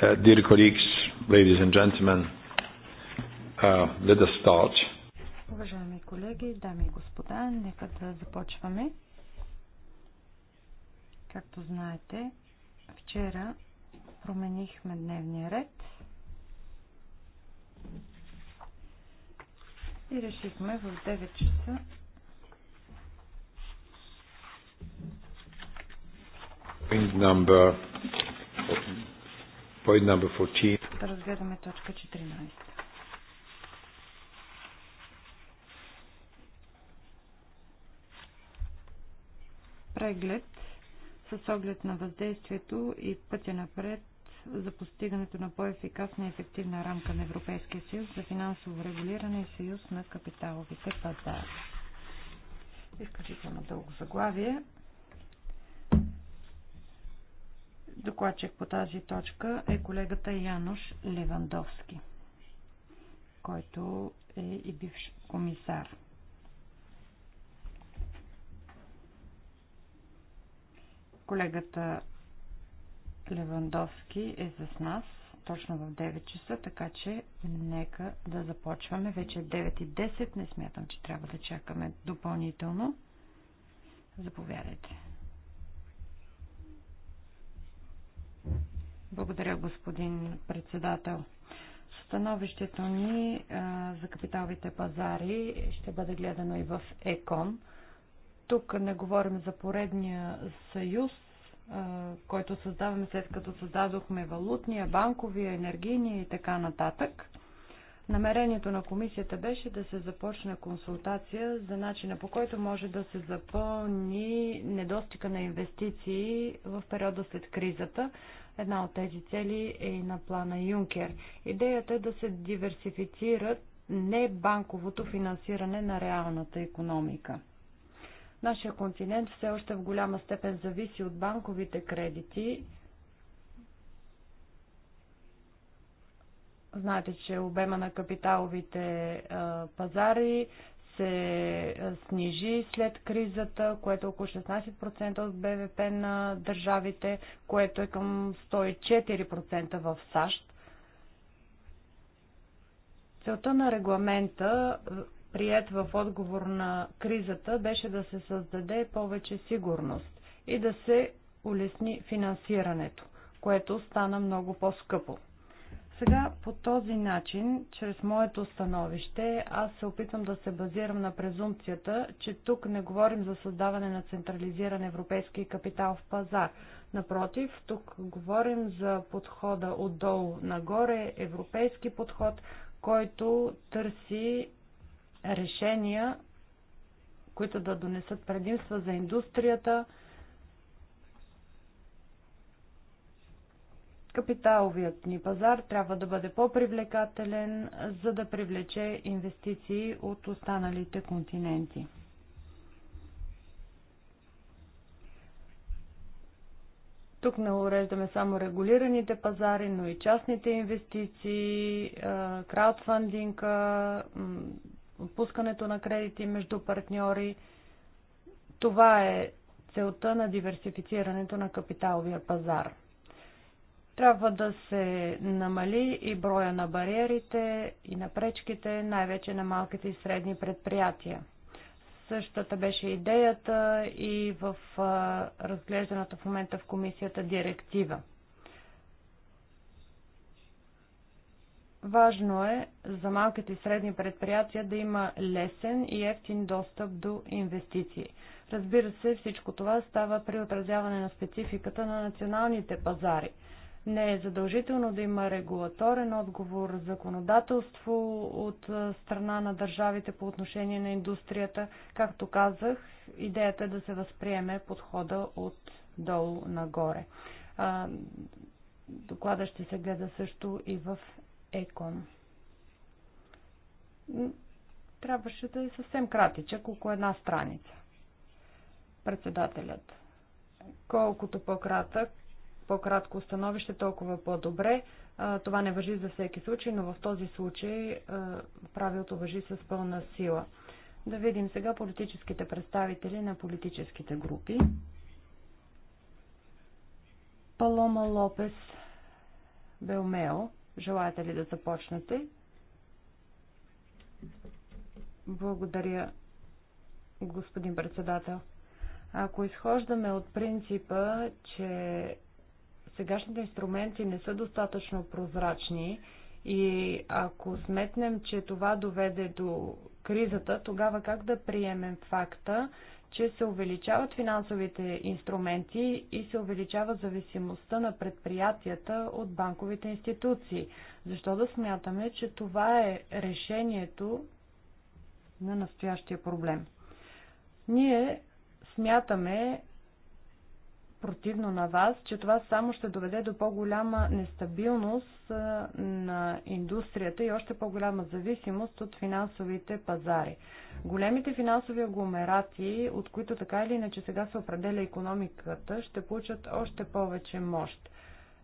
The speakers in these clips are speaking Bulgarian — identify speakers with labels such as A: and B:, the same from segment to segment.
A: Uh, dear colleagues, ladies and gentlemen, uh, let us start.
B: Уважаеми колеги, дами и господа, нека да започваме. Както знаете, вчера променихме дневния ред и решихме в 9 часа
A: number Point number 14.
B: Да разгледаме точка 14. Преглед с оглед на въздействието и пътя напред за постигането на по-ефикасна и ефективна рамка на Европейския съюз за финансово регулиране и съюз на капиталовите пазари. Изключително дълго заглавие. Докладчик по тази точка е колегата Янош Левандовски, който е и бивш комисар. Колегата Левандовски е с нас точно в 9 часа, така че нека да започваме. Вече е 9 и 10, не смятам, че трябва да чакаме допълнително. Заповядайте. Благодаря, господин председател. Становището ни за капиталовите пазари ще бъде гледано и в ЕКОН. Тук не говорим за поредния съюз, който създаваме след като създадохме валутния, банковия, енергийния и така нататък. Намерението на комисията беше да се започне консултация за начина по който може да се запълни недостига на инвестиции в периода след кризата, Една от тези цели е и на плана Юнкер. Идеята е да се диверсифицират не банковото финансиране на реалната економика. Нашия континент все още в голяма степен зависи от банковите кредити. Знаете, че обема на капиталовите пазари се снижи след кризата, което е около 16% от БВП на държавите, което е към 104% в САЩ. Целта на регламента, прият в отговор на кризата, беше да се създаде повече сигурност и да се улесни финансирането, което стана много по-скъпо. Сега по този начин, чрез моето становище, аз се опитвам да се базирам на презумпцията, че тук не говорим за създаване на централизиран европейски капитал в пазар. Напротив, тук говорим за подхода отдолу нагоре, европейски подход, който търси решения, които да донесат предимства за индустрията, Капиталовият ни пазар трябва да бъде по-привлекателен, за да привлече инвестиции от останалите континенти. Тук не уреждаме само регулираните пазари, но и частните инвестиции, краудфандинга, отпускането на кредити между партньори. Това е целта на диверсифицирането на капиталовия пазар. Трябва да се намали и броя на бариерите и на пречките, най-вече на малките и средни предприятия. Същата беше идеята и в разглежданата в момента в комисията директива. Важно е за малките и средни предприятия да има лесен и ефтин достъп до инвестиции. Разбира се, всичко това става при отразяване на спецификата на националните пазари – не е задължително да има регулаторен отговор, законодателство от страна на държавите по отношение на индустрията. Както казах, идеята е да се възприеме подхода от долу нагоре. Доклада ще се гледа също и в ЕКОН. Трябваше да е съвсем кратичък, около една страница. Председателят. Колкото по-кратък, по-кратко становище, толкова по-добре. Това не въжи за всеки случай, но в този случай правилото въжи с пълна сила. Да видим сега политическите представители на политическите групи. Палома Лопес Белмео, желаете ли да започнете? Благодаря, господин председател. Ако изхождаме от принципа, че сегашните инструменти не са достатъчно прозрачни и ако сметнем, че това доведе до кризата, тогава как да приемем факта, че се увеличават финансовите инструменти и се увеличава зависимостта на предприятията от банковите институции. Защо да смятаме, че това е решението на настоящия проблем? Ние смятаме, противно на вас, че това само ще доведе до по-голяма нестабилност на индустрията и още по-голяма зависимост от финансовите пазари. Големите финансови агломерати, от които така или иначе сега се определя економиката, ще получат още повече мощ.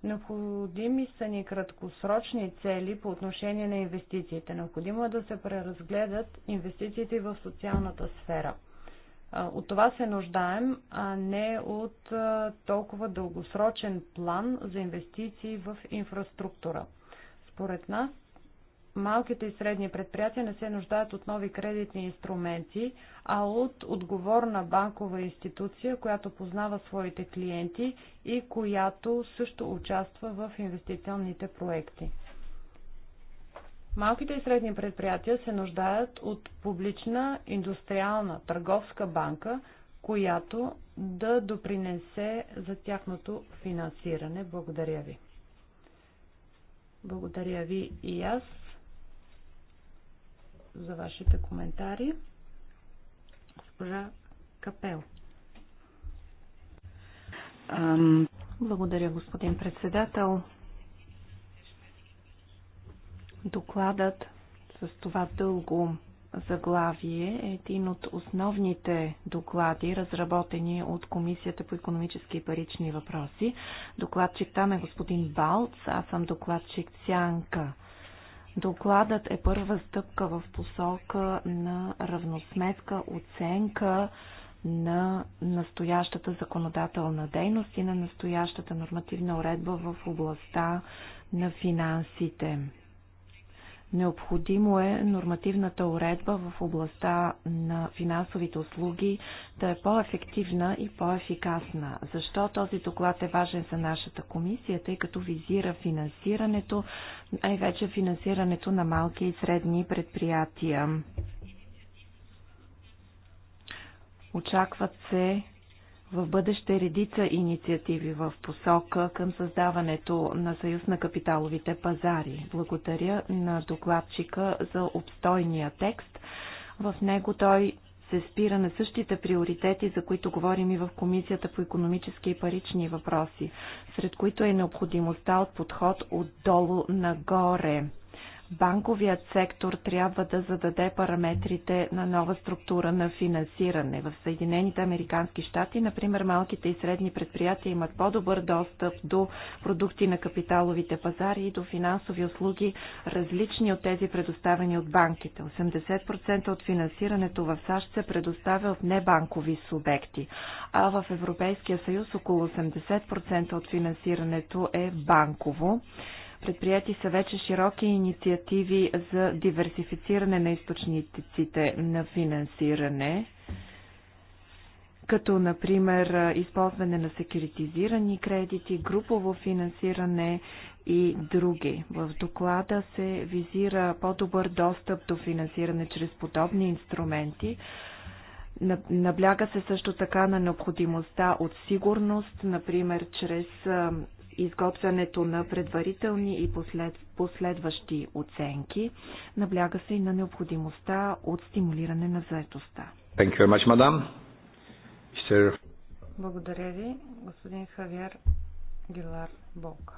B: Необходими са ни краткосрочни цели по отношение на инвестициите. Необходимо е да се преразгледат инвестициите в социалната сфера – от това се нуждаем, а не от толкова дългосрочен план за инвестиции в инфраструктура. Според нас, малките и средни предприятия не се нуждаят от нови кредитни инструменти, а от отговорна банкова институция, която познава своите клиенти и която също участва в инвестиционните проекти. Малките и средни предприятия се нуждаят от публична индустриална търговска банка, която да допринесе за тяхното финансиране. Благодаря ви. Благодаря ви и аз за вашите коментари. Госпожа Капел. Благодаря, господин председател. Докладът с това дълго заглавие е един от основните доклади, разработени от Комисията по економически и парични въпроси. Докладчик там е господин Балц, аз съм докладчик Сянка. Докладът е първа стъпка в посока на равносметка, оценка на настоящата законодателна дейност и на настоящата нормативна уредба в областта на финансите. Необходимо е нормативната уредба в областта на финансовите услуги да е по-ефективна и по-ефикасна. Защо този доклад е важен за нашата комисия, тъй като визира финансирането, най-вече финансирането на малки и средни предприятия. Очакват се в бъдеще редица инициативи в посока към създаването на Съюз на капиталовите пазари. Благодаря на докладчика за обстойния текст. В него той се спира на същите приоритети, за които говорим и в Комисията по економически и парични въпроси, сред които е необходимостта от подход отдолу нагоре банковият сектор трябва да зададе параметрите на нова структура на финансиране. В Съединените Американски щати, например, малките и средни предприятия имат по-добър достъп до продукти на капиталовите пазари и до финансови услуги, различни от тези предоставени от банките. 80% от финансирането в САЩ се предоставя от небанкови субекти, а в Европейския съюз около 80% от финансирането е банково. Предприяти са вече широки инициативи за диверсифициране на източниците на финансиране, като например използване на секюритизирани кредити, групово финансиране и други. В доклада се визира по-добър достъп до финансиране чрез подобни инструменти, Набляга се също така на необходимостта от сигурност, например чрез изготвянето на предварителни и послед, последващи оценки. Набляга се и на необходимостта от стимулиране на заетостта. Благодаря ви, господин Хавиер Гилар Болка.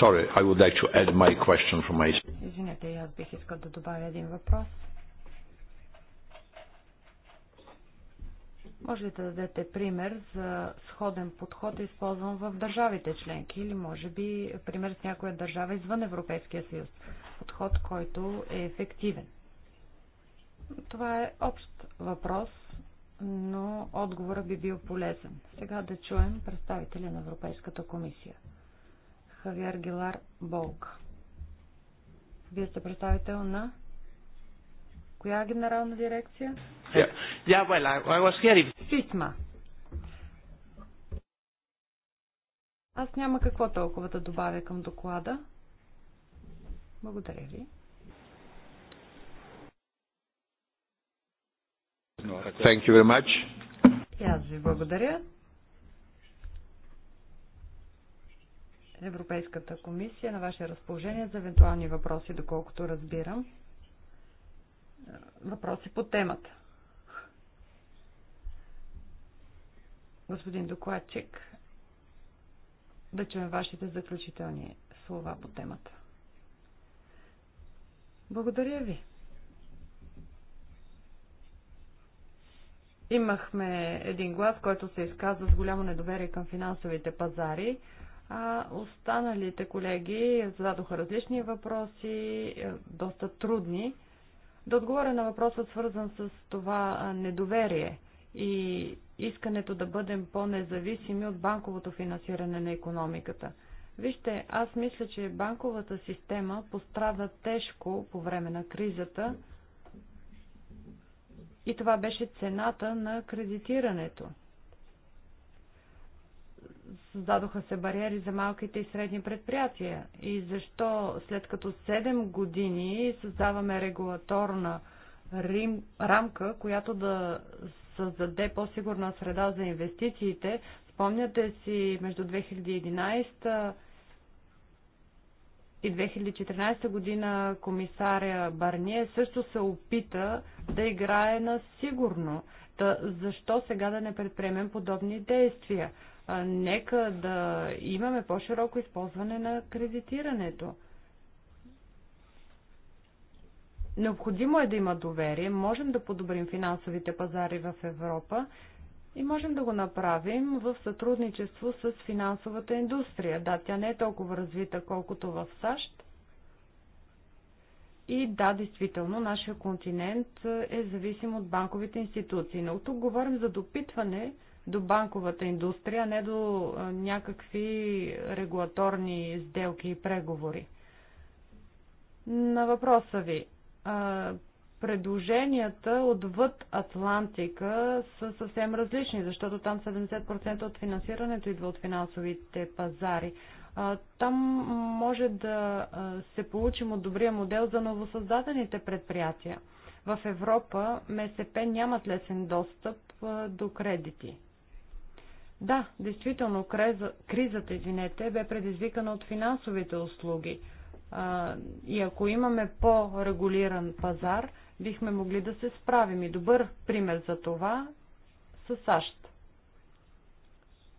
A: Sorry, I would like to add my question from my...
B: Извинете, аз бих искал да добавя един въпрос. Може ли да дадете пример за сходен подход, използван в държавите членки или може би пример с някоя държава извън Европейския съюз? Подход, който е ефективен. Това е общ въпрос, но отговора би бил полезен. Сега да чуем представителя на Европейската комисия. Хавиар Гилар Болк. Вие сте представител на Коя генерална дирекция?
C: Yeah, yeah well, I, I was here.
B: Аз няма какво толкова да добавя към доклада. Благодаря ви.
D: Thank you very much.
B: И аз ви благодаря. Европейската комисия на ваше разположение за евентуални въпроси, доколкото разбирам въпроси по темата. Господин докладчик, да чуем вашите заключителни слова по темата. Благодаря ви. Имахме един глас, който се изказва с голямо недоверие към финансовите пазари. А останалите колеги зададоха различни въпроси, е, доста трудни. Да отговоря на въпроса, свързан с това недоверие и искането да бъдем по-независими от банковото финансиране на економиката. Вижте, аз мисля, че банковата система пострада тежко по време на кризата и това беше цената на кредитирането. Създадоха се бариери за малките и средни предприятия. И защо след като 7 години създаваме регулаторна рим, рамка, която да създаде по-сигурна среда за инвестициите, спомняте си между 2011 и 2014 година комисаря Барние също се опита да играе на сигурно. Та защо сега да не предприемем подобни действия? нека да имаме по-широко използване на кредитирането. Необходимо е да има доверие, можем да подобрим финансовите пазари в Европа и можем да го направим в сътрудничество с финансовата индустрия. Да, тя не е толкова развита, колкото в САЩ. И да, действително, нашия континент е зависим от банковите институции. Но тук говорим за допитване до банковата индустрия, а не до някакви регулаторни сделки и преговори. На въпроса ви. Предложенията отвъд Атлантика са съвсем различни, защото там 70% от финансирането идва от финансовите пазари. Там може да се получим от добрия модел за новосъздадените предприятия. В Европа МСП нямат лесен достъп до кредити. Да, действително, криза, кризата, извинете, бе предизвикана от финансовите услуги. А, и ако имаме по-регулиран пазар, бихме могли да се справим. И добър пример за това са САЩ.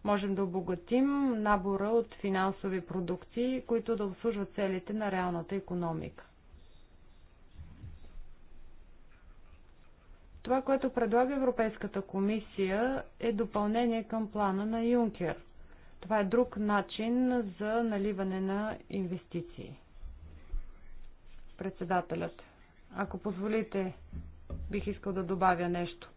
B: Можем да обогатим набора от финансови продукти, които да обслужват целите на реалната економика. Това, което предлага Европейската комисия е допълнение към плана на Юнкер. Това е друг начин за наливане на инвестиции. Председателят, ако позволите, бих искал да добавя нещо.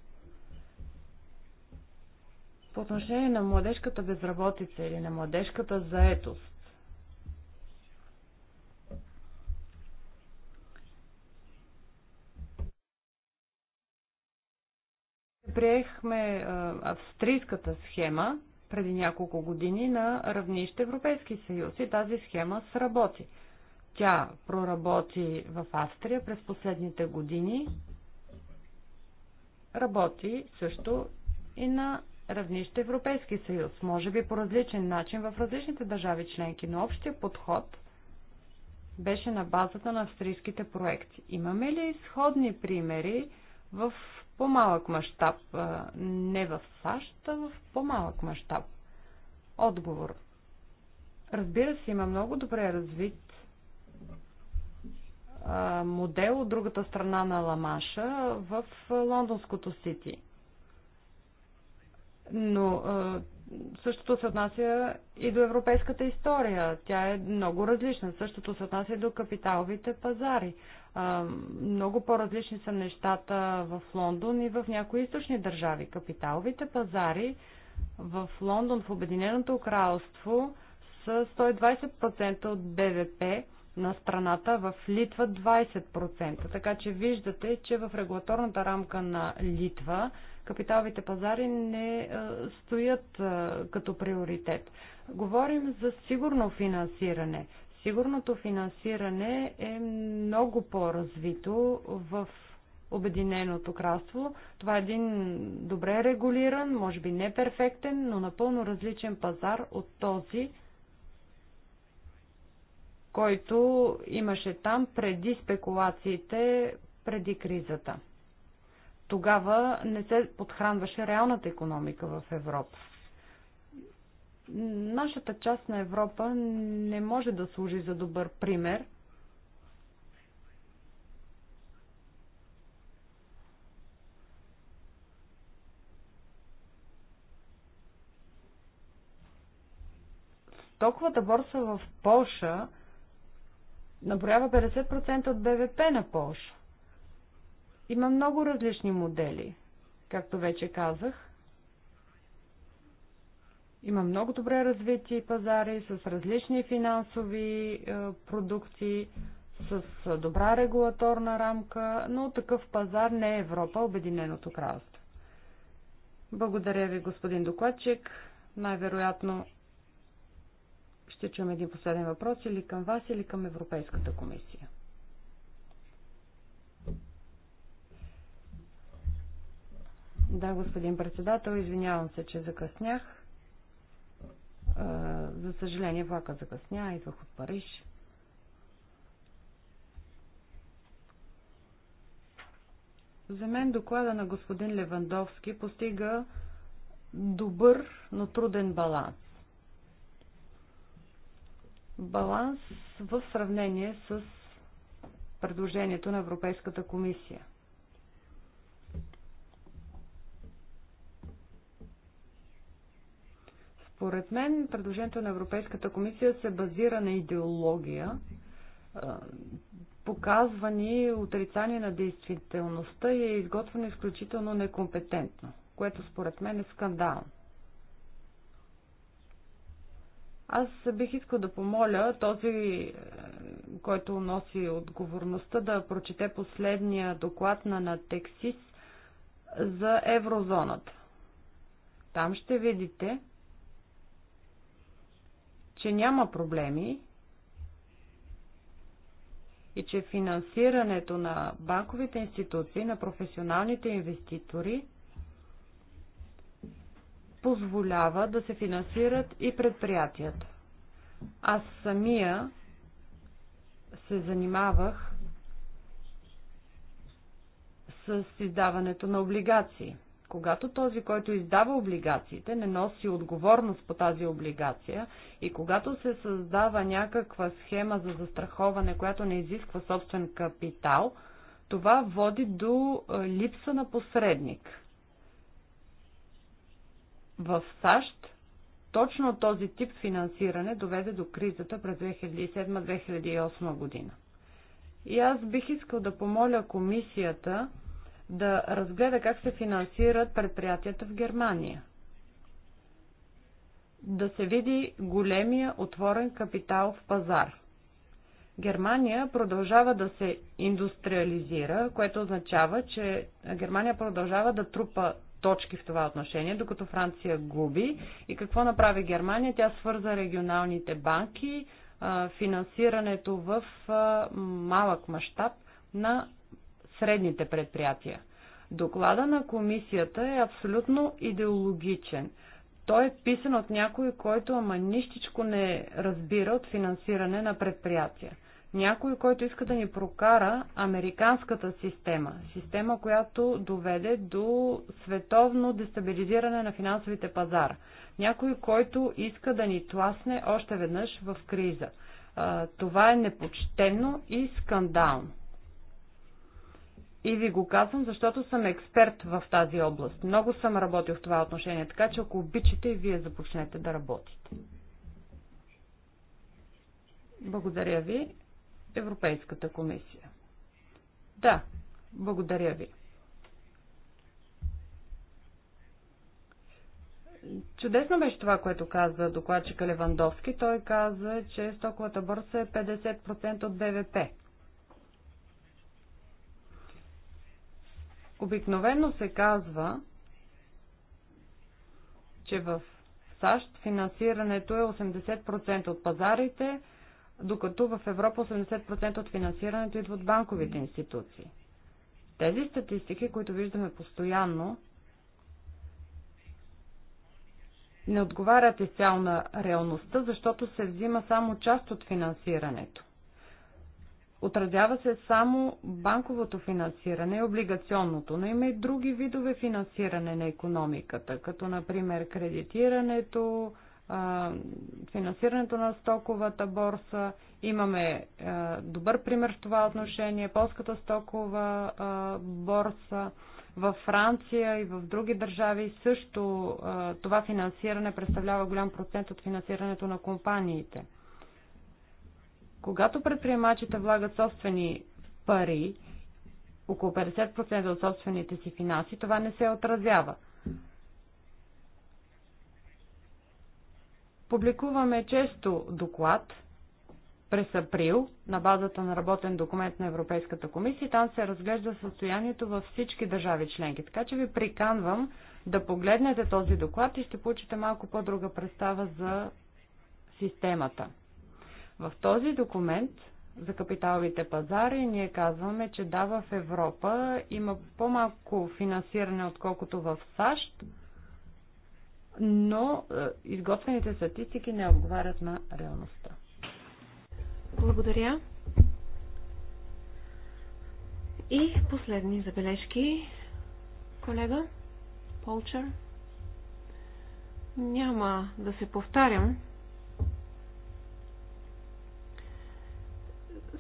B: По отношение на младежката безработица или на младежката заетост, приехме австрийската схема преди няколко години на равнище Европейски съюз и тази схема сработи. Тя проработи в Австрия през последните години. Работи също и на равнище Европейски съюз, може би по различен начин в различните държави членки, но общия подход беше на базата на австрийските проекти. Имаме ли сходни примери в по-малък мащаб. Не в САЩ, а в по-малък мащаб. Отговор. Разбира се, има много добре развит модел от другата страна на Ламаша в лондонското сити. Но Същото се отнася и до европейската история. Тя е много различна. Същото се отнася и до капиталовите пазари. Много по-различни са нещата в Лондон и в някои източни държави. Капиталовите пазари в Лондон, в Обединеното кралство са 120% от БВП, на страната, в Литва 20%. Така че виждате, че в регулаторната рамка на Литва капиталовите пазари не е, стоят е, като приоритет. Говорим за сигурно финансиране. Сигурното финансиране е много по-развито в Обединеното кралство. Това е един добре регулиран, може би не перфектен, но напълно различен пазар от този който имаше там преди спекулациите, преди кризата. Тогава не се подхранваше реалната економика в Европа. Нашата част на Европа не може да служи за добър пример – Токовата борса в Польша наброява 50% от БВП на Польша. Има много различни модели, както вече казах. Има много добре развити пазари с различни финансови е, продукти, с е, добра регулаторна рамка, но такъв пазар не е Европа, Обединеното кралство. Благодаря ви, господин докладчик. Най-вероятно ще чуем един последен въпрос или към вас, или към Европейската комисия. Да, господин председател, извинявам се, че закъснях. За съжаление, влака закъсня, идвах от Париж. За мен доклада на господин Левандовски постига добър, но труден баланс баланс в сравнение с предложението на Европейската комисия. Според мен, предложението на Европейската комисия се базира на идеология, показвани отрицание на действителността и е изготвено изключително некомпетентно, което според мен е скандално. Аз бих искал да помоля този, е, който носи отговорността, да прочете последния доклад на Натексис за еврозоната. Там ще видите, че няма проблеми и че финансирането на банковите институции, на професионалните инвеститори – позволява да се финансират и предприятията. Аз самия се занимавах с издаването на облигации. Когато този, който издава облигациите, не носи отговорност по тази облигация и когато се създава някаква схема за застраховане, която не изисква собствен капитал, това води до е, липса на посредник. В САЩ точно този тип финансиране доведе до кризата през 2007-2008 година. И аз бих искал да помоля комисията да разгледа как се финансират предприятията в Германия. Да се види големия отворен капитал в пазар. Германия продължава да се индустриализира, което означава, че Германия продължава да трупа точки в това отношение, докато Франция губи. И какво направи Германия? Тя свърза регионалните банки, финансирането в малък мащаб на средните предприятия. Доклада на комисията е абсолютно идеологичен. Той е писан от някой, който ама нищичко не разбира от финансиране на предприятия. Някой, който иска да ни прокара американската система. Система, която доведе до световно дестабилизиране на финансовите пазара. Някой, който иска да ни тласне още веднъж в криза. Това е непочтено и скандално. И ви го казвам, защото съм експерт в тази област. Много съм работил в това отношение, така че ако обичате и вие започнете да работите. Благодаря ви. Европейската комисия. Да, благодаря ви. Чудесно беше това, което каза докладчика Левандовски. Той каза, че стоковата борса е 50% от БВП. Обикновено се казва, че в САЩ финансирането е 80% от пазарите, докато в Европа 80% от финансирането идва от банковите институции. Тези статистики, които виждаме постоянно, не отговарят изцяло на реалността, защото се взима само част от финансирането. Отразява се само банковото финансиране и облигационното, но има и други видове финансиране на економиката, като например кредитирането, финансирането на стоковата борса. Имаме добър пример в това отношение. Полската стокова борса във Франция и в други държави също това финансиране представлява голям процент от финансирането на компаниите. Когато предприемачите влагат собствени пари, около 50% от собствените си финанси, това не се отразява. Публикуваме често доклад през април на базата на работен документ на Европейската комисия. Там се разглежда състоянието във всички държави членки. Така че ви приканвам да погледнете този доклад и ще получите малко по-друга представа за системата. В този документ за капиталовите пазари ние казваме, че да, в Европа има по-малко финансиране, отколкото в САЩ, но е, изготвените статистики не отговарят на реалността. Благодаря. И последни забележки, колега Полчер. Няма да се повтарям.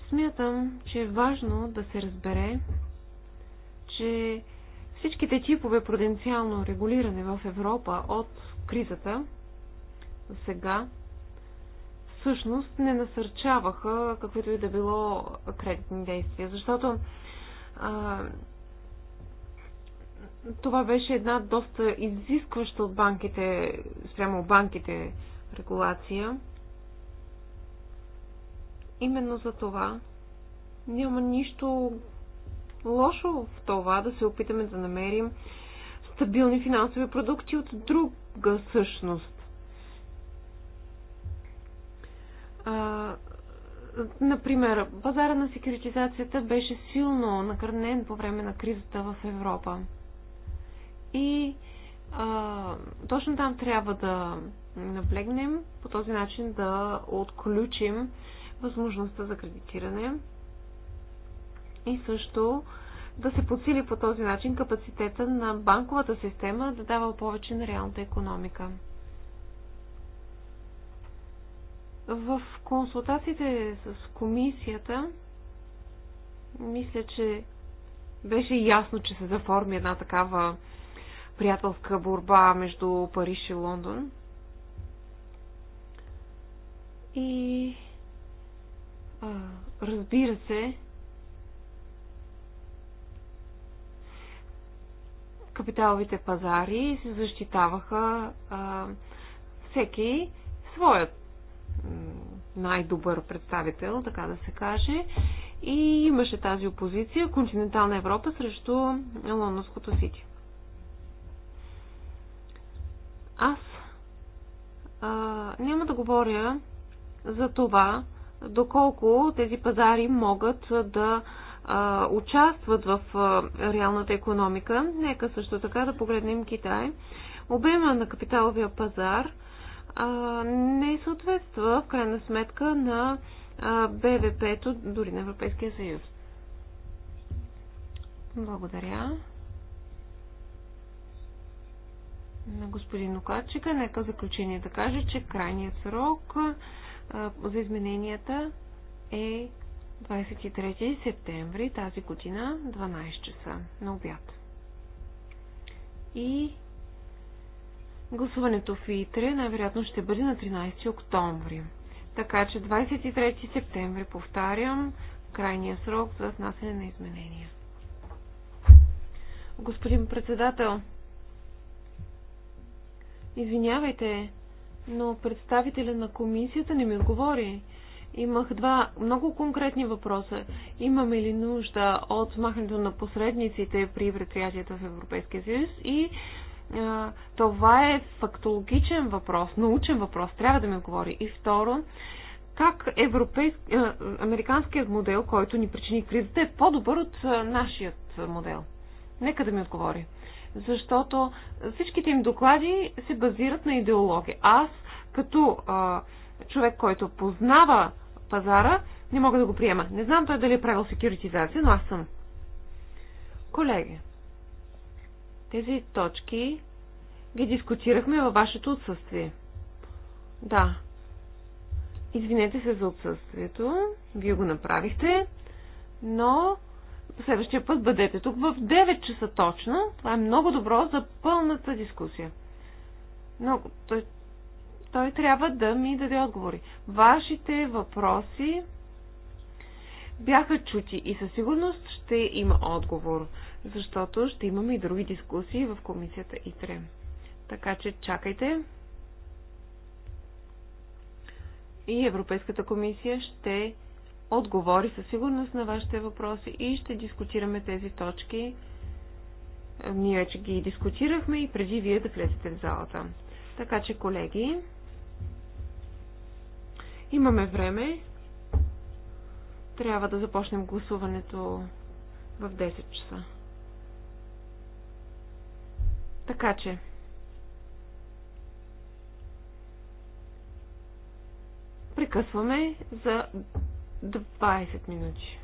B: Смятам, че е важно да се разбере, че Всичките типове пруденциално регулиране в Европа от кризата до сега всъщност не насърчаваха каквито и да било кредитни действия, защото а, това беше една доста изискваща от банките, спрямо банките регулация. Именно за това няма нищо лошо в това да се опитаме да намерим стабилни финансови продукти от друга същност. А, например, пазара на секюритизацията беше силно накърнен по време на кризата в Европа. И а, точно там трябва да наблегнем, по този начин да отключим възможността за кредитиране и също да се подсили по този начин капацитета на банковата система да дава повече на реалната економика. В консултациите с комисията мисля, че беше ясно, че се заформи една такава приятелска борба между Париж и Лондон. И а, разбира се, капиталовите пазари се защитаваха а, всеки своят най-добър представител, така да се каже. И имаше тази опозиция континентална Европа срещу Лондонското Сити. Аз а, няма да говоря за това, доколко тези пазари могат да а, а, участват в а, реалната економика. Нека също така да погледнем Китай. Обема на капиталовия пазар а, не съответства в крайна сметка на БВП-то дори на Европейския съюз. Благодаря. На господин Окачика, нека заключение да каже, че крайният срок за измененията е 23 септември тази година, 12 часа на обяд. И гласуването в ИТРЕ най-вероятно ще бъде на 13 октомври. Така че 23 септември, повтарям, крайния срок за внасяне на изменения. Господин председател, извинявайте, но представителя на комисията не ми отговори. Имах два много конкретни въпроса. Имаме ли нужда от махането на посредниците при предприятията в Европейския съюз? И а, това е фактологичен въпрос, научен въпрос. Трябва да ми отговори. И второ, как европейск, а, американският модел, който ни причини кризата, е по-добър от а, нашият модел? Нека да ми отговори. Защото всичките им доклади се базират на идеология. Аз, като а, човек, който познава пазара, не мога да го приема. Не знам той дали е правил секюритизация, но аз съм. Колеги, тези точки ги дискутирахме във вашето отсъствие. Да. Извинете се за отсъствието. Вие го направихте. Но следващия път бъдете тук в 9 часа точно. Това е много добро за пълната дискусия. Много, той трябва да ми даде отговори. Вашите въпроси бяха чути и със сигурност ще има отговор, защото ще имаме и други дискусии в комисията ИТРЕ. Така че чакайте. И Европейската комисия ще отговори със сигурност на вашите въпроси и ще дискутираме тези точки. Ние вече ги дискутирахме и преди вие да влезете в залата. Така че, колеги, Имаме време. Трябва да започнем гласуването в 10 часа. Така че. Прекъсваме за 20 минути.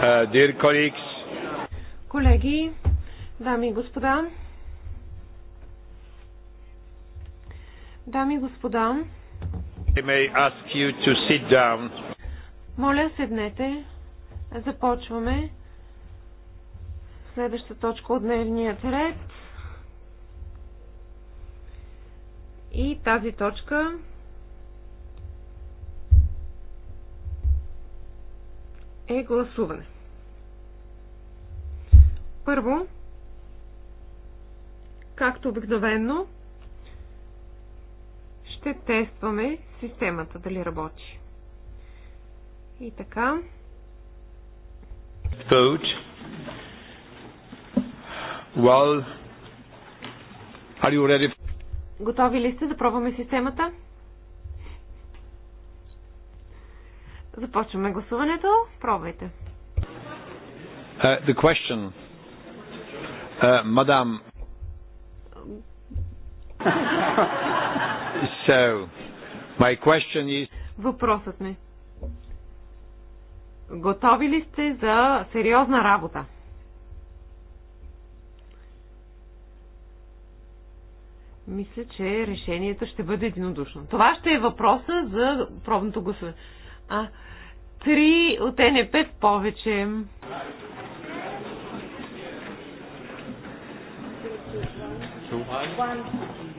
B: Uh, Колеги, дами и господа, дами и господа, моля седнете, започваме следваща точка от дневния ред. И тази точка е гласуване. Първо, както обикновено, ще тестваме системата дали работи. И така.
A: Vote. Well, are you ready?
B: Готови ли сте да пробваме системата? Започваме гласуването. Пробвайте.
A: Uh, the question. Uh, madam. so, my question is...
B: Въпросът ми. Готови ли сте за сериозна работа? Мисля, че решението ще бъде единодушно. Това ще е въпроса за пробното гласуване. А, три от НП в повече.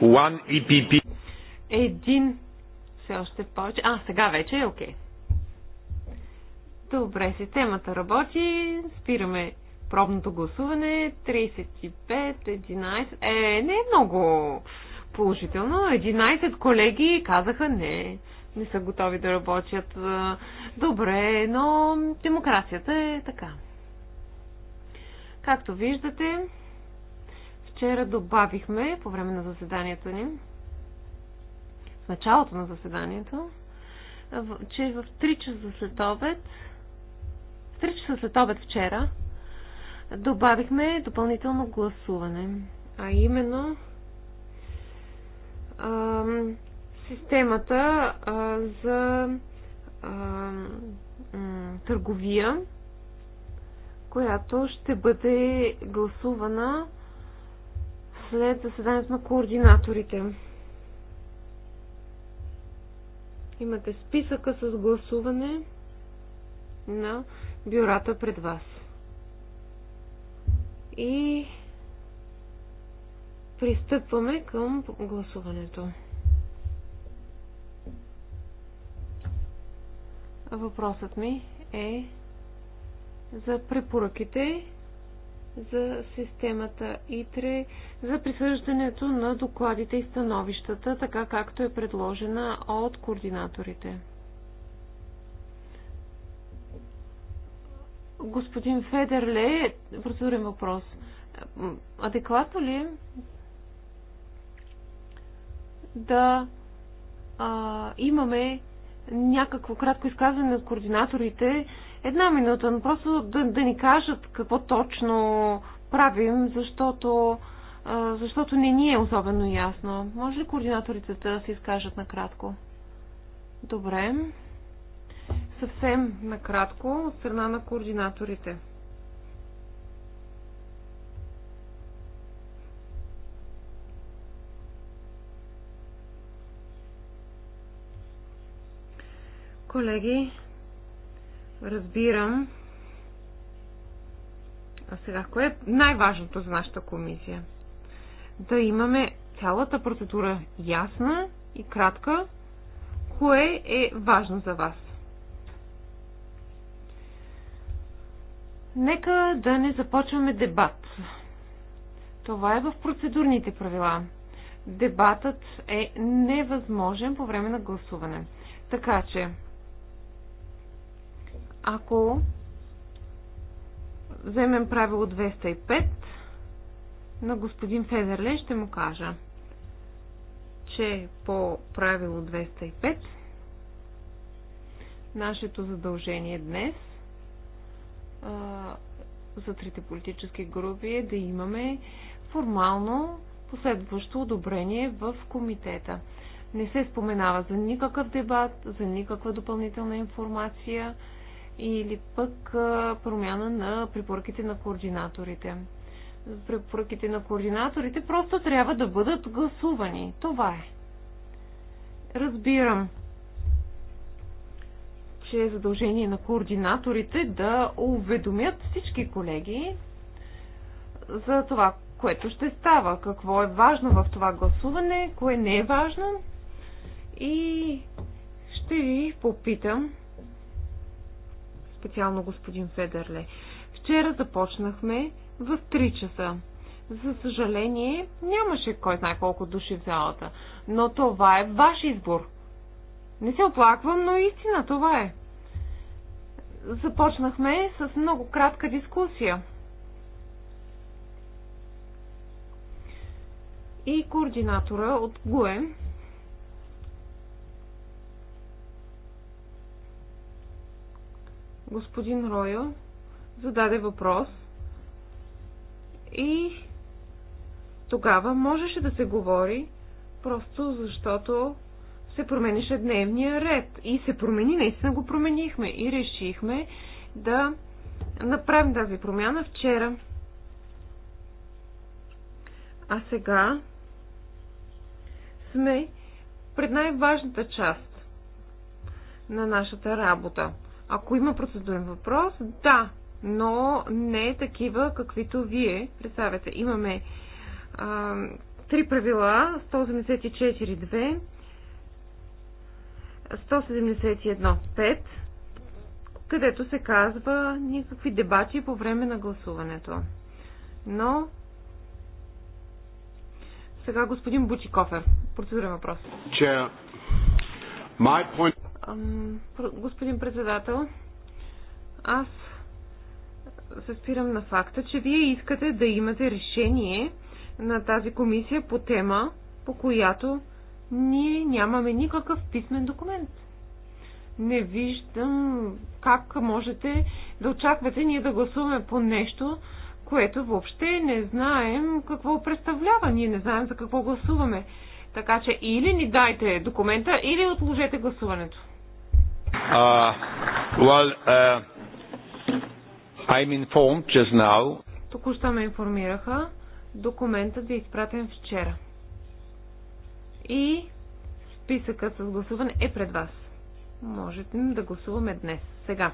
A: One EPP.
B: Един все още повече. А, сега вече е окей. Добре, системата работи. Спираме пробното гласуване. 35, 11. Е, не е много положително. 11 колеги казаха не не са готови да работят. Добре, но демокрацията е така. Както виждате, вчера добавихме по време на заседанието ни, в началото на заседанието, че в 3 часа след обед, в 3 часа след обед вчера, добавихме допълнително гласуване. А именно системата а, за а, търговия, която ще бъде гласувана след заседанието на координаторите. Имате списъка с гласуване на бюрата пред вас. И пристъпваме към гласуването. Въпросът ми е за препоръките за системата ИТРЕ за присъждането на докладите и становищата, така както е предложена от координаторите. Господин Федерле, процедурен въпрос. Адекватно ли е да а, имаме някакво кратко изказване от координаторите, една минута, но просто да, да ни кажат какво точно правим, защото, защото не ни е особено ясно. Може ли координаторите да се изкажат накратко? Добре. Съвсем накратко от страна на координаторите. Колеги, разбирам. А сега, кое е най-важното за нашата комисия? Да имаме цялата процедура ясна и кратка. Кое е важно за вас? Нека да не започваме дебат. Това е в процедурните правила. Дебатът е невъзможен по време на гласуване. Така че, ако вземем правило 205 на господин Федерле, ще му кажа, че по правило 205 нашето задължение днес а, за трите политически групи е да имаме формално последващо одобрение в комитета. Не се споменава за никакъв дебат, за никаква допълнителна информация или пък промяна на препоръките на координаторите. Препоръките на координаторите просто трябва да бъдат гласувани. Това е. Разбирам, че е задължение на координаторите да уведомят всички колеги за това, което ще става, какво е важно в това гласуване, кое не е важно. И ще ви попитам специално господин Федерле. Вчера започнахме в 3 часа. За съжаление, нямаше кой знае колко души в залата. Но това е ваш избор. Не се оплаквам, но истина това е. Започнахме с много кратка дискусия. И координатора от ГУЕ господин Ройо зададе въпрос и тогава можеше да се говори, просто защото се променеше дневния ред. И се промени, наистина го променихме и решихме да направим тази промяна вчера. А сега сме пред най-важната част на нашата работа. Ако има процедурен въпрос, да, но не такива, каквито вие представяте. Имаме а, три правила 184, 2, 184.2, 5, където се казва никакви дебати по време на гласуването. Но сега господин Бучикофер. Процедурен въпрос. Че, my point господин председател, аз се спирам на факта, че вие искате да имате решение на тази комисия по тема, по която ние нямаме никакъв писмен документ. Не виждам как можете да очаквате ние да гласуваме по нещо, което въобще не знаем какво представлява. Ние не знаем за какво гласуваме. Така че или ни дайте документа, или отложете гласуването.
A: Uh, well, uh, I'm informed just now.
B: Току-що ме информираха. Документът е изпратен вчера. И списъкът с гласуване е пред вас. Можете да гласуваме днес. Сега.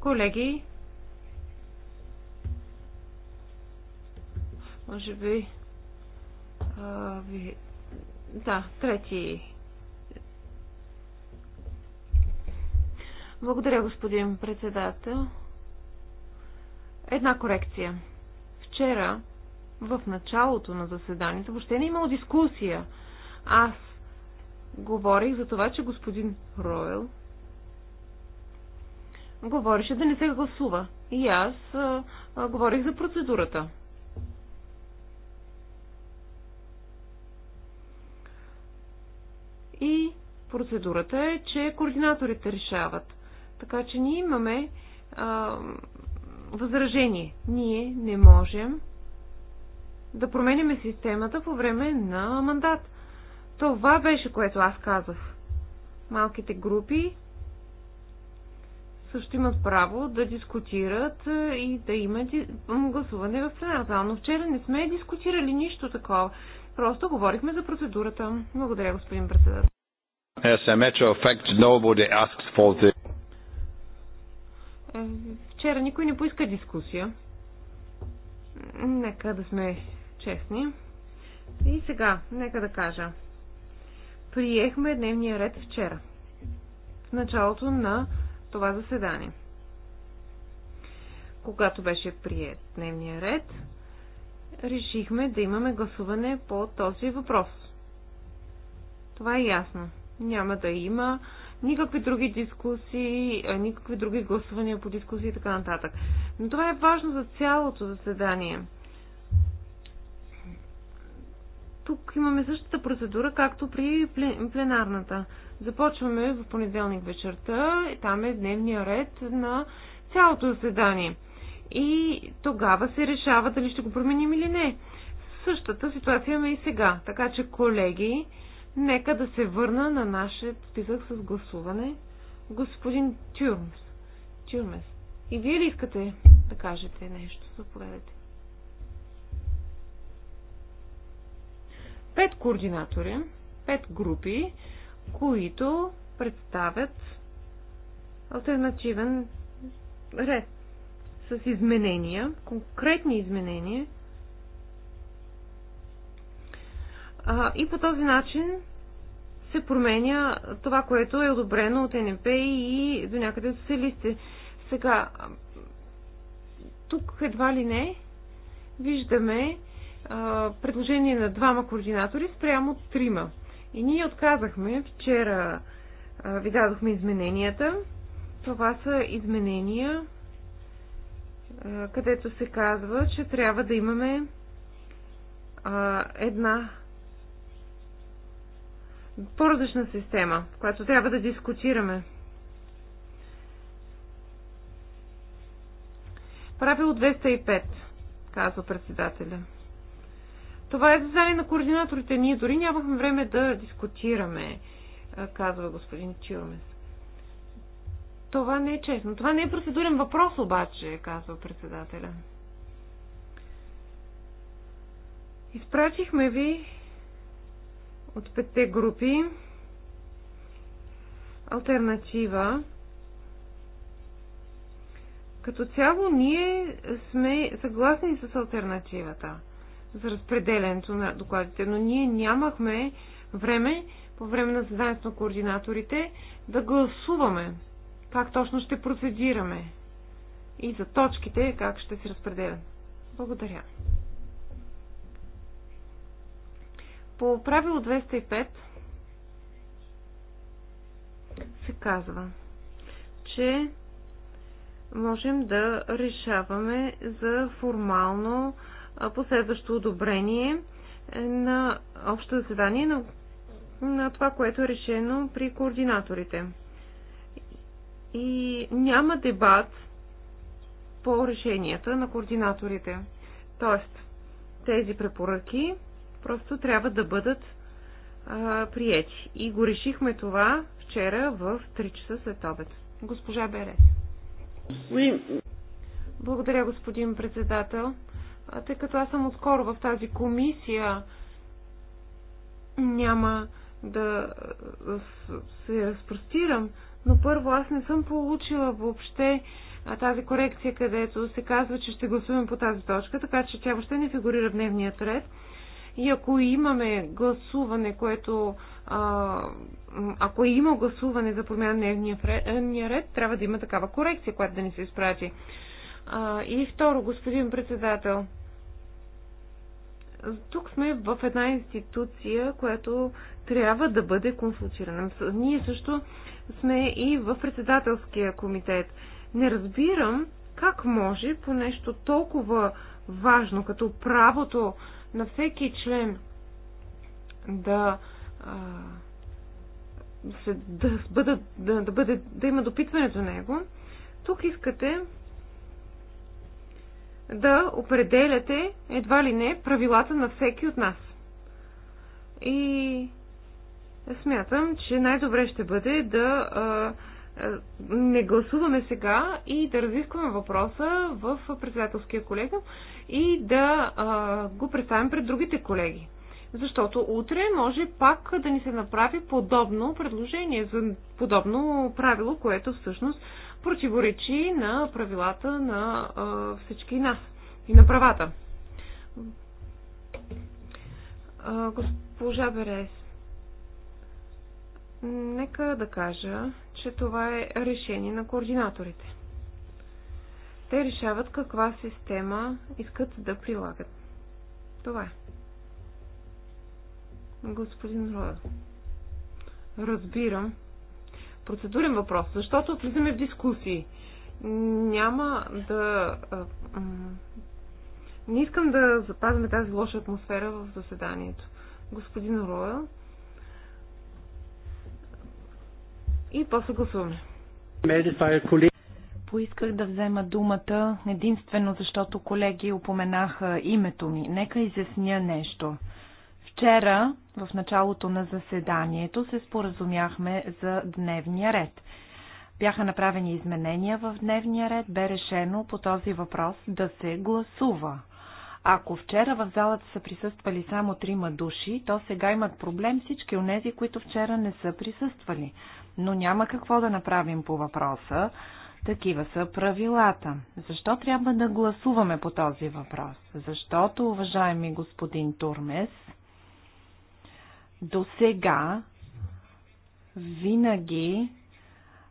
B: Колеги, може би а, ви да, трети. Благодаря, господин председател. Една корекция. Вчера, в началото на заседанието, въобще не е имало дискусия. Аз говорих за това, че господин Ройл говореше да не се гласува. И аз а, а, говорих за процедурата. И процедурата е, че координаторите решават. Така че ние имаме а, възражение. Ние не можем да променяме системата по време на мандат. Това беше, което аз казах. Малките групи също имат право да дискутират и да имат гласуване в пленарната. Но вчера не сме дискутирали нищо такова. Просто говорихме за процедурата. Благодаря, господин председател.
A: Fact,
B: е, Вчера никой не поиска дискусия. Нека да сме честни. И сега, нека да кажа. Приехме дневния ред вчера. В началото на това заседание. Когато беше прият дневния ред, решихме да имаме гласуване по този въпрос. Това е ясно. Няма да има никакви други дискусии, никакви други гласувания по дискусии и така нататък. Но това е важно за цялото заседание. Тук имаме същата процедура, както при пленарната. Започваме в понеделник вечерта и там е дневния ред на цялото заседание и тогава се решава дали ще го променим или не. Същата ситуация имаме и сега. Така че, колеги, нека да се върна на нашия списък с гласуване. Господин Тюрмс. Тюрмес. И вие ли искате да кажете нещо? Заповядайте. Пет координатори, пет групи, които представят альтернативен ред с изменения, конкретни изменения. А, и по този начин се променя това, което е одобрено от НП и до някъде листи. Сега, тук едва ли не виждаме а, предложение на двама координатори спрямо от трима. И ние отказахме. Вчера а, ви дадохме измененията. Това са изменения където се казва, че трябва да имаме а, една по-различна система, която трябва да дискутираме. Правило 205, казва председателя. Това е задание на координаторите. Ние дори нямахме време да дискутираме, казва господин Чилмес. Това не е честно. Това не е процедурен въпрос обаче, казва председателя. Изпратихме ви от петте групи альтернатива. Като цяло ние сме съгласни с альтернативата за разпределенето на докладите, но ние нямахме време по време на заданието на координаторите да гласуваме как точно ще процедираме и за точките как ще се разпределят. Благодаря. По правило 205 се казва, че можем да решаваме за формално последващо одобрение на общо заседание на, на това, което е решено при координаторите и няма дебат по решенията на координаторите. Тоест, тези препоръки просто трябва да бъдат а, приети. И го решихме това вчера в 3 часа след обед. Госпожа Берес. Oui. Благодаря, господин председател. А, тъй като аз съм отскоро в тази комисия, няма да се разпростирам, но първо аз не съм получила въобще тази корекция, където се казва, че ще гласуваме по тази точка, така че тя въобще не фигурира в дневния ред. И ако имаме гласуване, което. А, ако е има гласуване за промяна на дневния ред, трябва да има такава корекция, която да ни се изпрати. А, и второ, господин председател, тук сме в една институция, която трябва да бъде консултирана. Ние също сме и в председателския комитет. Не разбирам как може по нещо толкова важно, като правото на всеки член да, а, да, бъде, да, да, бъде, да има допитване до него, тук искате да определяте едва ли не правилата на всеки от нас. И смятам, че най-добре ще бъде да а, не гласуваме сега и да разискваме въпроса в председателския колега и да а, го представим пред другите колеги. Защото утре може пак да ни се направи подобно предложение за подобно правило, което всъщност противоречи на правилата на а, всички нас и на правата. А, госпожа Берес. Нека да кажа, че това е решение на координаторите. Те решават каква система искат да прилагат. Това е. Господин Роя. Разбирам. Процедурен въпрос, защото влизаме в дискусии. Няма да. Не искам да запазваме тази лоша атмосфера в заседанието. Господин Роя, И после гласуваме. Поисках да взема думата единствено защото колеги упоменаха името ми. Нека изясня нещо. Вчера, в началото на заседанието, се споразумяхме за дневния ред. Бяха направени изменения в дневния ред, бе решено по този въпрос да се гласува. Ако вчера в залата са присъствали само трима души, то сега имат проблем всички тези, които вчера не са присъствали но няма какво да направим по въпроса. Такива са правилата. Защо трябва да гласуваме по този въпрос? Защото, уважаеми господин Турмес, до сега винаги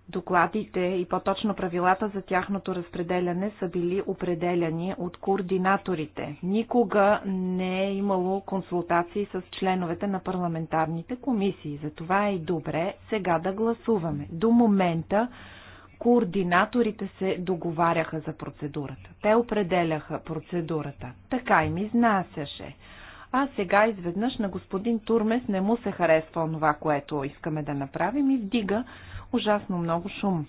B: докладите и по-точно правилата за тяхното разпределяне са били определяни от координаторите. Никога не е имало консултации с членовете на парламентарните комисии. Затова е и добре сега да гласуваме. До момента координаторите се договаряха за процедурата. Те определяха процедурата. Така им изнасяше. А сега изведнъж на господин Турмес не му се харесва това, което искаме да направим и вдига ужасно много шум.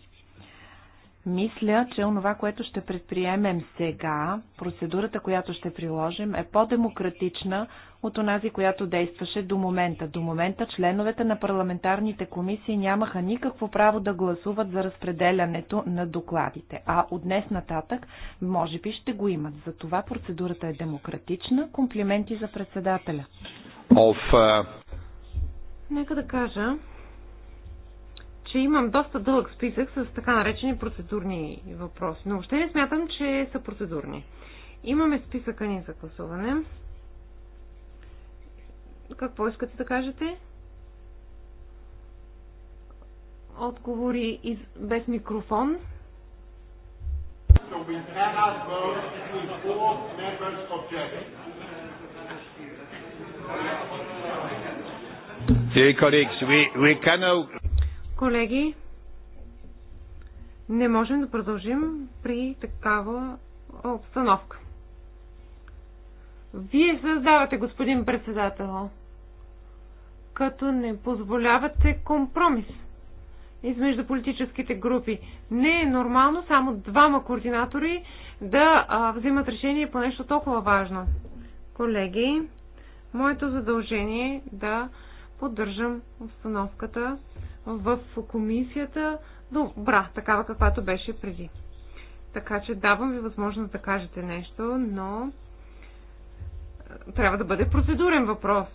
B: Мисля, че онова, което ще предприемем сега, процедурата, която ще приложим, е по-демократична от онази, която действаше до момента. До момента членовете на парламентарните комисии нямаха никакво право да гласуват за разпределянето на докладите, а от днес нататък може би ще го имат. Затова процедурата е демократична. Комплименти за председателя.
A: Of, uh...
B: Нека да кажа, че имам доста дълъг списък с така наречени процедурни въпроси, но въобще не смятам, че са процедурни. Имаме списъка ни за гласуване. Какво искате да кажете? Отговори из... без микрофон.
A: Dear colleagues, we, we cannot
B: Колеги, не можем да продължим при такава обстановка. Вие създавате, господин председател, като не позволявате компромис измежду политическите групи. Не е нормално само двама координатори да а, взимат решение по нещо толкова важно. Колеги, моето задължение е да поддържам обстановката в комисията добра, такава каквато беше преди. Така че давам ви възможност да кажете нещо, но е, трябва да бъде процедурен въпрос.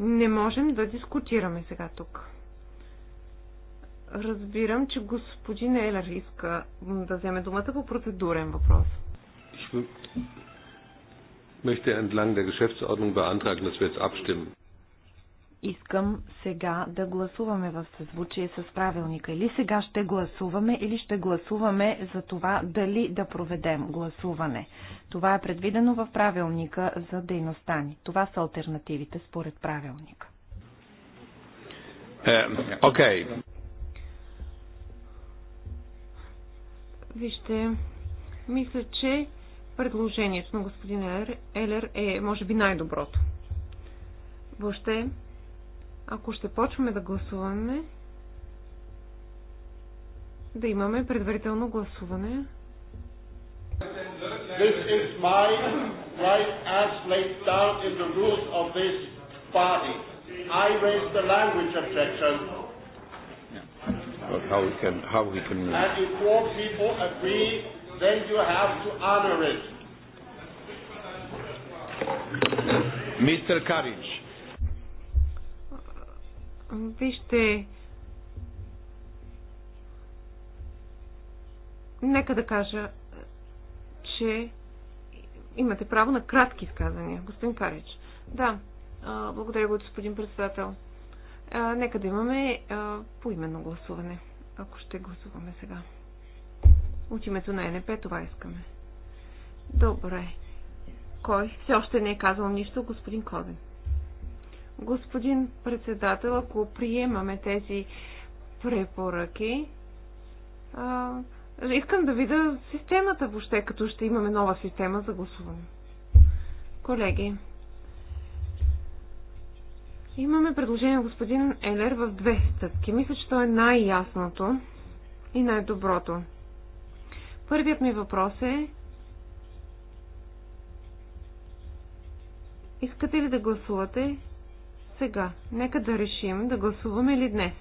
B: Не можем да дискутираме сега тук. Разбирам, че господин Елер иска да вземе думата по процедурен въпрос.
D: Ich
A: möchte entlang der Geschäftsordnung beantragen, dass wir jetzt abstimmen
B: искам сега да гласуваме в съзвучие с правилника. Или сега ще гласуваме, или ще гласуваме за това дали да проведем гласуване. Това е предвидено в правилника за дейността ни. Това са альтернативите според правилника.
A: Е, окей. Okay.
B: Вижте, мисля, че предложението на господин Елер е, може би, най-доброто. Въобще, ако ще почваме да гласуваме, да имаме предварително гласуване.
C: This is my right as laid down in the rules of this party. I raised the language objection.
A: But how we can, how we can... And if
C: four people agree, then you have to honor it.
A: Mr. Courage.
B: Вижте, нека да кажа, че имате право на кратки изказвания. Господин Карич. Да, благодаря го, господин председател. Нека да имаме поименно гласуване, ако ще гласуваме сега. От името на НП това искаме. Добре. Кой? Все още не е казал нищо, господин Козен. Господин председател, ако приемаме тези препоръки, а, искам да видя системата въобще, като ще имаме нова система за гласуване. Колеги, имаме предложение на господин Елер в две стъпки. Мисля, че то е най-ясното и най-доброто. Първият ми въпрос е Искате ли да гласувате сега, нека да решим да гласуваме ли днес.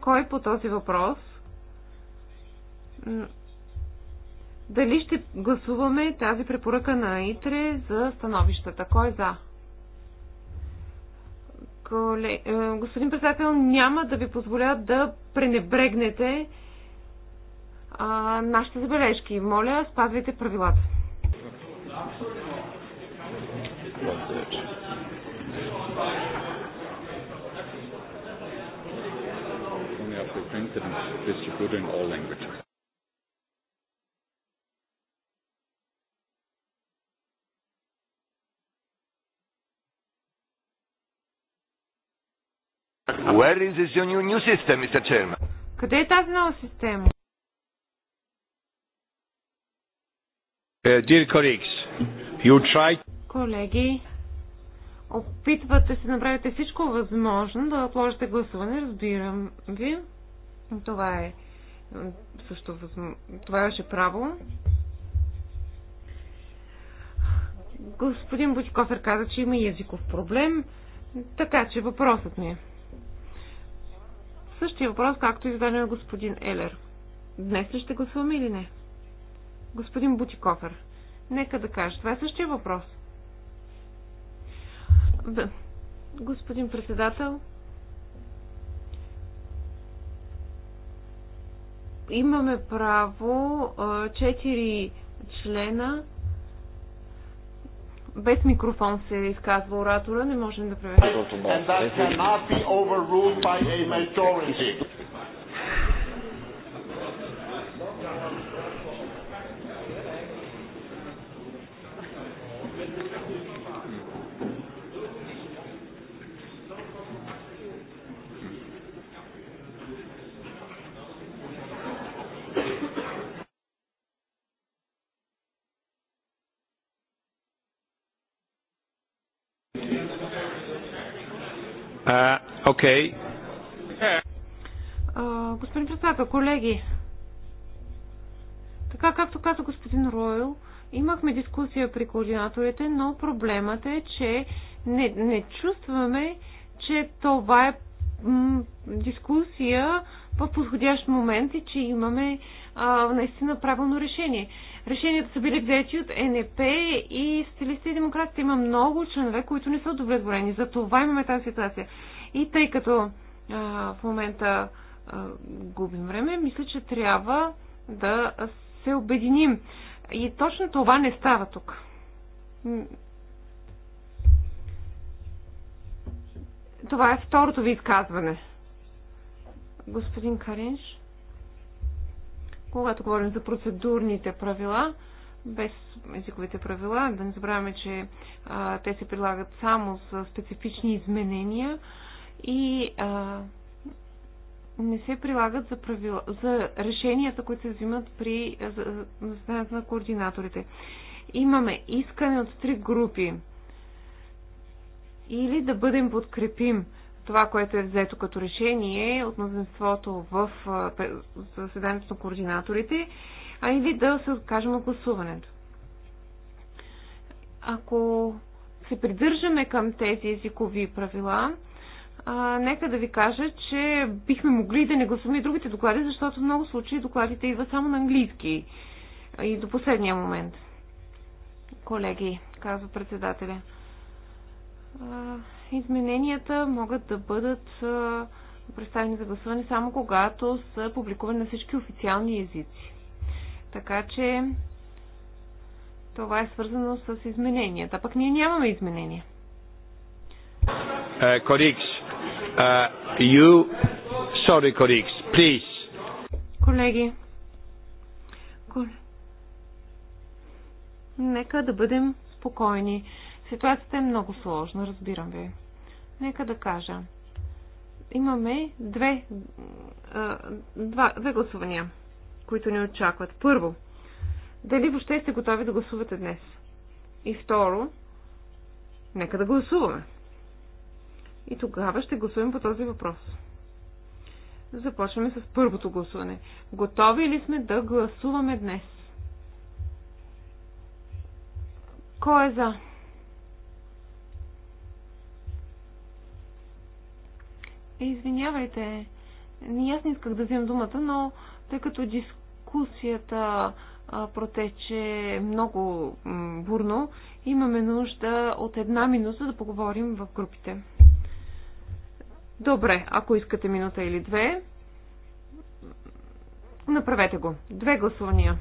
B: Кой по този въпрос? Дали ще гласуваме тази препоръка на ИТРЕ за становищата? Кой е за? Коле... Е, господин председател, няма да ви позволя да пренебрегнете а, нашите забележки. Моля, спазвайте правилата.
C: Абсолютно. printed and distributed in all languages.
A: Where is this new, new system, Mr. Chairman?
B: Къде е тази нова система?
A: Uh, dear colleagues, you try...
B: Колеги, опитвате се да направите всичко възможно да отложите гласуване, разбирам ви. Това е също това беше право. Господин Бутикофер каза, че има езиков проблем, така че въпросът ми е. Същия въпрос, както и зададе господин Елер. Днес ли ще гласуваме или не? Господин Бутикофер, нека да кажа. Това е същия въпрос. Да. Господин председател, имаме право четири члена без микрофон се изказва оратора, не можем да преведем. Окей. Uh, господин председател, колеги, така както каза господин Ройл, имахме дискусия при координаторите, но проблемът е, че не, не чувстваме, че това е дискусия в подходящ момент и е, че имаме а, наистина правилно решение. Решенията са били взети от НП и стилисти и демократите. Има много членове, които не са удовлетворени. За това имаме тази ситуация. И тъй като а, в момента а, губим време, мисля, че трябва да се обединим. И точно това не става тук. Това е второто ви изказване господин Каринш, когато говорим за процедурните правила, без езиковите правила, да не забравяме, че а, те се прилагат само с специфични изменения и а, не се прилагат за, правила, за решенията, които се взимат при заседанието на координаторите. Имаме искане от три групи. Или да бъдем подкрепим това, което е взето като решение е от мнозинството в заседанието на координаторите, а или да се откажем от гласуването. Ако се придържаме към тези езикови правила, а, нека да ви кажа, че бихме могли да не гласуваме и другите доклади, защото в много случаи докладите идват само на английски и до последния момент. Колеги, казва председателя. Измененията могат да бъдат представени за гласуване само когато са публикувани на всички официални езици. Така че това е свързано с измененията. Пък ние нямаме изменения.
A: Корикс, е, uh, е, you... Sorry, colleagues, please.
B: Колеги, кол... нека да бъдем спокойни. Ситуацията е много сложна, разбирам ви. Нека да кажа. Имаме две, два, две гласувания, които ни очакват. Първо, дали въобще сте готови да гласувате днес? И второ, нека да гласуваме. И тогава ще гласуваме по този въпрос. Започваме с първото гласуване. Готови ли сме да гласуваме днес? Кой е за? Е, извинявайте, и аз не исках да взем думата, но тъй като дискусията протече много бурно, имаме нужда от една минута да поговорим в групите. Добре, ако искате минута или две, направете го. Две гласувания.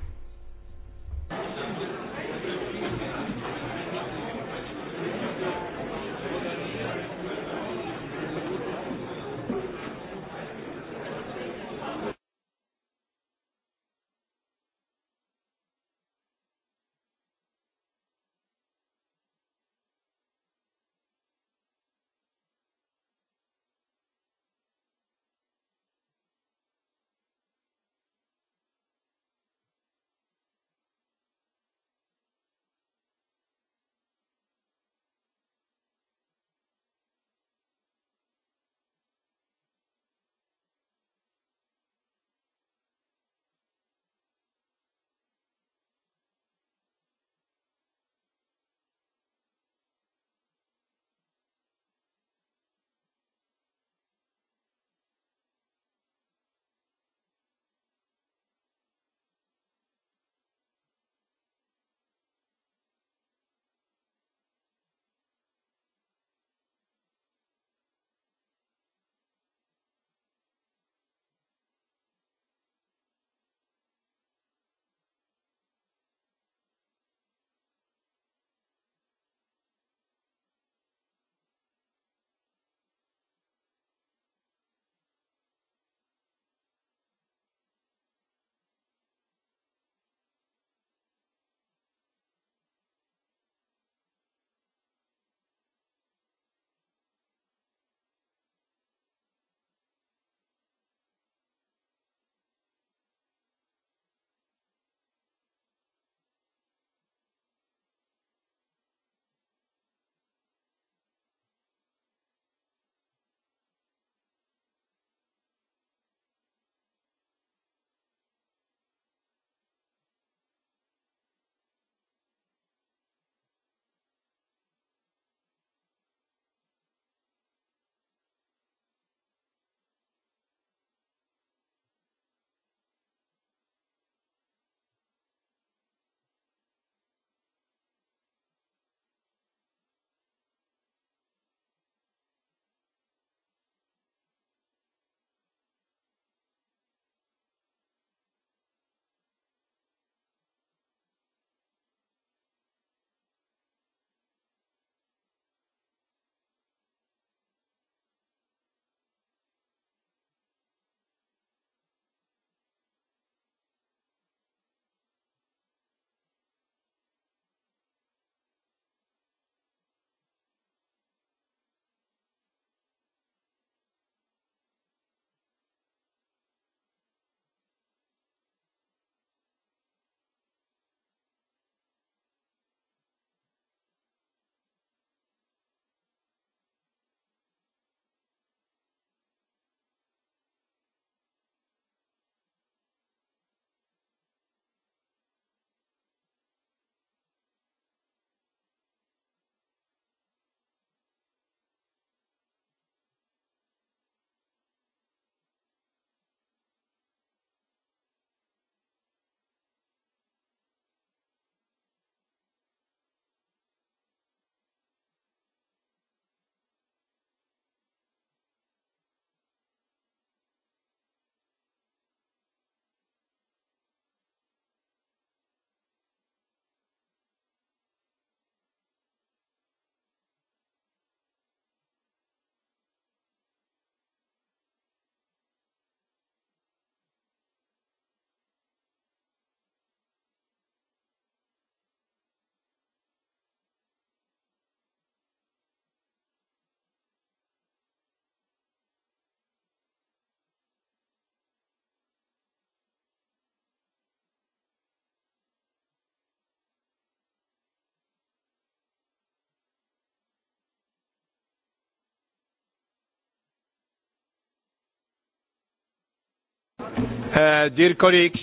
D: Uh, dear
A: colleagues,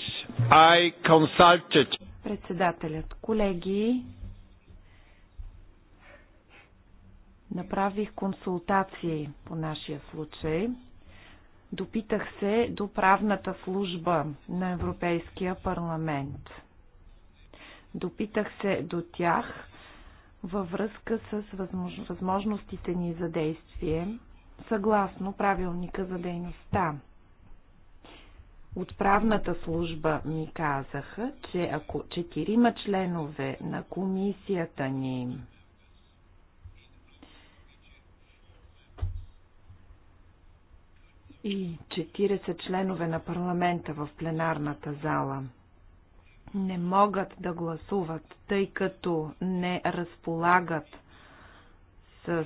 A: I consulted.
B: Председателят, колеги, направих консултации по нашия случай. Допитах се до правната служба на Европейския парламент. Допитах се до тях във връзка с възможностите ни за действие съгласно правилника за дейността от правната служба ми казаха, че ако четирима членове на комисията ни и 40 членове на парламента в пленарната зала не могат да гласуват, тъй като не разполагат с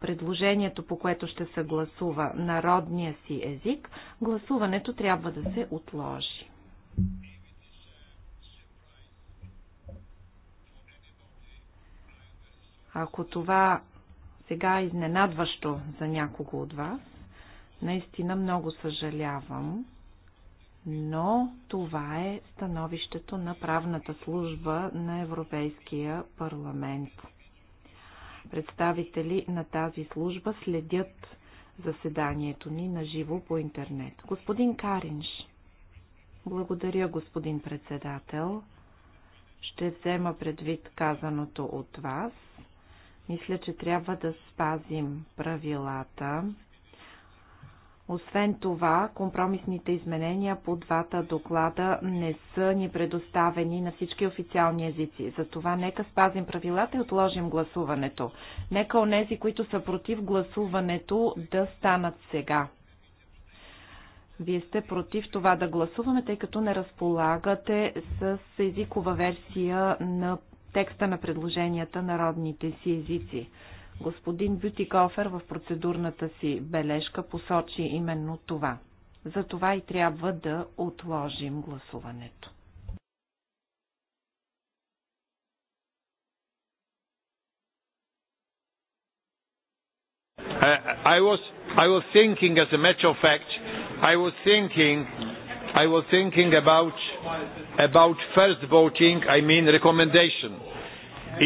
B: предложението, по което ще се гласува народния си език, гласуването трябва да се отложи. Ако това сега е изненадващо за някого от вас, наистина много съжалявам, но това е становището на правната служба на Европейския парламент. Представители на тази служба следят заседанието ни на живо по интернет. Господин Каринш. Благодаря, господин председател. Ще взема предвид казаното от вас. Мисля, че трябва да спазим правилата. Освен това, компромисните изменения по двата доклада не са ни предоставени на всички официални езици. Затова нека спазим правилата и отложим гласуването. Нека онези, които са против гласуването, да станат сега. Вие сте против това да гласуваме, тъй като не разполагате с езикова версия на текста на предложенията народните си езици. Господин Бютикофер в процедурната си бележка посочи именно това. За това и трябва да отложим гласуването.
A: I was I was thinking as a matter of fact I was thinking I was thinking about about first voting I mean recommendation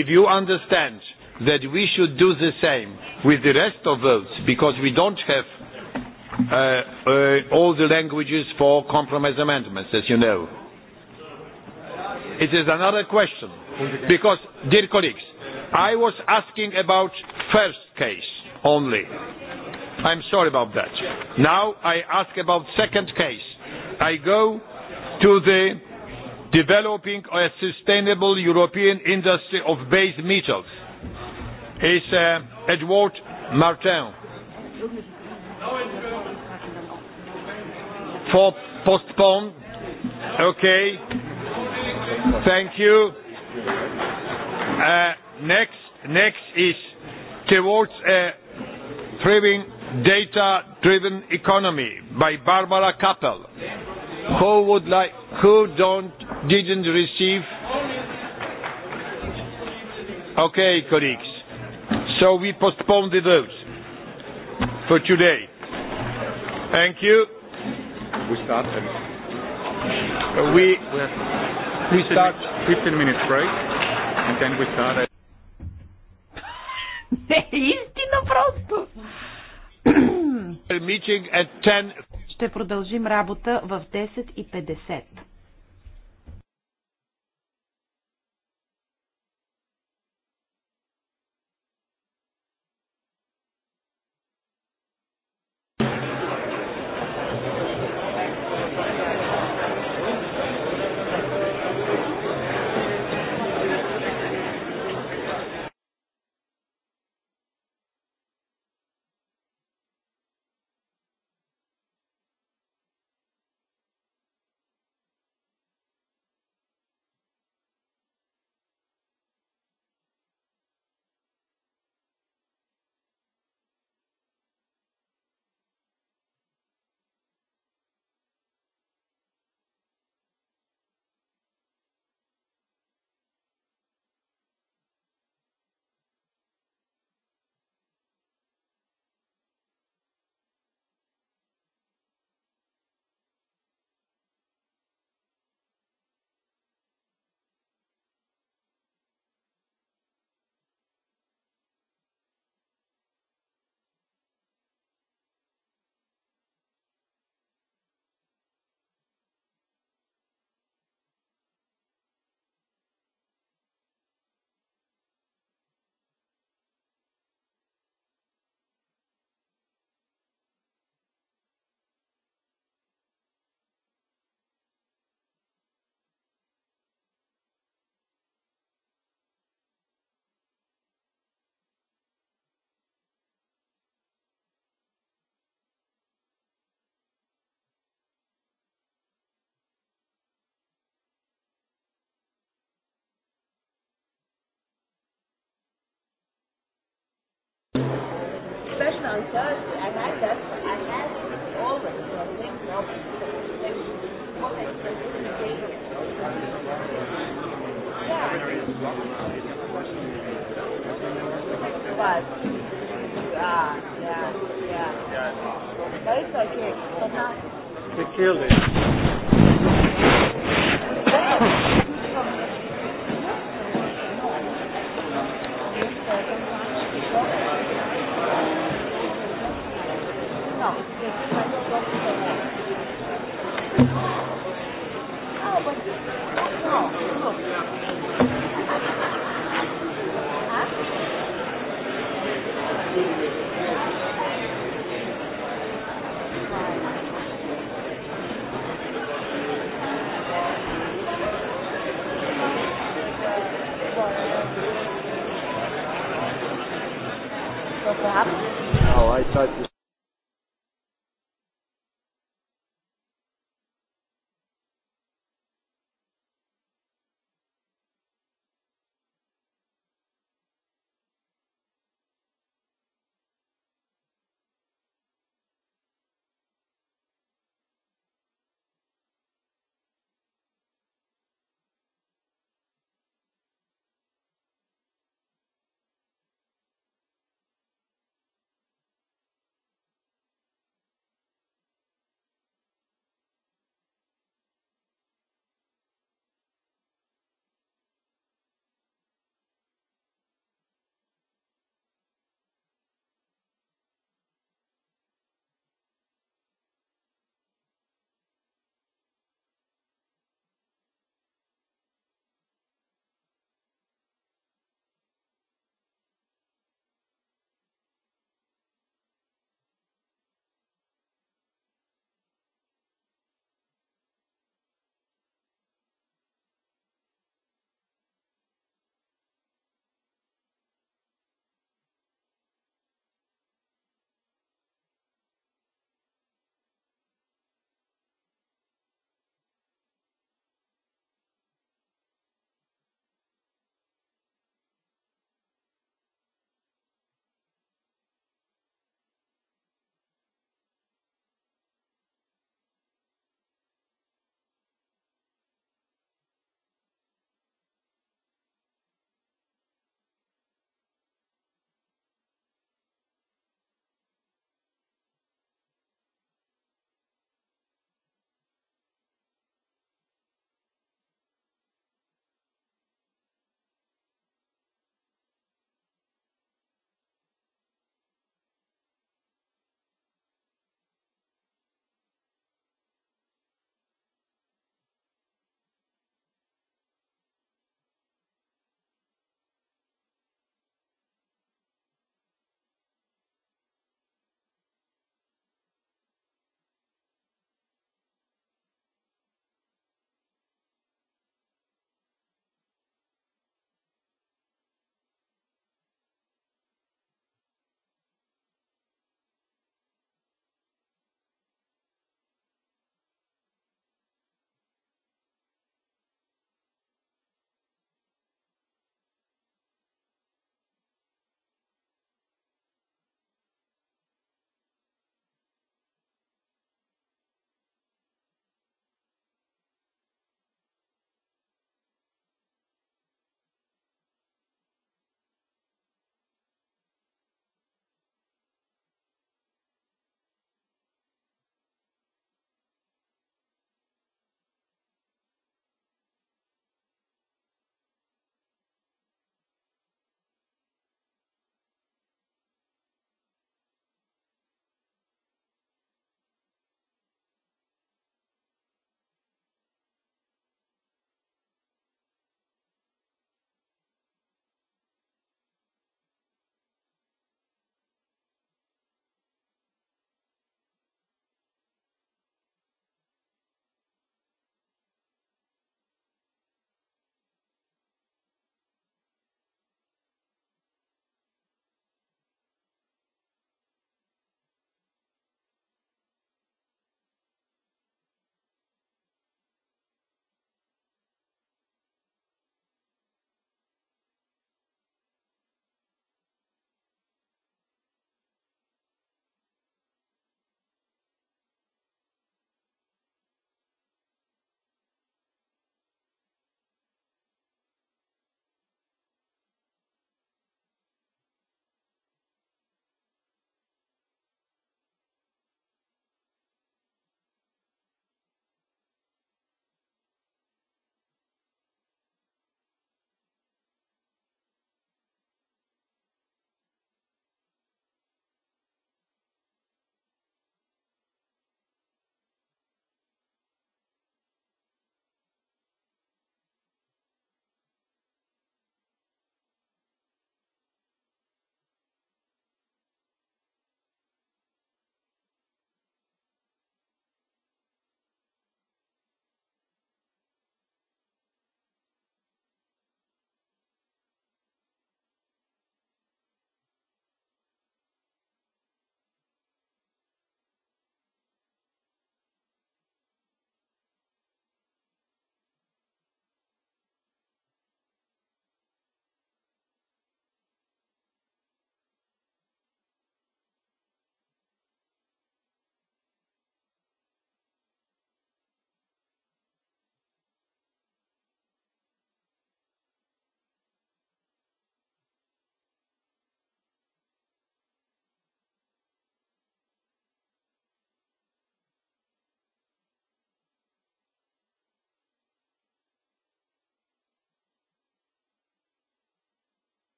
A: if you understand that we should do the same with the rest of those because we don't have uh, uh, all the languages for compromise amendments, as you know. It is another question because, dear colleagues, I was asking about first case only. I'm sorry about that. Now I ask about second case. I go to the developing a sustainable European industry of base metals is uh, Edward Martin for postpone. Okay. Thank you. Uh, next, next is towards a thriving data-driven economy by Barbara Kappel. Who would like? Who don't? Didn't receive Okay, colleagues. So we postpone the vote for today. Thank you.
C: We start. Uh,
A: We we have start Fifteen minutes break,
C: and
A: then we start.
B: Не, истина просто. at Ще продължим работа в
C: 10.50. does, and that does, and that is always a big problem. But, yeah, yeah, yeah. But it's okay. But not. To kill it.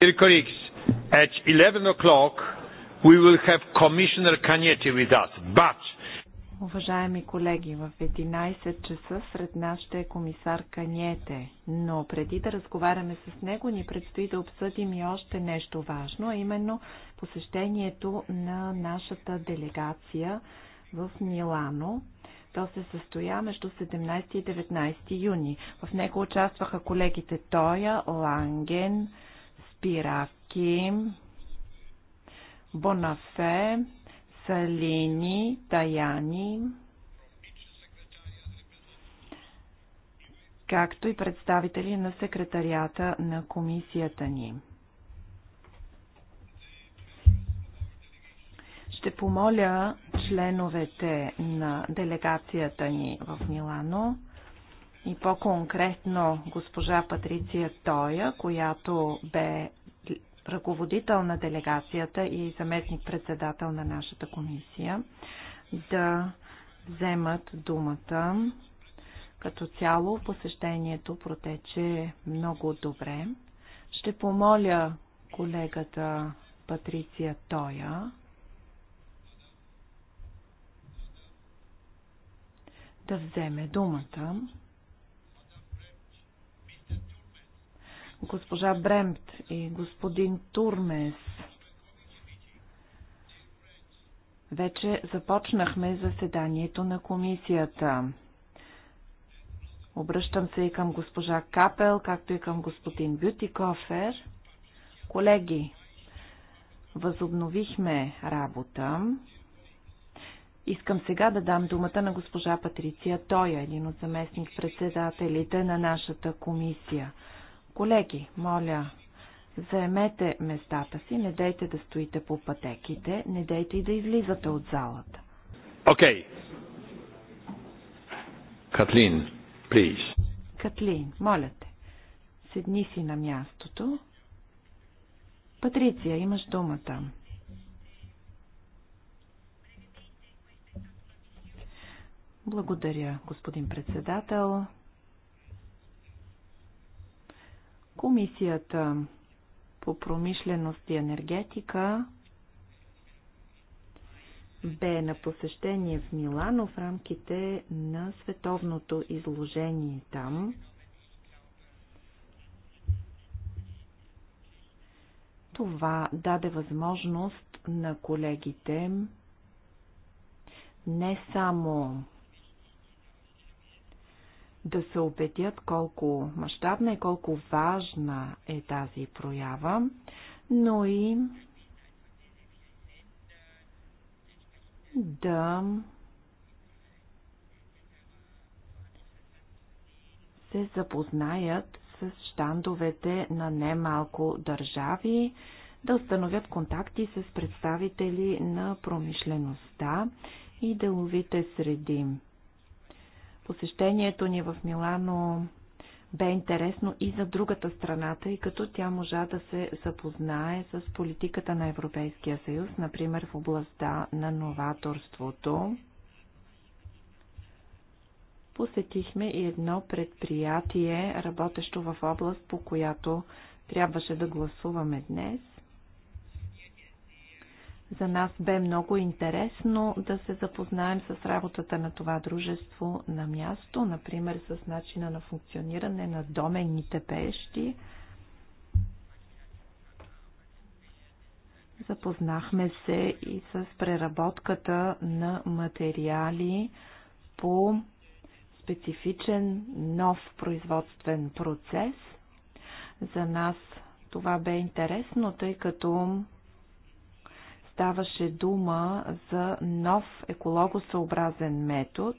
A: Dear colleagues, at 11 o'clock we will have Commissioner Canietti with us, but...
B: Уважаеми колеги, в 11 часа сред нас ще е комисар Каньете, но преди да разговаряме с него ни предстои да обсъдим и още нещо важно, а именно посещението на нашата делегация в Милано. То се състоя между 17 и 19 юни. В него участваха колегите Тоя, Ланген, Спираки, Бонафе, Салини, Таяни, както и представители на секретарията на комисията ни. Ще помоля членовете на делегацията ни в Милано и по-конкретно госпожа Патриция Тоя, която бе ръководител на делегацията и заместник-председател на нашата комисия, да вземат думата. Като цяло посещението протече много добре. Ще помоля колегата Патриция Тоя да вземе думата. госпожа Бремт и господин Турмес. Вече започнахме заседанието на комисията. Обръщам се и към госпожа Капел, както и към господин Бютикофер. Колеги, възобновихме работа. Искам сега да дам думата на госпожа Патриция Тоя, един от заместник председателите на нашата комисия. Колеги, моля, заемете местата си, не дейте да стоите по пътеките, не дейте и да излизате от залата.
A: Окей. Катлин, плиз.
B: Катлин, моля те, седни си на мястото. Патриция, имаш думата. Благодаря, господин председател. Комисията по промишленост и енергетика бе на посещение в Милано в рамките на световното изложение там. Това даде възможност на колегите не само да се убедят колко мащабна и колко важна е тази проява, но и да се запознаят с щандовете на немалко държави, да установят контакти с представители на промишлеността и деловите среди. Посещението ни в Милано бе интересно и за другата страна, тъй като тя можа да се запознае с политиката на Европейския съюз, например в областта на новаторството. Посетихме и едно предприятие, работещо в област, по която трябваше да гласуваме днес – за нас бе много интересно да се запознаем с работата на това дружество на място, например с начина на функциониране на доменните пещи. Запознахме се и с преработката на материали по специфичен нов производствен процес. За нас това бе интересно, тъй като ставаше дума за нов екологосъобразен метод.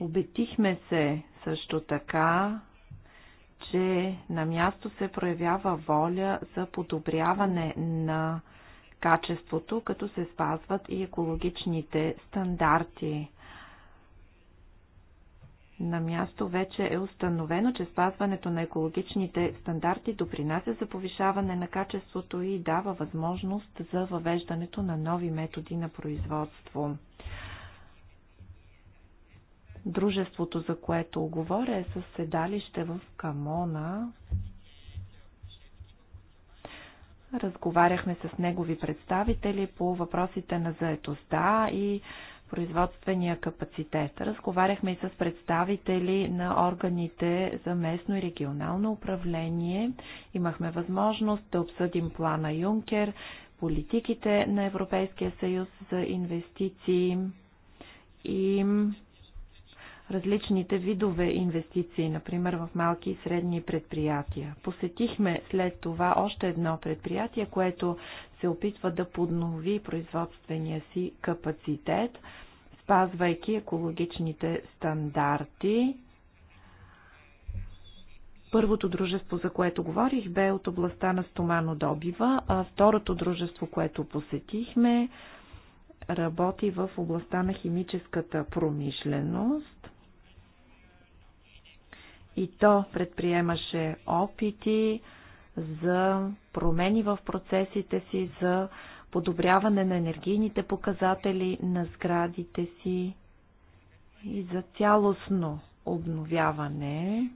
B: Обетихме се също така, че на място се проявява воля за подобряване на качеството, като се спазват и екологичните стандарти на място вече е установено, че спазването на екологичните стандарти допринася за повишаване на качеството и дава възможност за въвеждането на нови методи на производство. Дружеството, за което говоря, е със седалище в Камона. Разговаряхме с негови представители по въпросите на заетостта и производствения капацитет. Разговаряхме и с представители на органите за местно и регионално управление. Имахме възможност да обсъдим плана Юнкер, политиките на Европейския съюз за инвестиции и различните видове инвестиции, например в малки и средни предприятия. Посетихме след това още едно предприятие, което се опитва да поднови производствения си капацитет, спазвайки екологичните стандарти. Първото дружество, за което говорих, бе от областта на стоманодобива, а второто дружество, което посетихме, работи в областта на химическата промишленост. И то предприемаше опити за промени в процесите си, за подобряване на енергийните показатели на сградите си и за цялостно обновяване.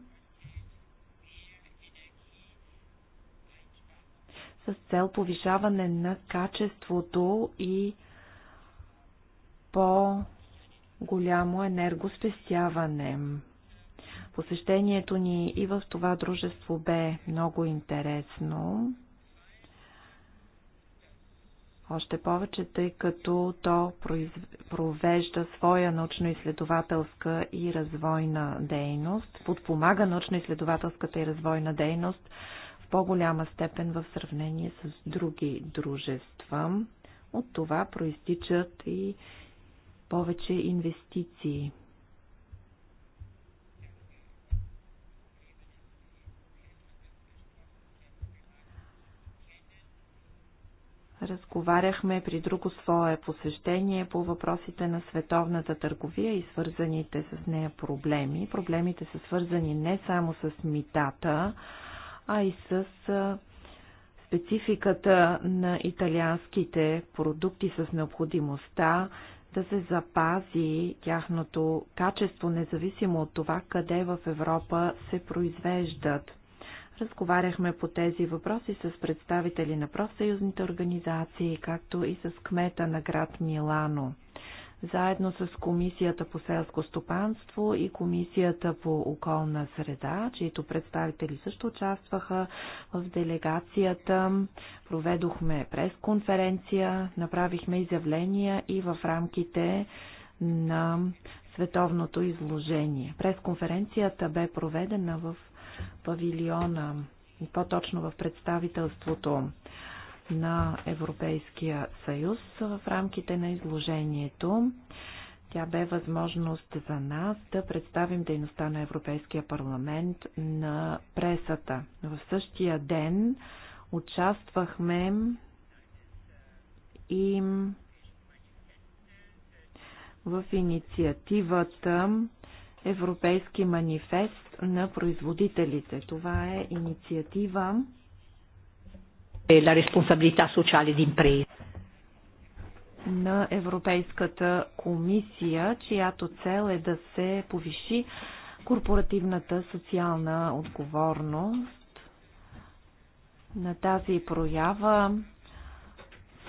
B: с цел повишаване на качеството и по-голямо енергоспестяване. Посещението ни и в това дружество бе много интересно. Още повече, тъй като то провежда своя научно-изследователска и развойна дейност, подпомага научно-изследователската и развойна дейност в по-голяма степен в сравнение с други дружества. От това проистичат и повече инвестиции. Разговаряхме при друго свое посещение по въпросите на световната търговия и свързаните с нея проблеми. Проблемите са свързани не само с митата, а и с спецификата на италианските продукти с необходимостта да се запази тяхното качество, независимо от това къде в Европа се произвеждат. Разговаряхме по тези въпроси с представители на профсъюзните организации, както и с кмета на град Милано. Заедно с Комисията по селско стопанство и Комисията по околна среда, чието представители също участваха в делегацията, проведохме пресконференция, направихме изявления и в рамките на световното изложение. Пресконференцията бе проведена в павилиона и по-точно в представителството на Европейския съюз в рамките на изложението. Тя бе възможност за нас да представим дейността на Европейския парламент на пресата. В същия ден участвахме и в инициативата Европейски манифест на производителите. Това е инициатива la responsabilità sociale d'impresa на Европейската комисия, чиято цел е да се повиши корпоративната социална отговорност. На тази проява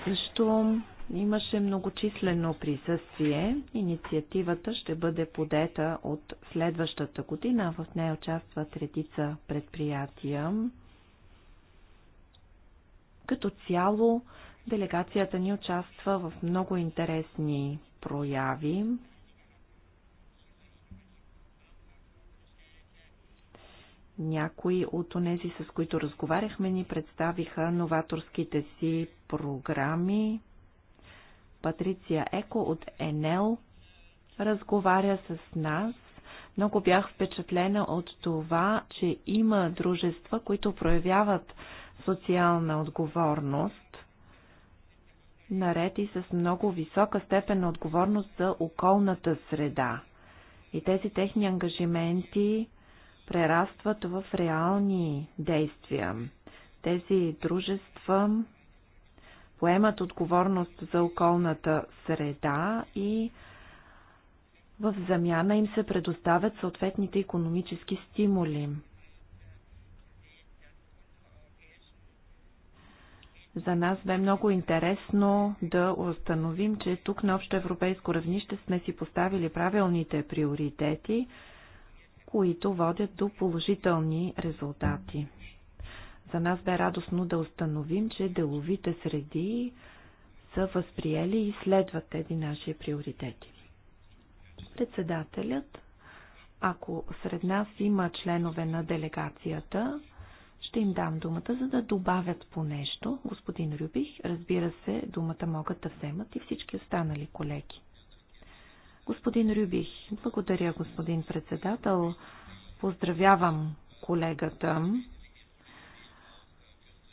B: също Имаше многочислено присъствие. Инициативата ще бъде подета от следващата година. В нея участват редица предприятия. Като цяло, делегацията ни участва в много интересни прояви. Някои от онези, с които разговаряхме, ни представиха новаторските си програми. Патриция Еко от Енел разговаря с нас. Много бях впечатлена от това, че има дружества, които проявяват социална отговорност, наред и с много висока степен на отговорност за околната среда. И тези техни ангажименти прерастват в реални действия. Тези дружества поемат отговорност за околната среда и в замяна им се предоставят съответните економически стимули. За нас бе много интересно да установим, че тук на общо европейско равнище сме си поставили правилните приоритети, които водят до положителни резултати. За нас бе радостно да установим, че деловите среди са възприели и следват тези наши приоритети. Председателят, ако сред нас има членове на делегацията, ще им дам думата, за да добавят по нещо. Господин Рюбих, разбира се, думата могат да вземат и всички останали колеги. Господин Рюбих, благодаря, господин председател. Поздравявам колегата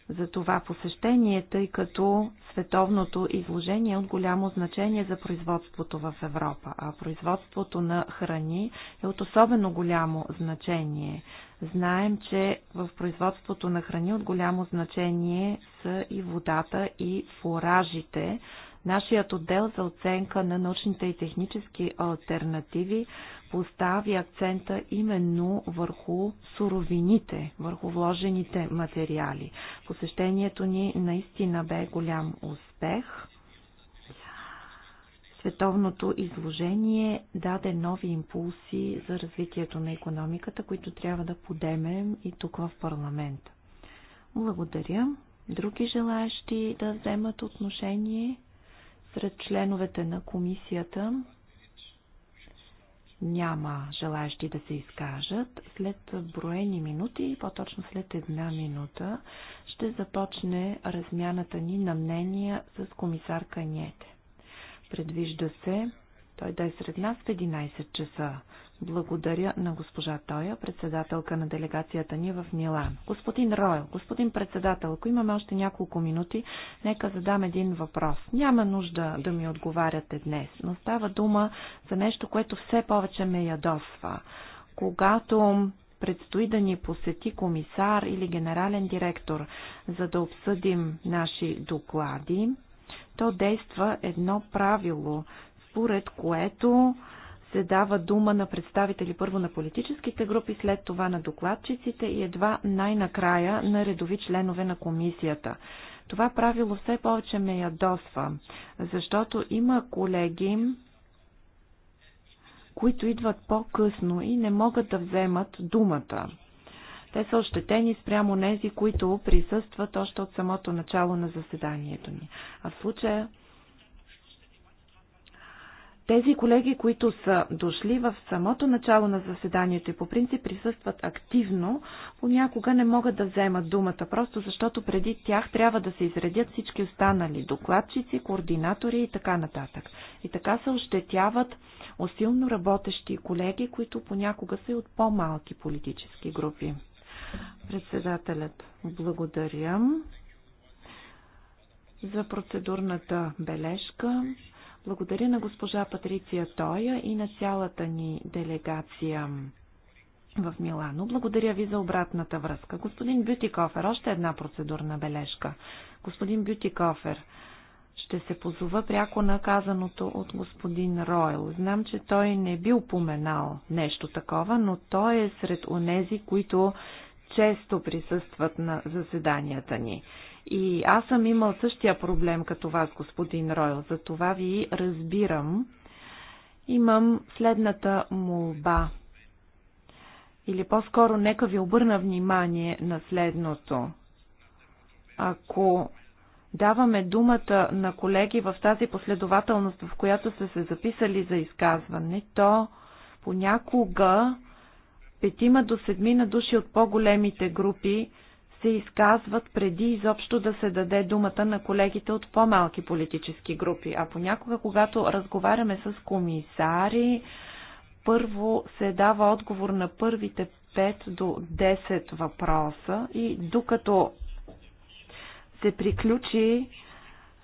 B: за това посещение, тъй като световното изложение е от голямо значение за производството в Европа, а производството на храни е от особено голямо значение. Знаем, че в производството на храни от голямо значение са и водата и фуражите, Нашият отдел за оценка на научните и технически альтернативи постави акцента именно върху суровините, върху вложените материали. Посещението ни наистина бе голям успех. Световното изложение даде нови импулси за развитието на економиката, които трябва да подемем и тук в парламента. Благодаря. Други желаящи да вземат отношение? Сред членовете на комисията няма желаящи да се изкажат. След броени минути, по-точно след една минута, ще започне размяната ни на мнения с комисар Каньете. Предвижда се той да е сред нас в 11 часа благодаря на госпожа Тоя, председателка на делегацията ни в Милан. Господин Ройл, господин председател, ако имаме още няколко минути, нека задам един въпрос. Няма нужда да ми отговаряте днес, но става дума за нещо, което все повече ме ядосва. Когато предстои да ни посети комисар или генерален директор, за да обсъдим наши доклади, то действа едно правило, според което се дава дума на представители първо на политическите групи, след това на докладчиците и едва най-накрая на редови членове на комисията. Това правило все повече ме ядосва, защото има колеги, които идват по-късно и не могат да вземат думата. Те са ощетени спрямо нези, които присъстват още от самото начало на заседанието ни. А в случая тези колеги, които са дошли в самото начало на заседанието и по принцип присъстват активно, понякога не могат да вземат думата, просто защото преди тях трябва да се изредят всички останали докладчици, координатори и така нататък. И така се ощетяват усилно работещи колеги, които понякога са и от по-малки политически групи. Председателят, благодаря за процедурната бележка. Благодаря на госпожа Патриция Тоя и на цялата ни делегация в Милано. Благодаря ви за обратната връзка. Господин Бютикофер, още една процедурна бележка. Господин Бютикофер, ще се позова пряко на казаното от господин Ройл. Знам, че той не би упоменал нещо такова, но той е сред онези, които често присъстват на заседанията ни. И аз съм имал същия проблем като вас, господин Ройл. За това ви разбирам. Имам следната молба. Или по-скоро, нека ви обърна внимание на следното. Ако даваме думата на колеги в тази последователност, в която са се записали за изказване, то понякога петима до седмина души от по-големите групи се изказват преди изобщо да се даде думата на колегите от по-малки политически групи. А понякога, когато разговаряме с комисари, първо се дава отговор на първите 5 до 10 въпроса и докато се приключи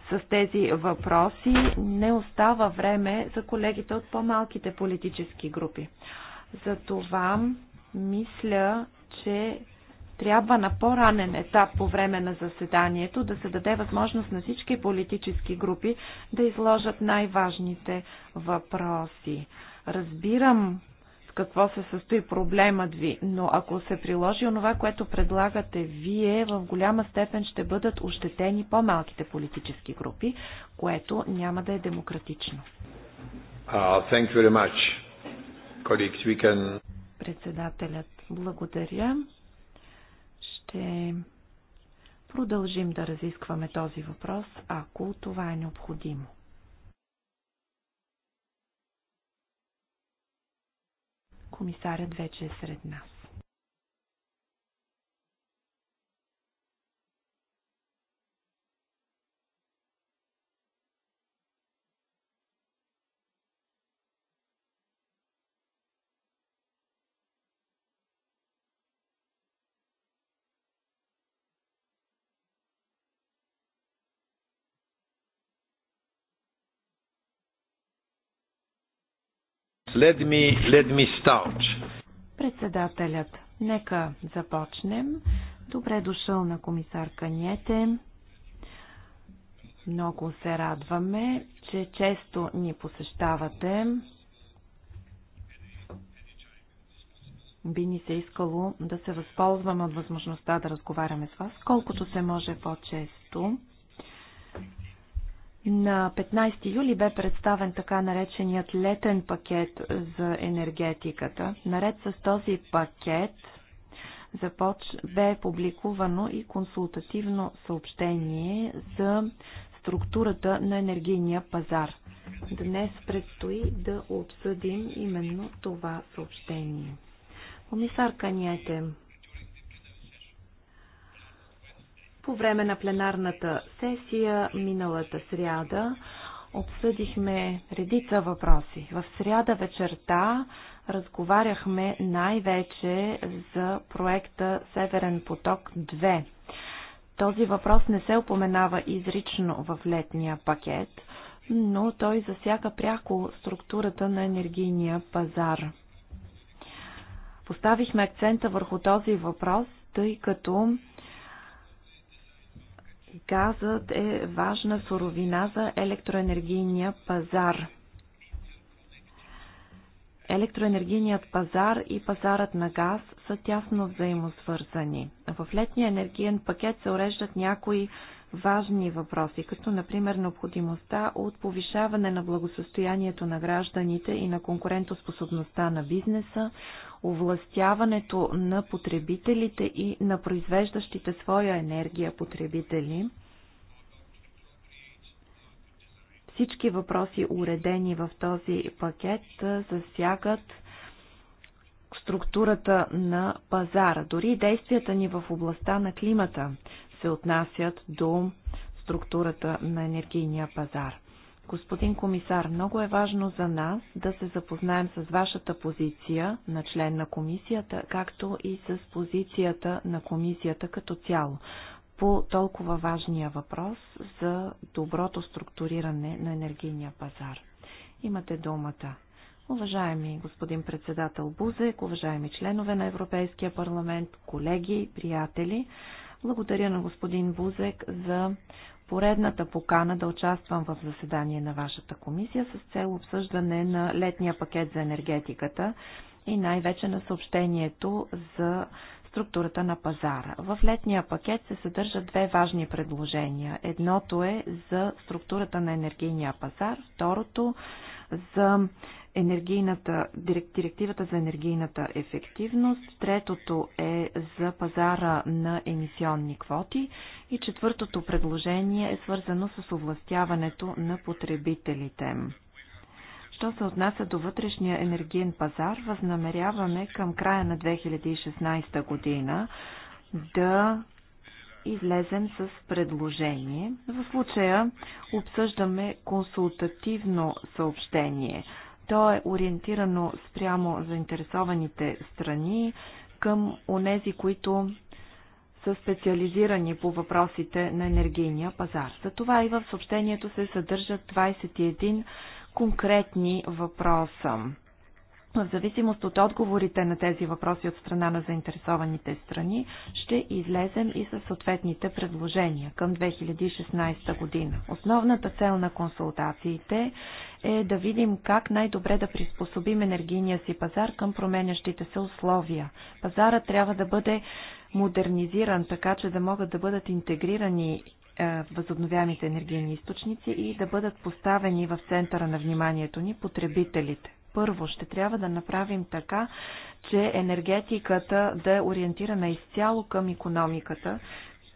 B: с тези въпроси, не остава време за колегите от по-малките политически групи. Затова мисля, че трябва на по-ранен етап по време на заседанието да се даде възможност на всички политически групи да изложат най-важните въпроси. Разбирам с какво се състои проблемът ви, но ако се приложи онова, което предлагате вие, в голяма степен ще бъдат ощетени по-малките политически групи, което няма да е демократично.
A: Uh, thank you very much. we can...
B: Председателят, благодаря ще продължим да разискваме този въпрос, ако това е необходимо. Комисарят вече е сред нас.
A: Let me, let me start.
B: Председателят, нека започнем. Добре дошъл на комисар Каньете. Много се радваме, че често ни посещавате. Би ни се искало да се възползваме от възможността да разговаряме с вас, колкото се може по-често. На 15 юли бе представен така нареченият летен пакет за енергетиката. Наред с този пакет започ... бе публикувано и консултативно съобщение за структурата на енергийния пазар. Днес предстои да обсъдим именно това съобщение. Комисар Каниете, По време на пленарната сесия миналата сряда обсъдихме редица въпроси. В сряда вечерта разговаряхме най-вече за проекта Северен поток 2. Този въпрос не се упоменава изрично в летния пакет, но той засяга пряко структурата на енергийния пазар. Поставихме акцента върху този въпрос, тъй като Газът е важна суровина за електроенергийния пазар. Електроенергийният пазар и пазарът на газ са тясно взаимосвързани. В летния енергиен пакет се уреждат някои важни въпроси, като например необходимостта от повишаване на благосостоянието на гражданите и на конкурентоспособността на бизнеса, овластяването на потребителите и на произвеждащите своя енергия потребители. Всички въпроси, уредени в този пакет, засягат структурата на пазара, дори действията ни в областта на климата се отнасят до структурата на енергийния пазар. Господин комисар, много е важно за нас да се запознаем с вашата позиция на член на комисията, както и с позицията на комисията като цяло по толкова важния въпрос за доброто структуриране на енергийния пазар. Имате думата. Уважаеми господин председател Бузек, уважаеми членове на Европейския парламент, колеги, приятели, благодаря на господин Бузек за поредната покана да участвам в заседание на вашата комисия с цел обсъждане на летния пакет за енергетиката и най-вече на съобщението за структурата на пазара. В летния пакет се съдържат две важни предложения. Едното е за структурата на енергийния пазар, второто за енергийната, директивата за енергийната ефективност, третото е за пазара на емисионни квоти и четвъртото предложение е свързано с овластяването на потребителите. Що се отнася до вътрешния енергиен пазар, възнамеряваме към края на 2016 година да излезем с предложение. В случая обсъждаме консултативно съобщение. То е ориентирано спрямо заинтересованите страни към онези, които са специализирани по въпросите на енергийния пазар. За това и в съобщението се съдържат 21 конкретни въпроса. В зависимост от отговорите на тези въпроси от страна на заинтересованите страни, ще излезем и със съответните предложения към 2016 година. Основната цел на консултациите е да видим как най-добре да приспособим енергийния си пазар към променящите се условия. Пазара трябва да бъде модернизиран, така че да могат да бъдат интегрирани е, възобновяемите енергийни източници и да бъдат поставени в центъра на вниманието ни потребителите. Първо, ще трябва да направим така, че енергетиката да е ориентирана изцяло към економиката,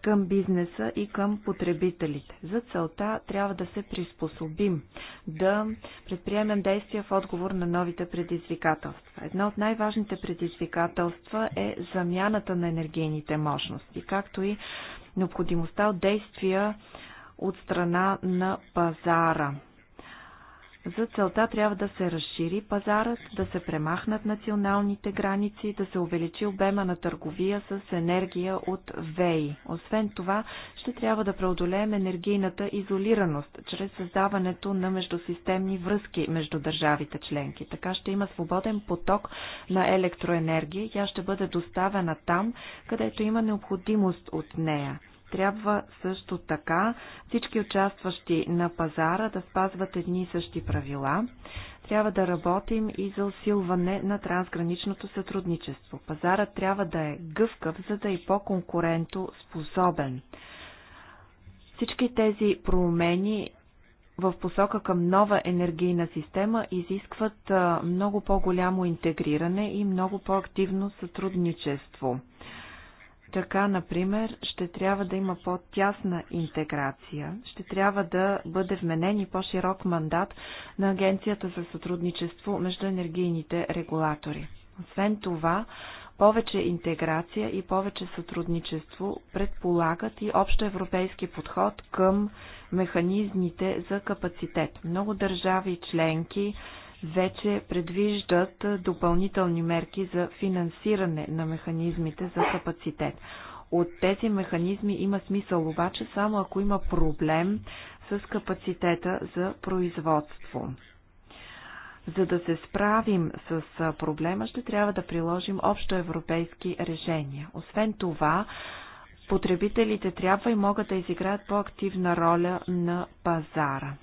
B: към бизнеса и към потребителите. За целта трябва да се приспособим, да предприемем действия в отговор на новите предизвикателства. Едно от най-важните предизвикателства е замяната на енергийните мощности, както и необходимостта от действия от страна на пазара. За целта трябва да се разшири пазарът, да се премахнат националните граници, да се увеличи обема на търговия с енергия от ВЕИ. Освен това, ще трябва да преодолеем енергийната изолираност, чрез създаването на междусистемни връзки между държавите членки. Така ще има свободен поток на електроенергия, тя ще бъде доставена там, където има необходимост от нея. Трябва също така всички участващи на пазара да спазват едни и същи правила. Трябва да работим и за усилване на трансграничното сътрудничество. Пазарът трябва да е гъвкав, за да е по-конкурентоспособен. способен. Всички тези промени в посока към нова енергийна система изискват много по-голямо интегриране и много по-активно сътрудничество. Така, например, ще трябва да има по-тясна интеграция, ще трябва да бъде вменен и по-широк мандат на Агенцията за сътрудничество между енергийните регулатори. Освен това, повече интеграция и повече сътрудничество предполагат и европейски подход към механизмите за капацитет. Много държави членки вече предвиждат допълнителни мерки за финансиране на механизмите за капацитет. От тези механизми има смисъл обаче само ако има проблем с капацитета за производство. За да се справим с проблема, ще трябва да приложим общоевропейски решения. Освен това, потребителите трябва и могат да изиграят по-активна роля на пазара.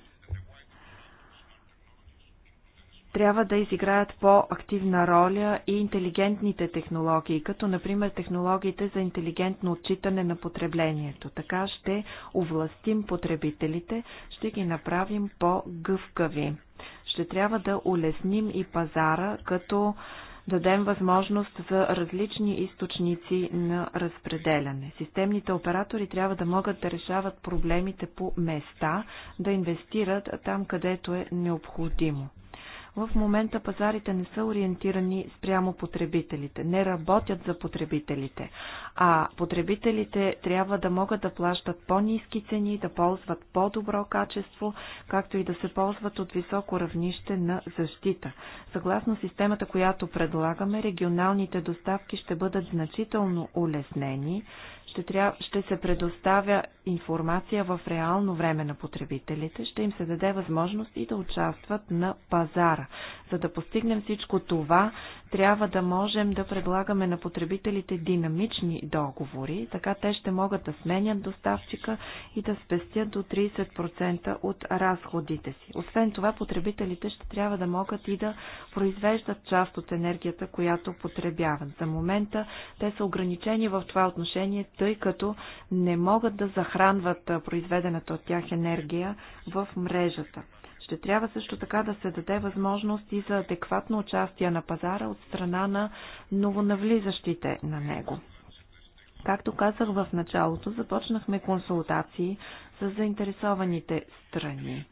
B: трябва да изиграят по-активна роля и интелигентните технологии, като например технологиите за интелигентно отчитане на потреблението. Така ще овластим потребителите, ще ги направим по-гъвкави. Ще трябва да улесним и пазара, като дадем възможност за различни източници на разпределяне. Системните оператори трябва да могат да решават проблемите по места, да инвестират там, където е необходимо. В момента пазарите не са ориентирани спрямо потребителите, не работят за потребителите, а потребителите трябва да могат да плащат по-низки цени, да ползват по-добро качество, както и да се ползват от високо равнище на защита. Съгласно системата, която предлагаме, регионалните доставки ще бъдат значително улеснени, ще, тряб... ще се предоставя информация в реално време на потребителите, ще им се даде възможност и да участват на пазара. За да постигнем всичко това, трябва да можем да предлагаме на потребителите динамични договори, така те ще могат да сменят доставчика и да спестят до 30% от разходите си. Освен това, потребителите ще трябва да могат и да произвеждат част от енергията, която потребяват. За момента те са ограничени в това отношение тъй като не могат да захранват произведената от тях енергия в мрежата. Ще трябва също така да се даде възможност и за адекватно участие на пазара от страна на новонавлизащите на него. Както казах в началото, започнахме консултации с заинтересованите страни.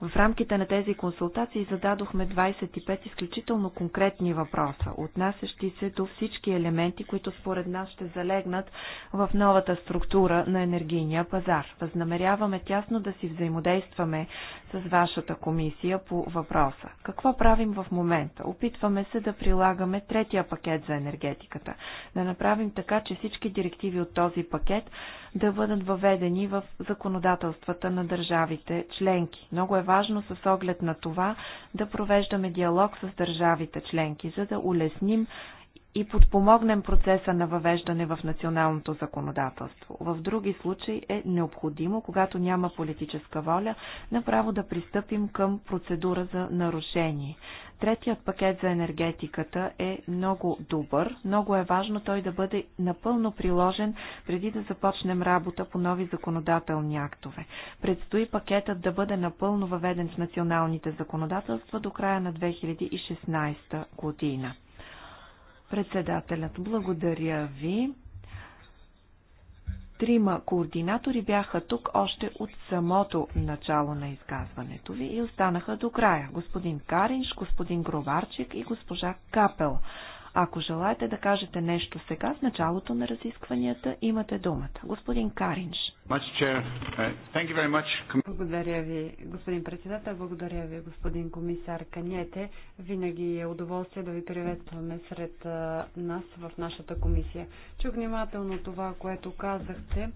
B: В рамките на тези консултации зададохме 25 изключително конкретни въпроса, отнасящи се до всички елементи, които според нас ще залегнат в новата структура на енергийния пазар. Възнамеряваме тясно да си взаимодействаме с вашата комисия по въпроса. Какво правим в момента? Опитваме се да прилагаме третия пакет за енергетиката. Да направим така, че всички директиви от този пакет да бъдат въведени в законодателствата на държавите членки. Много е важно с оглед на това да провеждаме диалог с държавите членки, за да улесним и подпомогнем процеса на въвеждане в националното законодателство. В други случаи е необходимо, когато няма политическа воля, направо да пристъпим към процедура за нарушение. Третият пакет за енергетиката е много добър. Много е важно той да бъде напълно приложен преди да започнем работа по нови законодателни актове. Предстои пакетът да бъде напълно въведен в националните законодателства до края на 2016 година. Председателят, благодаря ви. Трима координатори бяха тук още от самото начало на изказването ви и останаха до края. Господин Каринш, господин Гроварчик и госпожа Капел. Ако желаете да кажете нещо сега, в началото на разискванията, имате думата. Господин Каринш. Uh, Благодаря ви, господин председател. Благодаря ви, господин комисар Каньете. Винаги е удоволствие да ви приветстваме сред нас в нашата комисия. Чух внимателно това, което казахте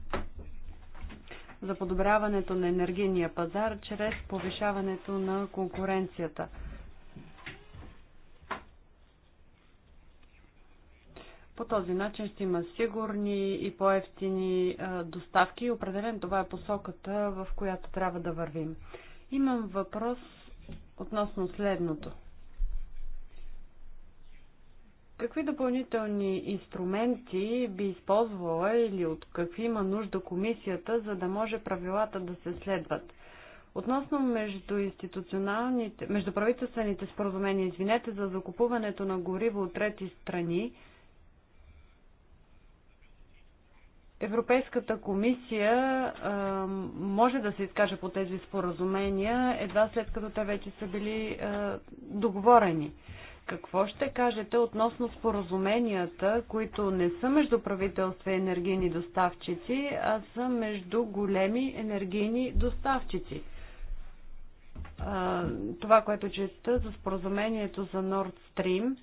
B: за подобряването на енергийния пазар чрез повишаването на конкуренцията – По този начин ще има сигурни и по-ефтини доставки и определен това е посоката, в която трябва да вървим. Имам въпрос относно следното. Какви допълнителни инструменти би използвала или от какви има нужда комисията, за да може правилата да се следват? Относно между институционалните, междуправителствените споразумения, извинете, за закупуването на гориво от трети страни, Европейската комисия а, може да се изкаже по тези споразумения едва след като те вече са били а, договорени. Какво ще кажете относно споразуменията, които не са между правителства и енергийни доставчици, а са между големи енергийни доставчици? А, това, което чета за споразумението за Nord Stream,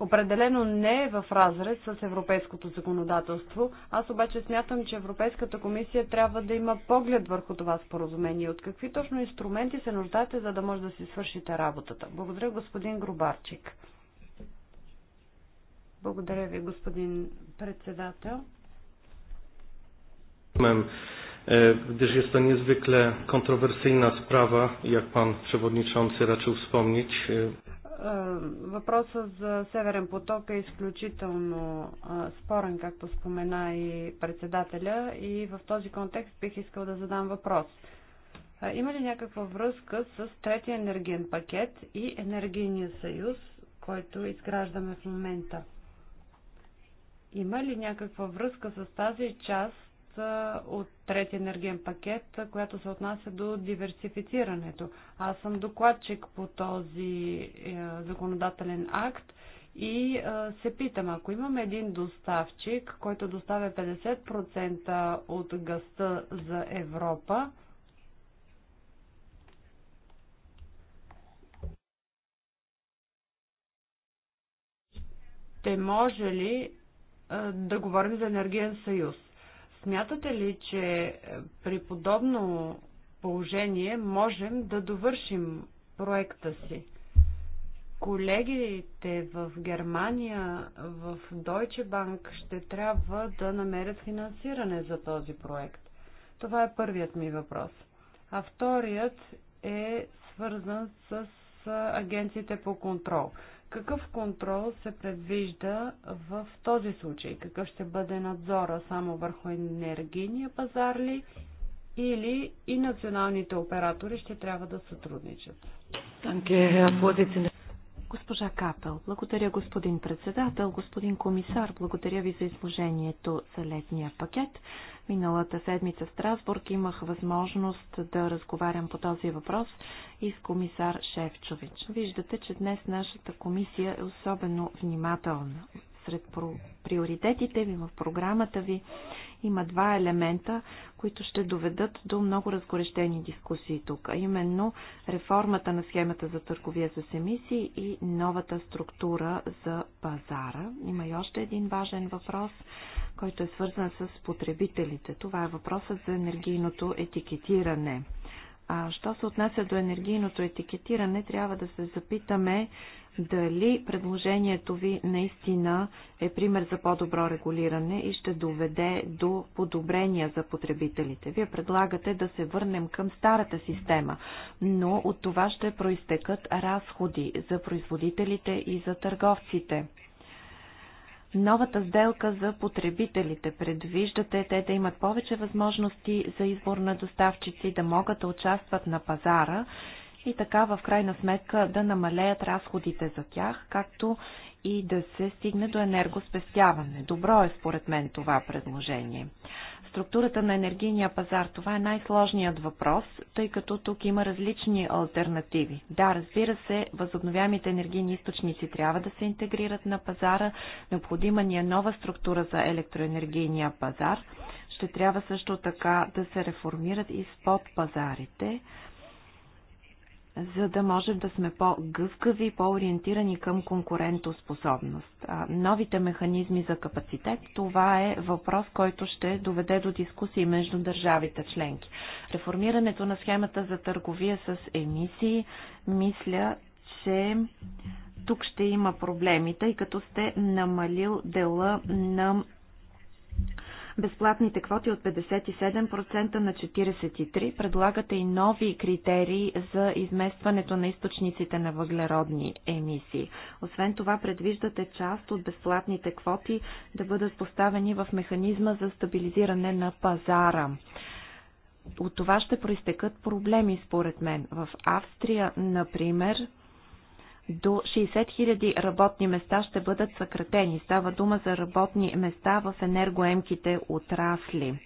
B: определено не е в разрез с европейското законодателство. Аз обаче смятам, че Европейската комисия трябва да има поглед върху това споразумение. От какви точно инструменти се нуждаете, за да може да си свършите работата? Благодаря, господин Грубарчик. Благодаря ви, господин председател.
D: Е, gdyż jest to niezwykle kontrowersyjna sprawa, jak pan przewodniczący raczył wspomnieć. E,
B: е, въпросът за Северен поток е изключително е, спорен, както спомена и председателя, и в този контекст бих искал да задам въпрос. Е, има ли някаква връзка с третия енергиен пакет и енергийния съюз, който изграждаме в момента? Има ли някаква връзка с тази част от трети енергиен пакет, която се отнася до диверсифицирането. Аз съм докладчик по този е, законодателен акт и е, се питам, ако имаме един доставчик, който доставя 50% от гъста за Европа, те може ли е, да говорим за енергиен съюз? Смятате ли, че е, при подобно положение можем да довършим проекта си? Колегите в Германия, в Deutsche Bank ще трябва да намерят финансиране за този проект. Това е първият ми въпрос. А вторият е свързан с е, агенциите по контрол. Какъв контрол се предвижда в този случай? Какъв ще бъде надзора само върху енергийния пазар ли или и националните оператори ще трябва да сътрудничат? Госпожа Капел, благодаря господин председател, господин комисар, благодаря ви за изложението за летния пакет. Миналата седмица в Страсбург имах възможност да разговарям по този въпрос и с комисар Шевчович. Виждате, че днес нашата комисия е особено внимателна. Сред приоритетите ви в програмата ви има два елемента, които ще доведат до много разгорещени дискусии тук, а именно реформата на схемата за търговия с емисии и новата структура за пазара. Има и още един важен въпрос, който е свързан с потребителите. Това е въпросът за енергийното етикетиране. А що се отнася до енергийното етикетиране, трябва да се запитаме дали предложението ви наистина е пример за по-добро регулиране и ще доведе до подобрения за потребителите. Вие предлагате да се върнем към старата система, но от това ще проистекат разходи за производителите и за търговците новата сделка за потребителите? Предвиждате те да имат повече възможности за избор на доставчици, да могат да участват на пазара и така в крайна сметка да намалеят разходите за тях, както и да се стигне до енергоспестяване. Добро е според мен това предложение. Структурата на енергийния пазар, това е най-сложният въпрос, тъй като тук има различни альтернативи. Да, разбира се, възобновяемите енергийни източници трябва да се интегрират на пазара, необходима ни е нова структура за електроенергийния пазар, ще трябва също така да се реформират и спот пазарите, за да можем да сме по-гъвкави и по-ориентирани към конкурентоспособност. Новите механизми за капацитет, това е въпрос, който ще доведе до дискусии между държавите членки. Реформирането на схемата за търговия с емисии, мисля, че тук ще има проблеми, тъй като сте намалил дела на безплатните квоти от 57% на 43%. Предлагате и нови критерии за изместването на източниците на въглеродни емисии. Освен това, предвиждате част от безплатните квоти да бъдат поставени в механизма за стабилизиране на пазара. От това ще проистекат проблеми, според мен. В Австрия, например, до 60 000 работни места ще бъдат съкратени. Става дума за работни места в енергоемките отрасли.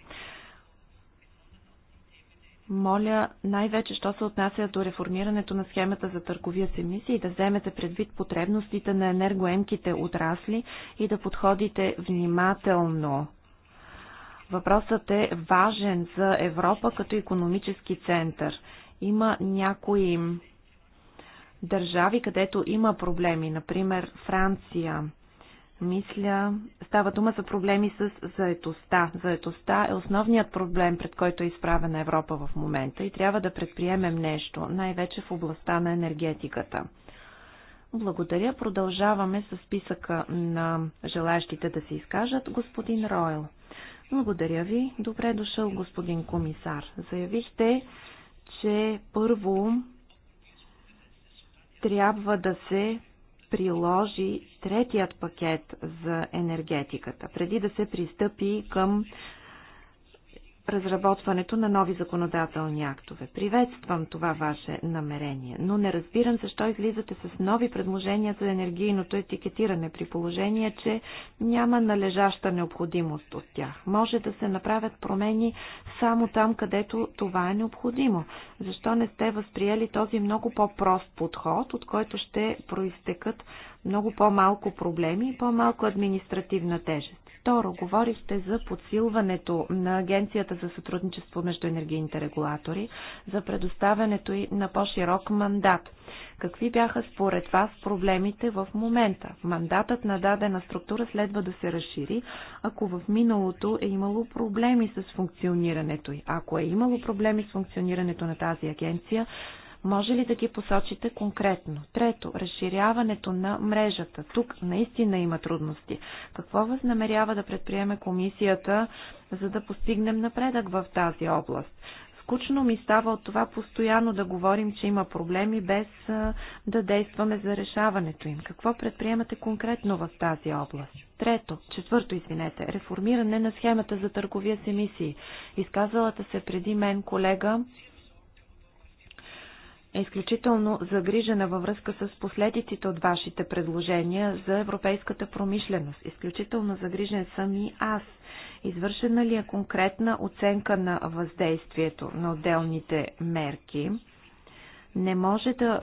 B: Моля, най-вече, що се отнася до реформирането на схемата за търговия с емисии, да вземете предвид потребностите на енергоемките отрасли и да подходите внимателно. Въпросът е важен за Европа като економически център. Има някои държави, където има проблеми, например Франция. Мисля, става дума за проблеми с заетостта. Заетостта е основният проблем, пред който е изправена Европа в момента и трябва да предприемем нещо, най-вече в областта на енергетиката. Благодаря. Продължаваме с списъка на желаящите да се изкажат. Господин Ройл. Благодаря ви. Добре е дошъл, господин комисар. Заявихте, че първо трябва да се приложи третият пакет за енергетиката, преди да се пристъпи към разработването на нови законодателни актове. Приветствам това ваше намерение, но не разбирам защо излизате с нови предложения за енергийното етикетиране при положение, че няма належаща необходимост от тях. Може да се направят промени само там, където това е необходимо. Защо не сте възприели този много по-прост подход, от който ще проистекат много по-малко проблеми и по-малко административна тежест? Второ, говорихте за подсилването на Агенцията за сътрудничество между енергийните регулатори, за предоставянето и на по-широк мандат. Какви бяха според вас проблемите в момента? Мандатът на дадена структура следва да се разшири, ако в миналото е имало проблеми с функционирането й. Ако е имало проблеми с функционирането на тази агенция, може ли да ги посочите конкретно? Трето, разширяването на мрежата. Тук наистина има трудности. Какво възнамерява да предприеме комисията, за да постигнем напредък в тази област? Скучно ми става от това постоянно да говорим, че има проблеми, без да действаме за решаването им. Какво предприемате конкретно в тази област? Трето, четвърто, извинете, реформиране на схемата за търговия с емисии. Изказалата се преди мен колега е изключително загрижена във връзка с последиците от вашите предложения за европейската промишленост. Изключително загрижен съм и аз. Извършена ли е конкретна оценка на въздействието на отделните мерки? Не може да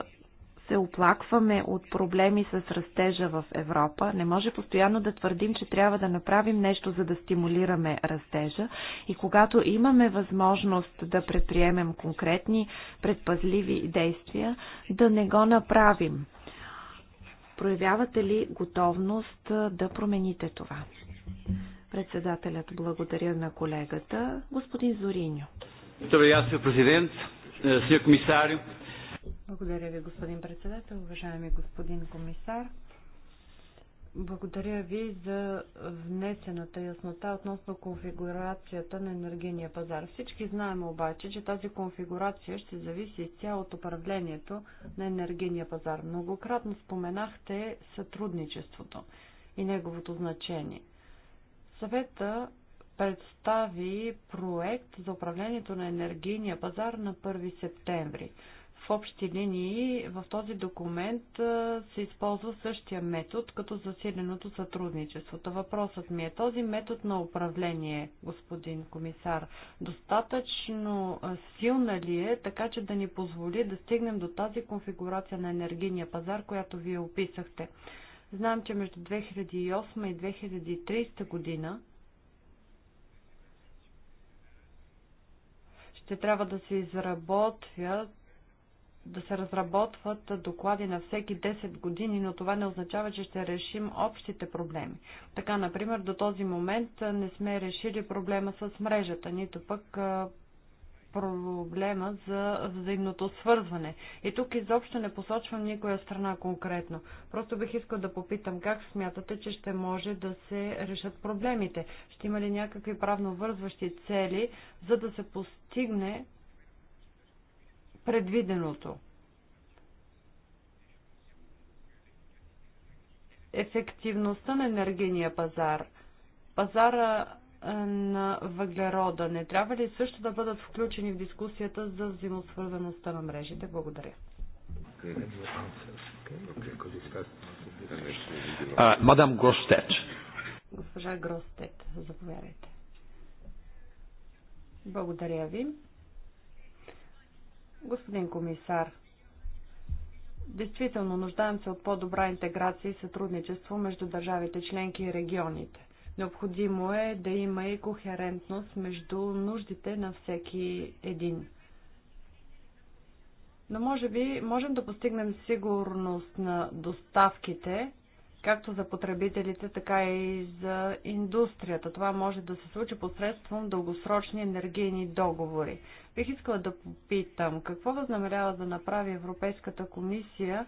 B: се оплакваме от проблеми с растежа в Европа, не може постоянно да твърдим, че трябва да направим нещо, за да стимулираме растежа. И когато имаме възможност да предприемем конкретни предпазливи действия, да не го направим. Проявявате ли готовност да промените това? Председателят благодаря на колегата, господин Зориньо. Добре, аз президент, Presidente.
A: Sr.
B: Благодаря ви, господин председател, уважаеми господин комисар. Благодаря ви за внесената яснота относно конфигурацията на енергийния пазар. Всички знаем обаче, че тази конфигурация ще зависи изцяло от управлението на енергийния пазар. Многократно споменахте сътрудничеството и неговото значение. Съвета представи проект за управлението на енергийния пазар на 1 септември. В общи линии в този документ се използва същия метод като засиленото сътрудничество. Та въпросът ми е този метод на управление, господин комисар, достатъчно силна ли е, така че да ни позволи да стигнем до тази конфигурация на енергийния пазар, която вие описахте? Знам, че между 2008 и 2030 година ще трябва да се изработят да се разработват доклади на всеки 10 години, но това не означава, че ще решим общите проблеми. Така, например, до този момент не сме решили проблема с мрежата, нито пък проблема за взаимното свързване. И тук изобщо не посочвам никоя страна конкретно. Просто бих искал да попитам как смятате, че ще може да се решат проблемите. Ще има ли някакви правно вързващи цели, за да се постигне предвиденото. Ефективността на енергийния пазар, пазара е, на въглерода, не трябва ли също да бъдат включени в дискусията за взаимосвързаността на мрежите? Благодаря.
A: Мадам Гростет.
B: Госпожа Гростет, заповядайте. Благодаря ви. Господин комисар, действително нуждаем се от по-добра интеграция и сътрудничество между държавите членки и регионите. Необходимо е да има и кохерентност между нуждите на всеки един. Но може би можем да постигнем сигурност на доставките, както за потребителите, така и за индустрията. Това може да се случи посредством дългосрочни енергийни договори. Бих искала да попитам, какво възнамерява да направи Европейската комисия,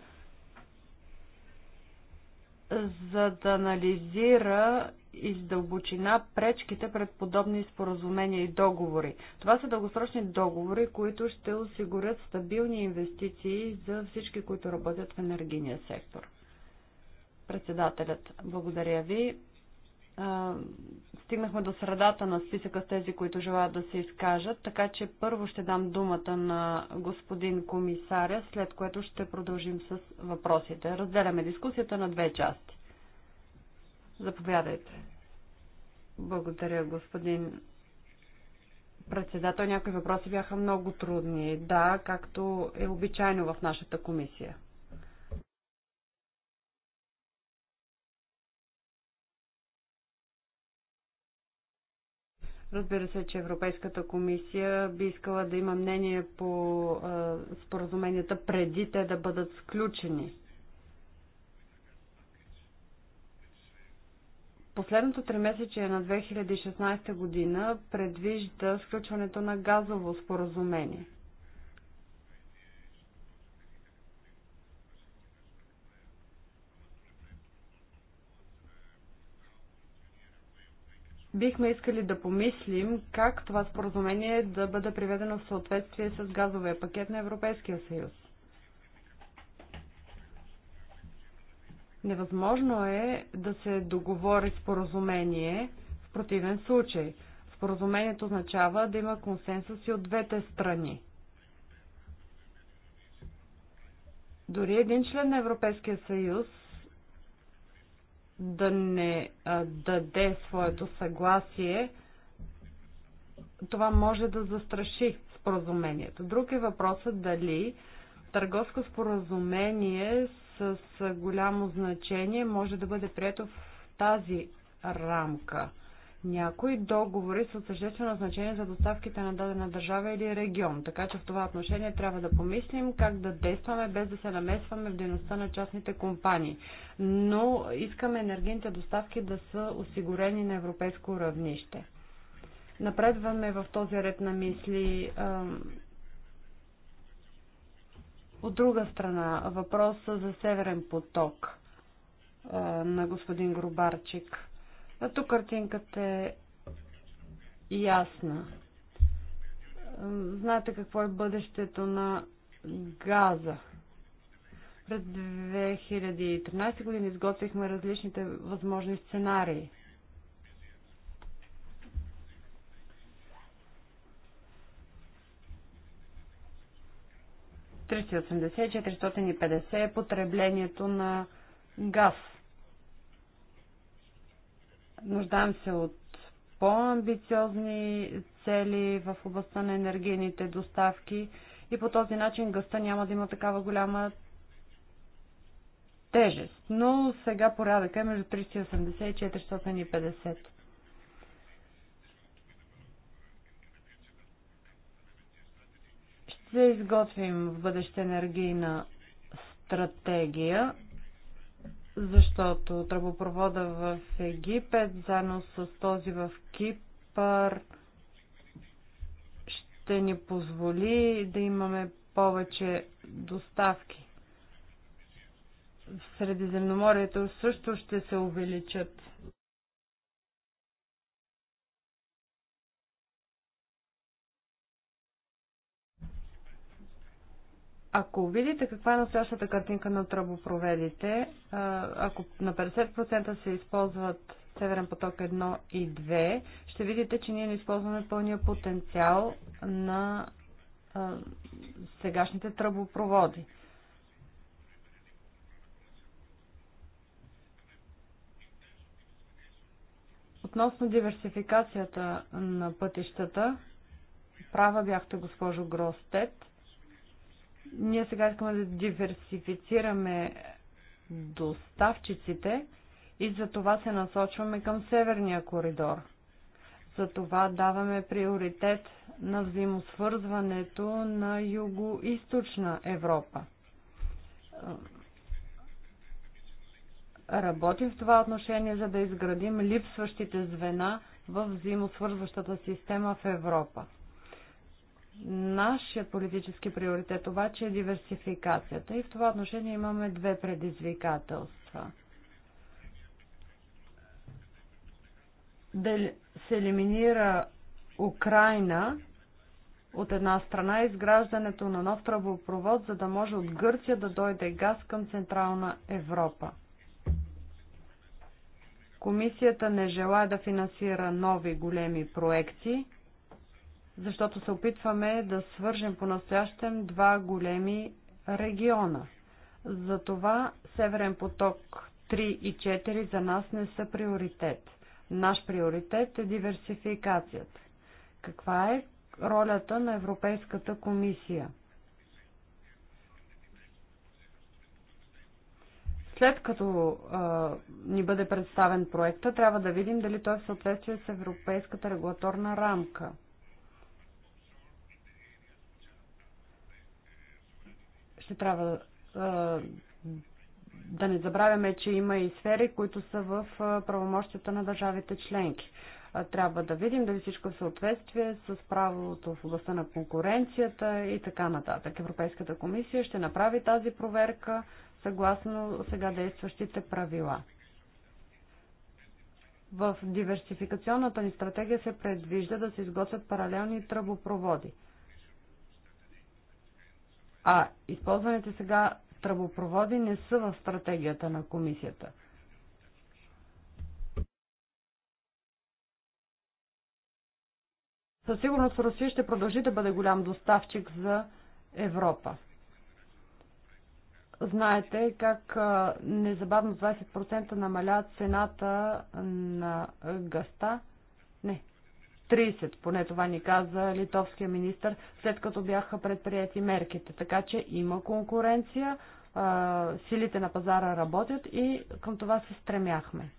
B: за да анализира издълбочина пречките пред подобни споразумения и договори. Това са дългосрочни договори, които ще осигурят стабилни инвестиции за всички, които работят в енергийния сектор. Председателят, благодаря ви. Стигнахме до средата на списъка с тези, които желаят да се изкажат, така че първо ще дам думата на господин комисаря, след което ще продължим с въпросите. Разделяме дискусията на две части. Заповядайте. Благодаря, господин председател. Някои въпроси бяха много трудни. Да, както е обичайно в нашата комисия. Разбира се, че Европейската комисия би искала да има мнение по а, споразуменията преди те да бъдат сключени. Последното тримесечие на 2016 година предвижда сключването на газово споразумение – бихме искали да помислим как това споразумение да бъде приведено в съответствие с газовия пакет на Европейския съюз. Невъзможно е да се договори споразумение в противен случай. Споразумението означава да има консенсус и от двете страни. Дори един член на Европейския съюз да не даде своето съгласие, това може да застраши споразумението. Друг е въпросът дали търговско споразумение с голямо значение може да бъде прието в тази рамка – някои договори са от съществено значение за доставките на дадена държава или регион, така че в това отношение трябва да помислим как да действаме без да се намесваме в дейността на частните компании. Но искаме енергийните доставки да са осигурени на европейско равнище. Напредваме в този ред на мисли. От друга страна, въпроса за Северен поток на господин Грубарчик – а тук картинката е ясна. Знаете какво е бъдещето на газа. През 2013 година изготвихме различните възможни сценарии. ,450 е потреблението на газ Нуждаем се от по-амбициозни цели в областта на енергийните доставки и по този начин гъста няма да има такава голяма тежест. Но сега порядъка е между 380 и 450. Ще изготвим в бъдеще енергийна стратегия защото тръбопровода в Египет, заедно с този в Кипър, ще ни позволи да имаме повече доставки. В Средиземноморието също ще се увеличат Ако видите каква е настоящата картинка на тръбопроведите, ако на 50% се използват Северен поток 1 и 2, ще видите, че ние не използваме пълния потенциал на сегашните тръбопроводи. Относно диверсификацията на пътищата, права бяхте госпожо Гростет – ние сега искаме да диверсифицираме доставчиците и за това се насочваме към северния коридор. За това даваме приоритет на взаимосвързването на юго-источна Европа. Работим в това отношение, за да изградим липсващите звена в взаимосвързващата система в Европа. Нашия политически приоритет обаче е диверсификацията и в това отношение имаме две предизвикателства. Да се елиминира Украина от една страна изграждането на нов тръбопровод, за да може от Гърция да дойде газ към Централна Европа. Комисията не желая да финансира нови големи проекти, защото се опитваме да свържем по-настоящем два големи региона. Затова Северен поток 3 и 4 за нас не са приоритет. Наш приоритет е диверсификацията. Каква е ролята на Европейската комисия? След като а, ни бъде представен проекта, трябва да видим дали той е в съответствие с Европейската регулаторна рамка – ще трябва да не забравяме, че има и сфери, които са в правомощията на държавите членки. Трябва да видим дали всичко е в съответствие с правото в областта на конкуренцията и така нататък. Европейската комисия ще направи тази проверка съгласно сега действащите правила. В диверсификационната ни стратегия се предвижда да се изготвят паралелни тръбопроводи – а използваните сега тръбопроводи не са в стратегията на комисията. Със сигурност Русия ще продължи да бъде голям доставчик за Европа. Знаете как незабавно 20% намаля цената на гъста. Не, 30, поне това ни каза литовския министр, след като бяха предприяти мерките. Така че има конкуренция, силите на пазара работят и към това се стремяхме.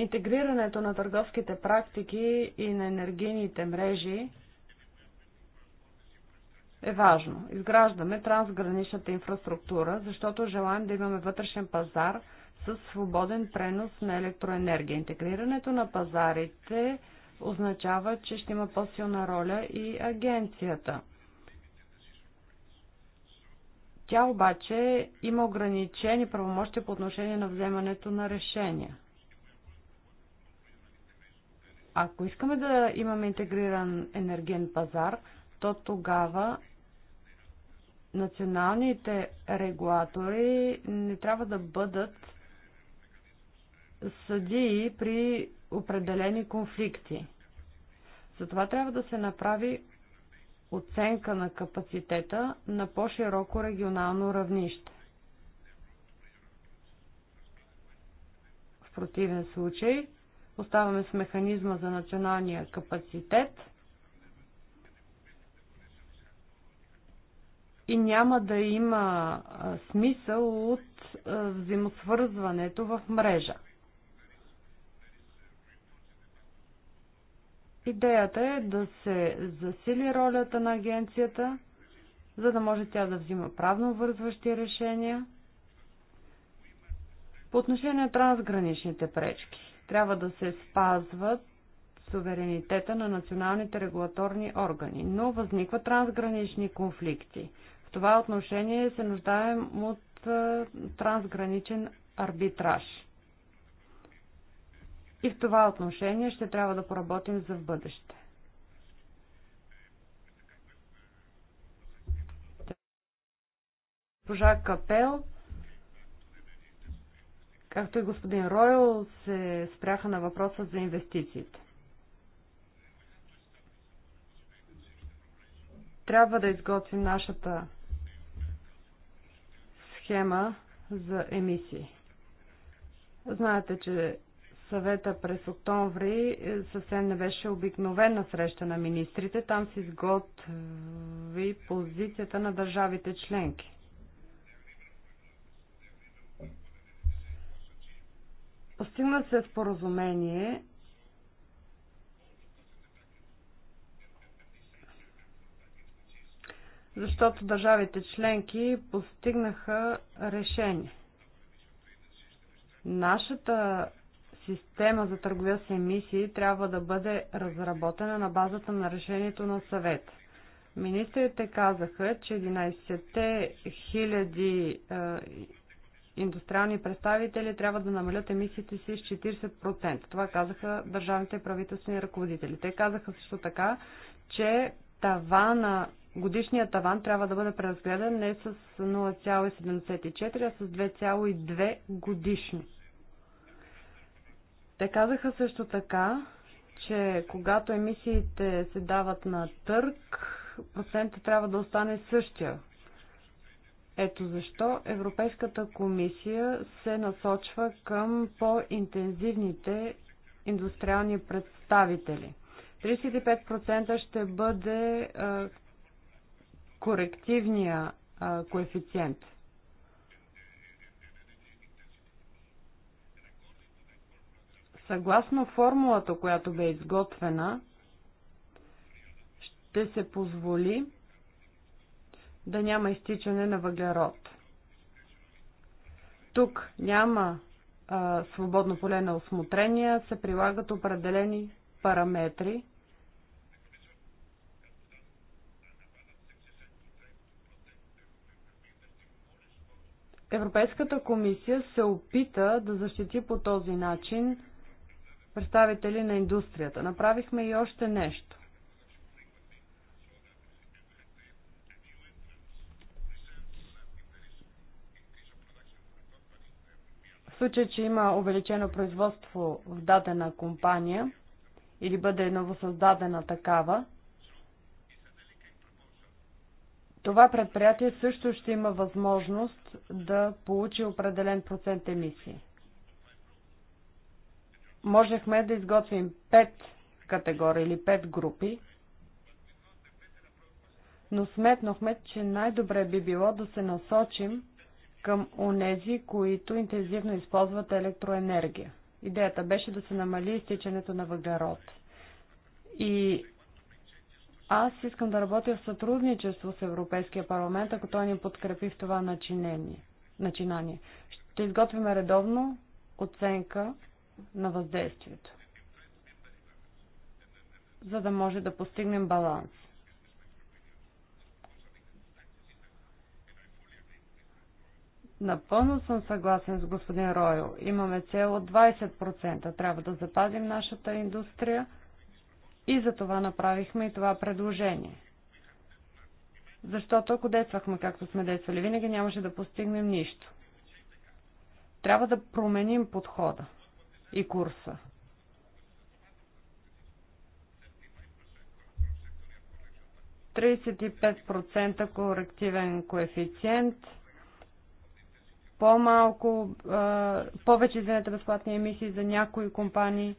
B: Интегрирането на търговските практики и на енергийните мрежи е важно. Изграждаме трансграничната инфраструктура, защото желаем да имаме вътрешен пазар с свободен пренос на електроенергия. Интегрирането на пазарите означава, че ще има по-силна роля и агенцията. Тя обаче има ограничени правомощи по отношение на вземането на решения. Ако искаме да имаме интегриран енерген пазар, то тогава националните регулатори не трябва да бъдат съдии при определени конфликти. Затова трябва да се направи оценка на капацитета на по-широко регионално равнище. В противен случай Оставаме с механизма за националния капацитет и няма да има смисъл от взаимосвързването в мрежа. Идеята е да се засили ролята на агенцията, за да може тя да взима правно вързващи решения. По отношение на трансграничните пречки. Трябва да се спазват суверенитета на националните регулаторни органи, но възникват трансгранични конфликти. В това отношение се нуждаем от е, трансграничен арбитраж. И в това отношение ще трябва да поработим за в бъдеще. Госпожа Капел както и господин Ройл, се спряха на въпроса за инвестициите. Трябва да изготвим нашата схема за емисии. Знаете, че съвета през октомври съвсем не беше обикновена среща на министрите. Там се
C: изготви
B: позицията на държавите членки. Постигна се споразумение защото държавите членки постигнаха решение. Нашата система за търговия с емисии трябва да бъде разработена на базата на решението на съвет. Министрите казаха, че 11 000 индустриални представители трябва да намалят емисиите си с 40%. Това казаха държавните правителствени ръководители. Те казаха също така, че тавана, годишният таван трябва да бъде преразгледан не с 0,74, а с 2,2 годишно. Те казаха също така, че когато емисиите се дават на търг, процентът трябва да остане същия, ето защо Европейската комисия се насочва към по-интензивните индустриални представители. 35% ще бъде а, корективния а, коефициент. Съгласно формулата, която бе изготвена, ще се позволи да няма изтичане на въглерод. Тук няма а, свободно поле на осмотрения, се прилагат определени параметри. Европейската комисия се опита да защити по този начин представители на индустрията. Направихме и още нещо. случай, че има увеличено производство в дадена компания или бъде новосъздадена такава, това предприятие също ще има възможност да получи определен процент емисии. Можехме да изготвим 5 категории или 5 групи, но сметнахме, че най-добре би било да се насочим към онези, които интензивно използват електроенергия. Идеята беше да се намали изтичането на въглерод. И аз искам да работя в сътрудничество с Европейския парламент, ако той ни подкрепи в това начинание. Ще изготвим редовно оценка на въздействието, за да може да постигнем баланс. Напълно съм съгласен с господин Ройл. Имаме цел от 20%. Трябва да запазим нашата индустрия и за това направихме и това предложение. Защото ако действахме както сме действали, винаги нямаше да постигнем нищо. Трябва да променим подхода и курса. 35% корективен коефициент – по-малко, повече, извинете, безплатни емисии за някои компании.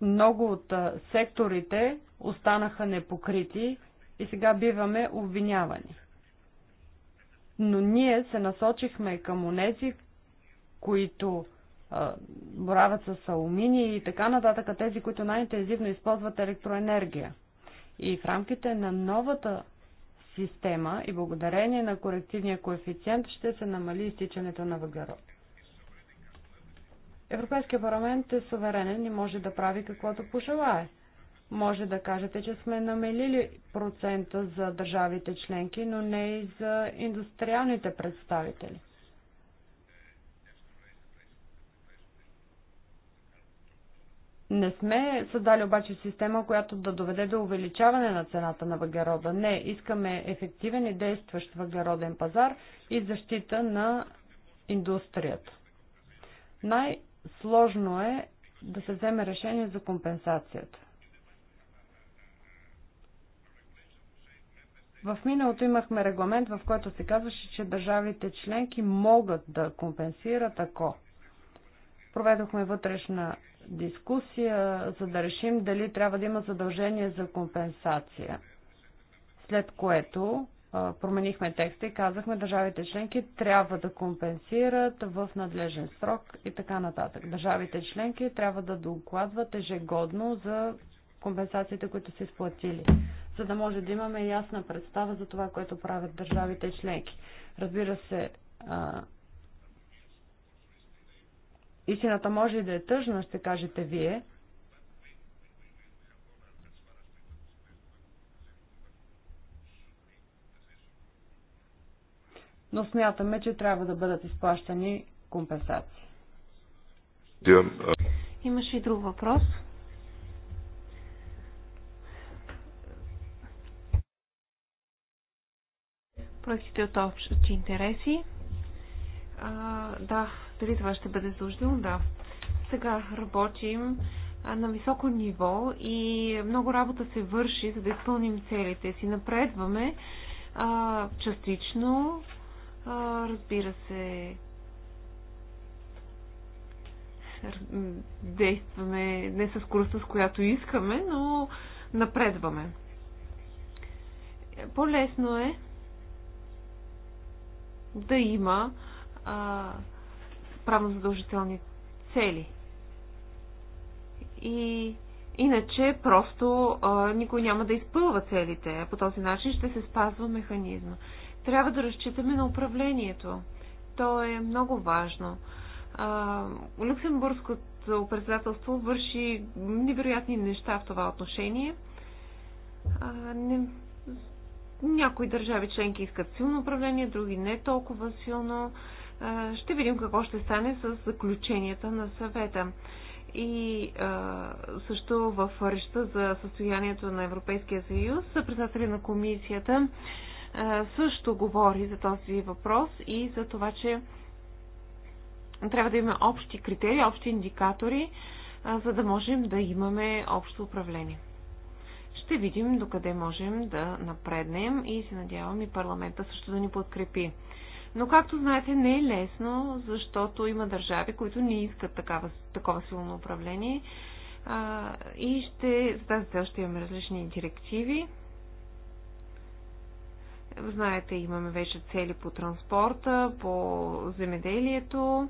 B: Много от секторите останаха непокрити и сега биваме обвинявани. Но ние се насочихме към онези, които боравят с алумини и така нататък, тези, които най-интензивно използват електроенергия. И в рамките на новата система и благодарение на корективния коефициент ще се намали изтичането на въглерод. Европейския парламент е суверенен и може да прави каквото пожелае. Може да кажете, че сме намелили процента за държавите членки, но не и за индустриалните представители – Не сме създали обаче система, която да доведе до увеличаване на цената на въглерода. Не, искаме ефективен и действащ въглероден пазар и защита на индустрията. Най-сложно е да се вземе решение за компенсацията. В миналото имахме регламент, в който се казваше, че държавите членки могат да компенсират ако. Проведохме вътрешна дискусия, за да решим дали трябва да има задължение за компенсация. След което променихме текста и казахме държавите членки трябва да компенсират в надлежен срок и така нататък. Държавите членки трябва да докладват ежегодно за компенсациите, които са изплатили, за да може да имаме ясна представа за това, което правят държавите членки. Разбира се, Истината може и да е тъжна, ще кажете вие. Но смятаме, че трябва да бъдат изплащани компенсации. Имаш и друг въпрос. Проектите от общи интереси. А, да, дали това ще бъде сложно, да. Сега работим на високо ниво и много работа се върши, за да изпълним целите си. Напредваме а, частично, а, разбира се, действаме не с скоростта, с която искаме, но напредваме. По-лесно е да има а, правно задължителни цели. И иначе просто а, никой няма да изпълва целите. По този начин ще се спазва механизма. Трябва да разчитаме на управлението. То е много важно. А, Люксембургското председателство върши невероятни неща в това отношение. А, не, някои държави членки искат силно управление, други не толкова силно ще видим какво ще стане с заключенията на съвета. И а, също в реща за състоянието на Европейския съюз, председателя на комисията а, също говори за този въпрос и за това, че трябва да имаме общи критерии, общи индикатори, а, за да можем да имаме общо управление. Ще видим докъде можем да напреднем и се надявам и парламента също да ни подкрепи. Но както знаете, не е лесно, защото има държави, които не искат такава, такова силно управление. А, и ще, за тази цел ще имаме различни директиви. Знаете, имаме вече цели по транспорта, по земеделието.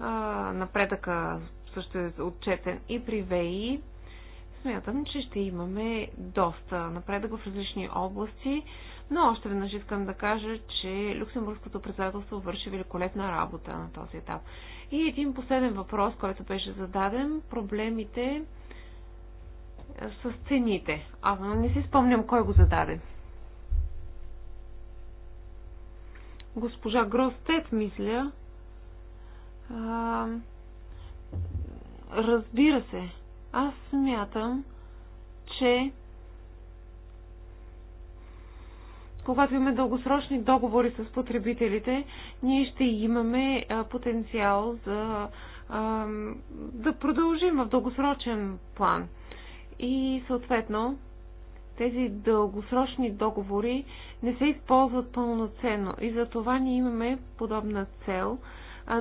B: А, напредъка също е отчетен и при ВИ. Смятам, че ще имаме доста напредък в различни области но още веднъж искам да кажа, че Люксембургското председателство върши великолепна работа на този етап. И един последен въпрос, който беше зададен, проблемите е, с цените. А не си спомням кой го зададе. Госпожа Гростет, мисля. А, разбира се, аз смятам, че когато имаме дългосрочни договори с потребителите, ние ще имаме потенциал за да продължим в дългосрочен план. И съответно, тези дългосрочни договори не се използват пълноценно и за това ние имаме подобна цел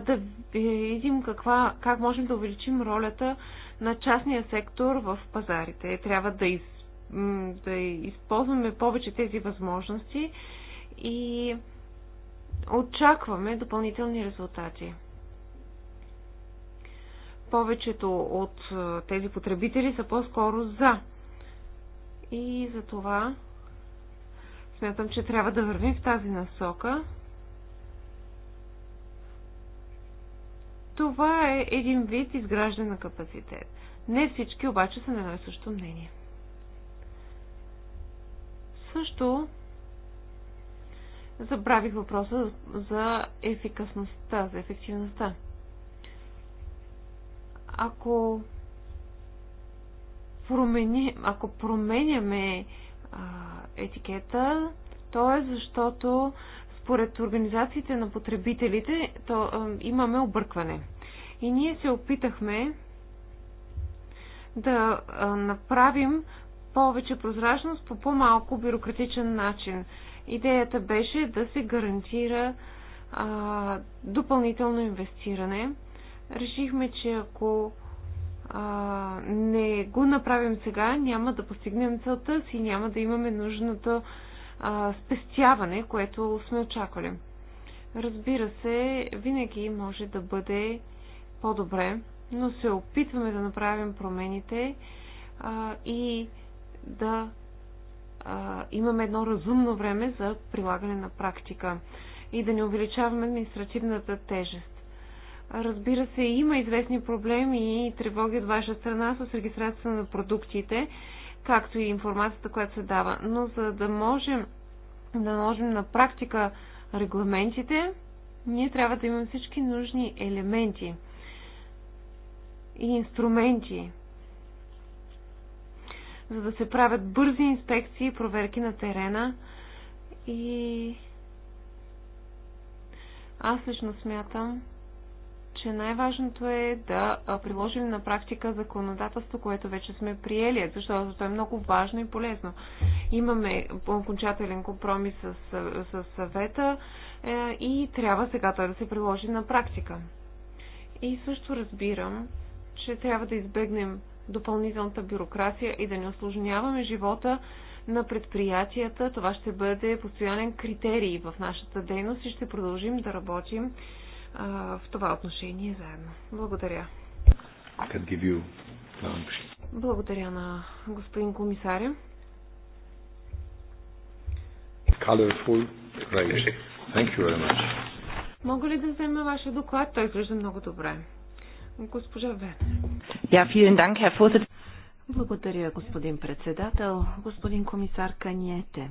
B: да е, видим каква, как можем да увеличим ролята на частния сектор в пазарите. Трябва да из, да използваме повече тези възможности и очакваме допълнителни резултати. Повечето от тези потребители са по-скоро за. И за това смятам, че трябва да вървим в тази насока. Това е един вид изграждане на капацитет. Не всички обаче са на едно и също мнение. Също забравих въпроса за ефикасността, за ефективността. Ако, промени, ако променяме а, етикета, то е защото според организациите на потребителите то, а, имаме объркване. И ние се опитахме да а, направим повече прозрачност по по-малко бюрократичен начин. Идеята беше да се гарантира а, допълнително инвестиране. Решихме, че ако а, не го направим сега, няма да постигнем целта си, няма да имаме нужното а, спестяване, което сме очаквали. Разбира се, винаги може да бъде по-добре, но се опитваме да направим промените а, и да а, имаме едно разумно време за прилагане на практика и да не увеличаваме административната тежест. Разбира се, има известни проблеми и тревоги от ваша страна с регистрацията на продуктите, както и информацията, която се дава. Но за да можем да наложим на практика регламентите, ние трябва да имаме всички нужни елементи и инструменти, за да се правят бързи инспекции и проверки на терена. И аз лично смятам, че най-важното е да приложим на практика законодателство, което вече сме приели, защото то е много важно и полезно. Имаме окончателен компромис с, с съвета е, и трябва сега той да се приложи на практика. И също разбирам, че трябва да избегнем допълнителната бюрокрация и да не осложняваме живота на предприятията. Това ще бъде постоянен критерий в нашата дейност и ще продължим да работим а, в това отношение заедно. Благодаря. Благодаря на господин комисаря.
A: Colorful Thank you very much.
B: Мога ли да взема вашия доклад? Той изглежда много добре. Госпожа Венер. Я, филин данк, Благодаря, господин председател. Господин комисар Каниете,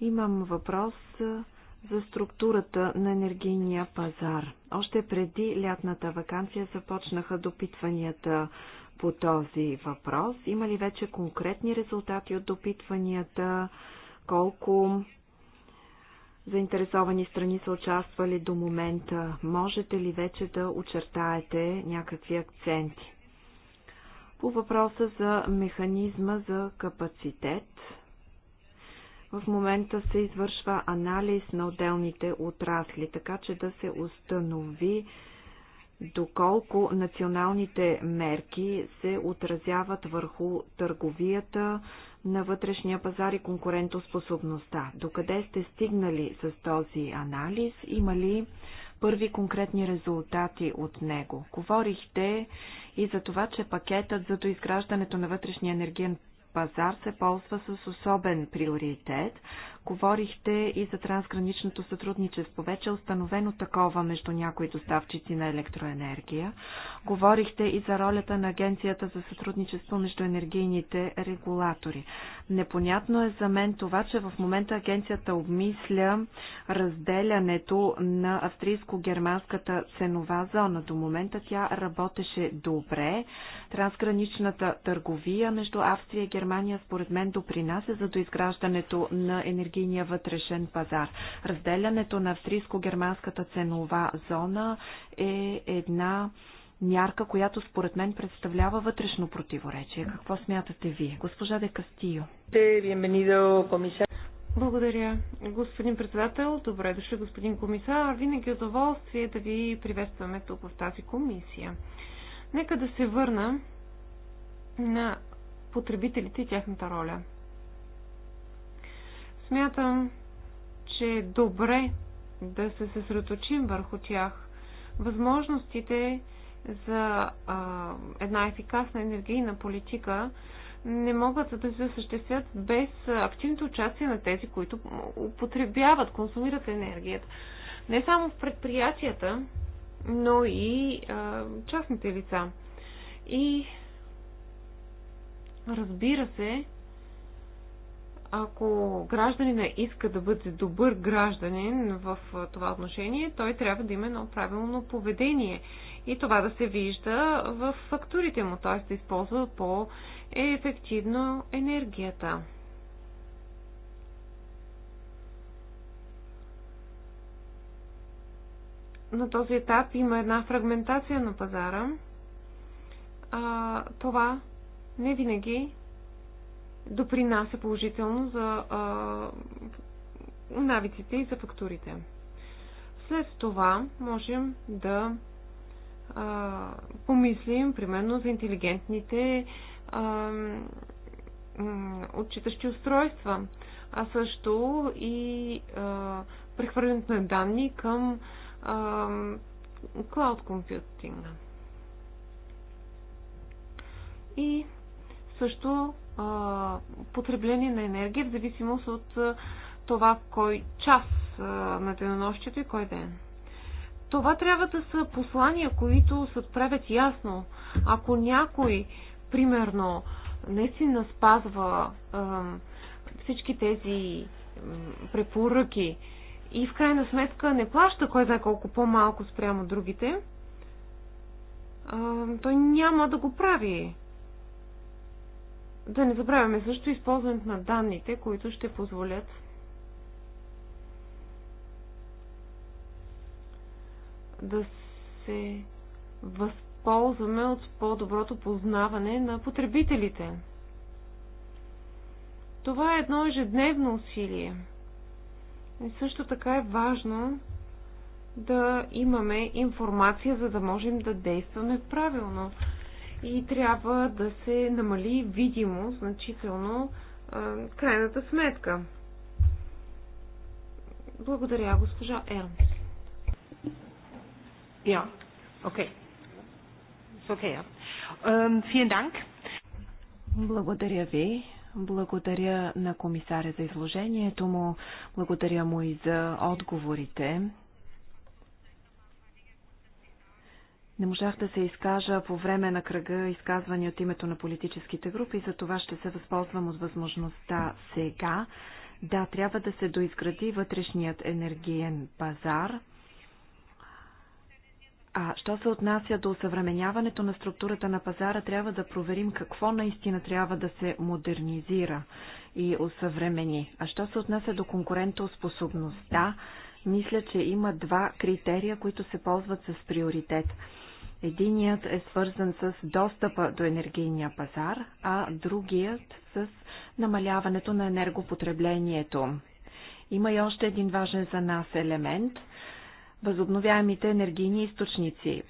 B: имам въпрос за структурата на енергийния пазар. Още преди лятната вакансия започнаха допитванията по този въпрос. Има ли вече конкретни резултати от допитванията? Колко заинтересовани страни са участвали до момента? Можете ли вече да очертаете някакви акценти? По въпроса за механизма за капацитет, в момента се извършва анализ на отделните отрасли, така че да се установи доколко националните мерки се отразяват върху търговията на вътрешния пазар и конкурентоспособността. Докъде сте стигнали с този анализ? Има ли първи конкретни резултати от него? Говорихте и за това, че пакетът за доизграждането на вътрешния енергиен пазар се ползва с особен приоритет. Говорихте и за трансграничното сътрудничество. Вече е установено такова между някои доставчици на електроенергия. Говорихте и за ролята на Агенцията за сътрудничество между енергийните регулатори. Непонятно е за мен това, че в момента агенцията обмисля разделянето на австрийско-германската ценова зона. До момента тя работеше добре. Трансграничната търговия между Австрия и Германия според мен допринася за доизграждането на енергийната енергийния вътрешен пазар. Разделянето на австрийско-германската ценова зона е една мярка, която според мен представлява вътрешно противоречие. Какво смятате вие? Госпожа Де Кастио. Благодаря, господин председател. Добре дошли, господин комисар. Винаги е удоволствие да ви приветстваме тук в тази комисия. Нека да се върна на потребителите и тяхната роля. Смятам, че е добре да се съсредоточим върху тях. Възможностите за а, една ефикасна енергийна политика не могат да се осъществят без активното участие на тези, които употребяват, консумират енергията. Не само в предприятията, но и а, частните лица. И разбира се, ако гражданина иска да бъде добър гражданин в това отношение, той трябва да има едно правилно поведение и това да се вижда в фактурите му, т.е. да използва по-ефективно енергията. На този етап има една фрагментация на пазара. А, това не винаги допринася положително за а, навиците и за фактурите. След това можем да а, помислим, примерно, за интелигентните а, отчитащи устройства, а също и а, прехвърлянето на данни към а, клауд компютинга. И също потребление на енергия в зависимост от това кой час на денонощието и кой ден. Това трябва да са послания, които се отправят ясно. Ако някой, примерно, наистина спазва всички тези препоръки и в крайна сметка не плаща кой знае колко по-малко спрямо другите, той няма да го прави. Да не забравяме също използването на данните, които ще позволят да се възползваме от по-доброто познаване на потребителите. Това е едно ежедневно усилие. И също така е важно да имаме информация, за да можем да действаме правилно и трябва да се намали видимо значително крайната сметка. Благодаря, госпожа Ернс. Я. Окей. It's okay, ja. vielen Dank. Благодаря ви. Благодаря на комисаря за изложението му. Благодаря му и за отговорите. Не можах да се изкажа по време на кръга изказвани от името на политическите групи, за това ще се възползвам от възможността сега. Да, трябва да се доизгради вътрешният енергиен пазар. А що се отнася до съвременяването на структурата на пазара, трябва да проверим какво наистина трябва да се модернизира и осъвремени. А що се отнася до конкурентоспособността, да, мисля, че има два критерия, които се ползват с приоритет. Единият е свързан с достъпа до енергийния пазар, а другият с намаляването на енергопотреблението. Има и още един важен за нас елемент – възобновяемите енергийни източници.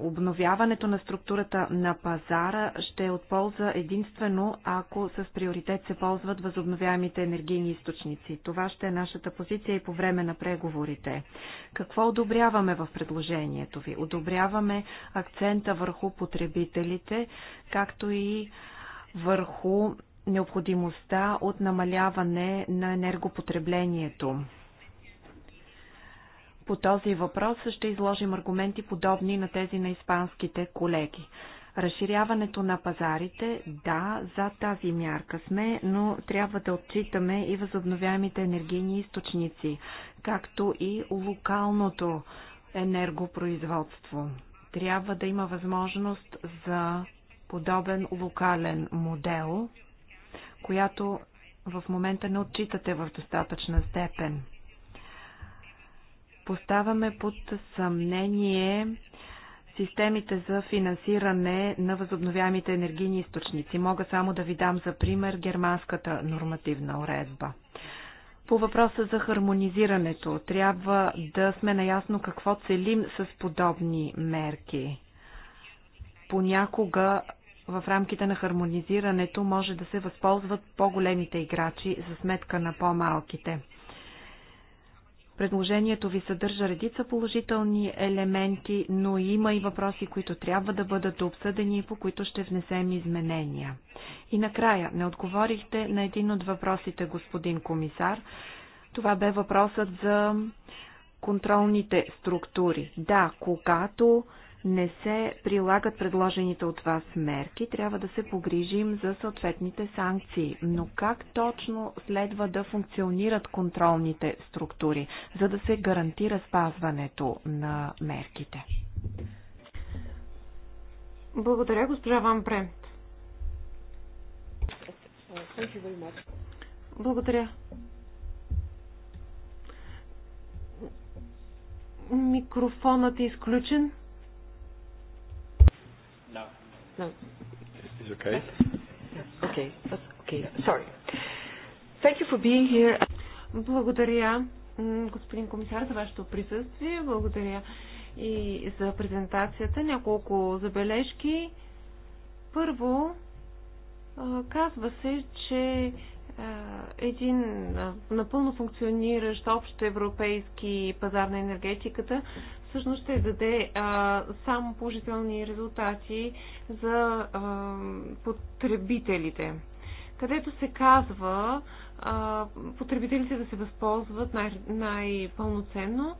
B: Обновяването на структурата на пазара ще е от полза единствено, ако с приоритет се ползват възобновяемите енергийни източници. Това ще е нашата позиция и по време на преговорите. Какво одобряваме в предложението ви? Одобряваме акцента върху потребителите, както и върху необходимостта от намаляване на енергопотреблението. По този въпрос ще изложим аргументи подобни на тези на испанските колеги. Разширяването на пазарите, да, за тази мярка сме, но трябва да отчитаме и възобновяемите енергийни източници, както и локалното енергопроизводство. Трябва да има възможност за подобен локален модел, която в момента не отчитате в достатъчна степен поставяме под съмнение системите за финансиране на възобновяемите енергийни източници. Мога само да ви дам за пример германската нормативна уредба. По въпроса за хармонизирането, трябва да сме наясно какво целим с подобни мерки. Понякога в рамките на хармонизирането може да се възползват по-големите играчи за сметка на по-малките. Предложението ви съдържа редица положителни елементи, но има и въпроси, които трябва да бъдат обсъдени и по които ще внесем изменения. И накрая, не отговорихте на един от въпросите, господин комисар. Това бе въпросът за контролните структури. Да, когато не се прилагат предложените от вас мерки, трябва да се погрижим за съответните санкции. Но как точно следва да функционират контролните структури, за да се гарантира спазването на мерките? Благодаря, госпожа Ван Бремт. Благодаря. Микрофонът е изключен. No.
C: Is okay? Okay. Okay. Sorry.
B: Thank you for being here. Благодаря, господин комисар, за вашето присъствие. Благодаря и за презентацията. Няколко забележки. Първо, казва се, че един напълно функциониращ общ европейски пазар на енергетиката всъщност ще даде а, само положителни резултати за а, потребителите, където се казва а, потребителите да се възползват най- най-пълноценно.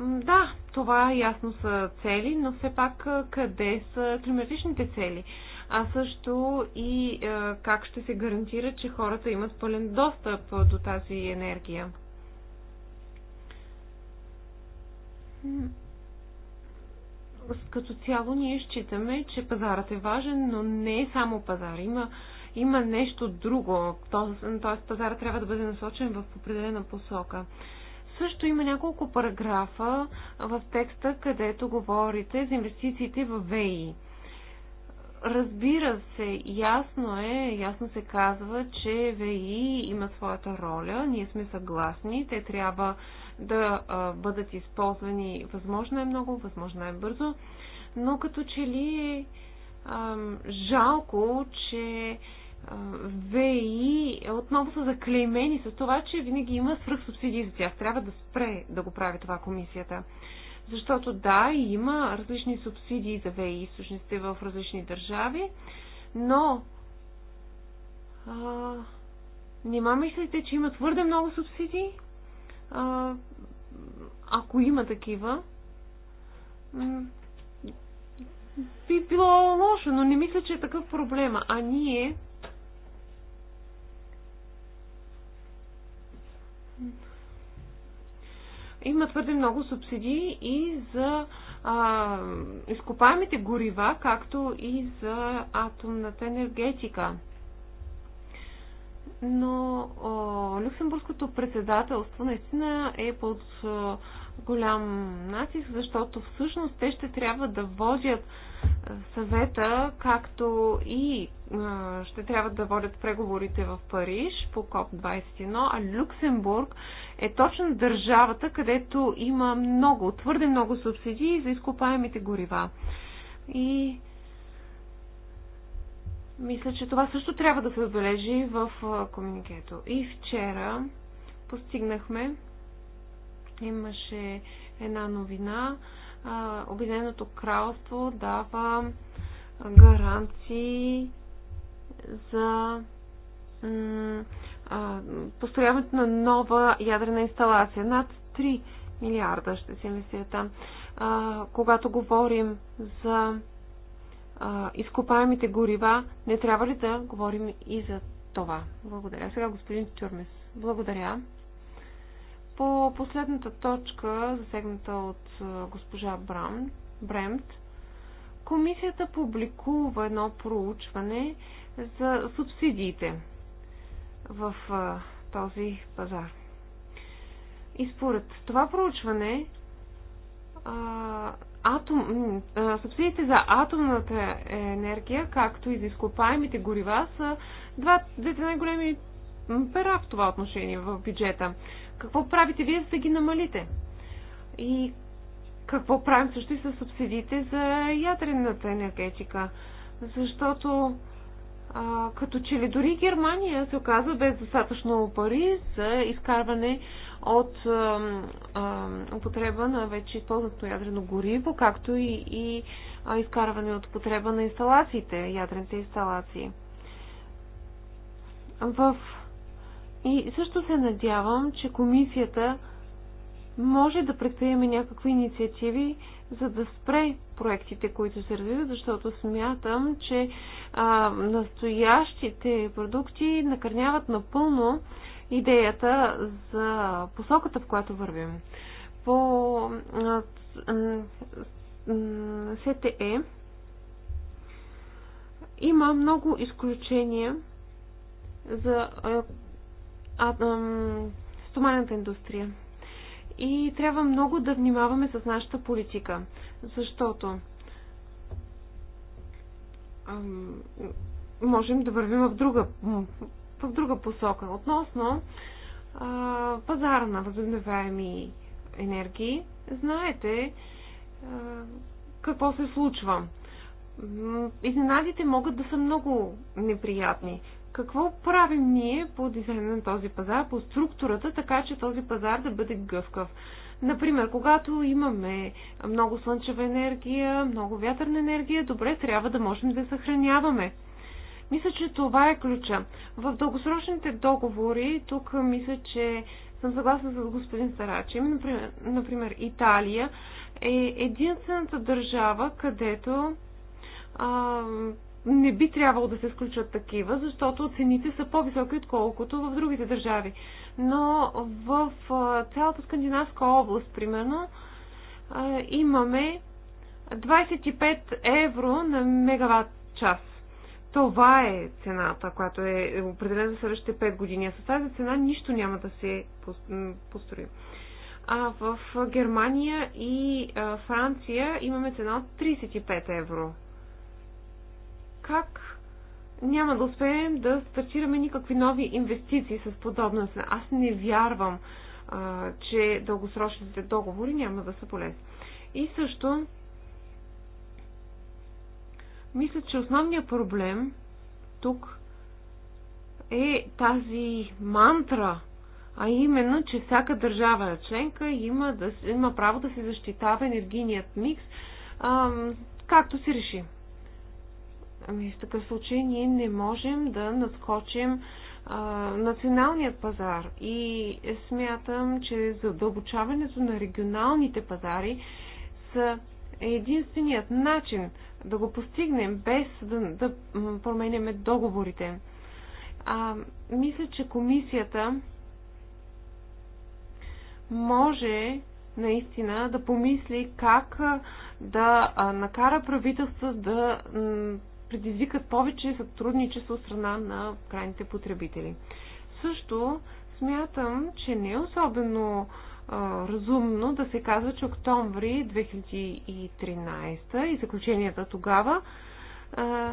B: Да, това ясно са цели, но все пак къде са климатичните цели? а също и как ще се гарантира, че хората имат пълен достъп до тази енергия. Като цяло ние считаме, че пазарът е важен, но не е само пазар. Има, има нещо друго. Тоест пазарът трябва да бъде насочен в определена посока. Също има няколко параграфа в текста, където говорите за инвестициите в ВЕИ. Разбира се, ясно е, ясно се казва, че ВИ има своята роля, ние сме съгласни, те трябва да бъдат използвани възможно е много, възможно е бързо, но като че ли е жалко, че ВИ отново са заклеймени с това, че винаги има свръхсубсидии за тях. Трябва да спре да го прави това комисията. Защото да, има различни субсидии за ВИ източниците в различни държави, но а, нима мислите, че има твърде много субсидии? А, ако има такива, би било лошо, но не мисля, че е такъв проблема. А ние има твърде много субсидии и за а, изкопаемите горива, както и за атомната енергетика но о, Люксембургското председателство наистина е под о, голям натиск, защото всъщност те ще трябва да водят съвета, както и о, ще трябва да водят преговорите в Париж по КОП-21, а Люксембург е точно държавата, където има много, твърде много субсидии за изкопаемите горива. И мисля, че това също трябва да се отбележи в комуникето. И вчера постигнахме, имаше една новина, Обединеното кралство дава гаранции за построяването на нова ядрена инсталация. Над 3 милиарда ще се мисля там. Когато говорим за а, изкопаемите горива, не трябва ли да говорим и за това? Благодаря. Сега господин Чурмес. Благодаря. По последната точка, засегната от госпожа Брам, Бремт, комисията публикува едно проучване за субсидиите в а, този пазар. И според това проучване а, атом, а, субсидиите за атомната енергия, както и за изкопаемите горива, са два, двете най-големи пера в това отношение в бюджета. Какво правите вие, за да ги намалите? И какво правим също и с субсидиите за ядрената енергетика? Защото а, като че ли дори Германия се оказва без достатъчно пари за изкарване от а, а, употреба на вече използваното ядрено гориво, както и, и а, изкарване от употреба на инсталациите, ядрените инсталации. В... И също се надявам, че комисията може да предприеме някакви инициативи, за да спре проектите, които се развиват, защото смятам, че а, настоящите продукти накърняват напълно идеята за посоката, в която вървим. По СТЕ има много изключения за стоманната индустрия. И трябва много да внимаваме с нашата политика, защото можем да вървим в друга в друга посока. Относно а, пазара на възобновяеми енергии, знаете а, какво се случва. Изненадите могат да са много неприятни. Какво правим ние по дизайна на този пазар, по структурата, така че този пазар да бъде гъвкав? Например, когато имаме много слънчева енергия, много вятърна енергия, добре, трябва да можем да съхраняваме мисля, че това е ключа. В дългосрочните договори, тук мисля, че съм съгласна с господин Сарачи, например, например Италия е единствената държава, където а, не би трябвало да се сключат такива, защото цените са по-високи, отколкото в другите държави. Но в цялата скандинавска област, примерно, имаме 25 евро на мегаватт час. Това е цената, която е определена за следващите 5 години. А с тази цена нищо няма да се построи. А в Германия и Франция имаме цена от 35 евро. Как няма да успеем да стартираме никакви нови инвестиции с подобна цена? Аз не вярвам, че дългосрочните договори няма да са полезни. И също мисля, че основният проблем тук е тази мантра, а именно, че всяка държава членка има, да, има право да се защитава енергийният микс, ам, както се реши. Ами в такъв случай ние не можем да надскочим националният пазар и смятам, че задълбочаването на регионалните пазари са единственият начин да го постигнем без да, да променяме договорите. А, мисля, че комисията може наистина да помисли как да накара правителства да предизвикат повече сътрудничество от страна на крайните потребители. Също смятам, че не е особено разумно да се казва, че октомври 2013 и заключенията тогава а,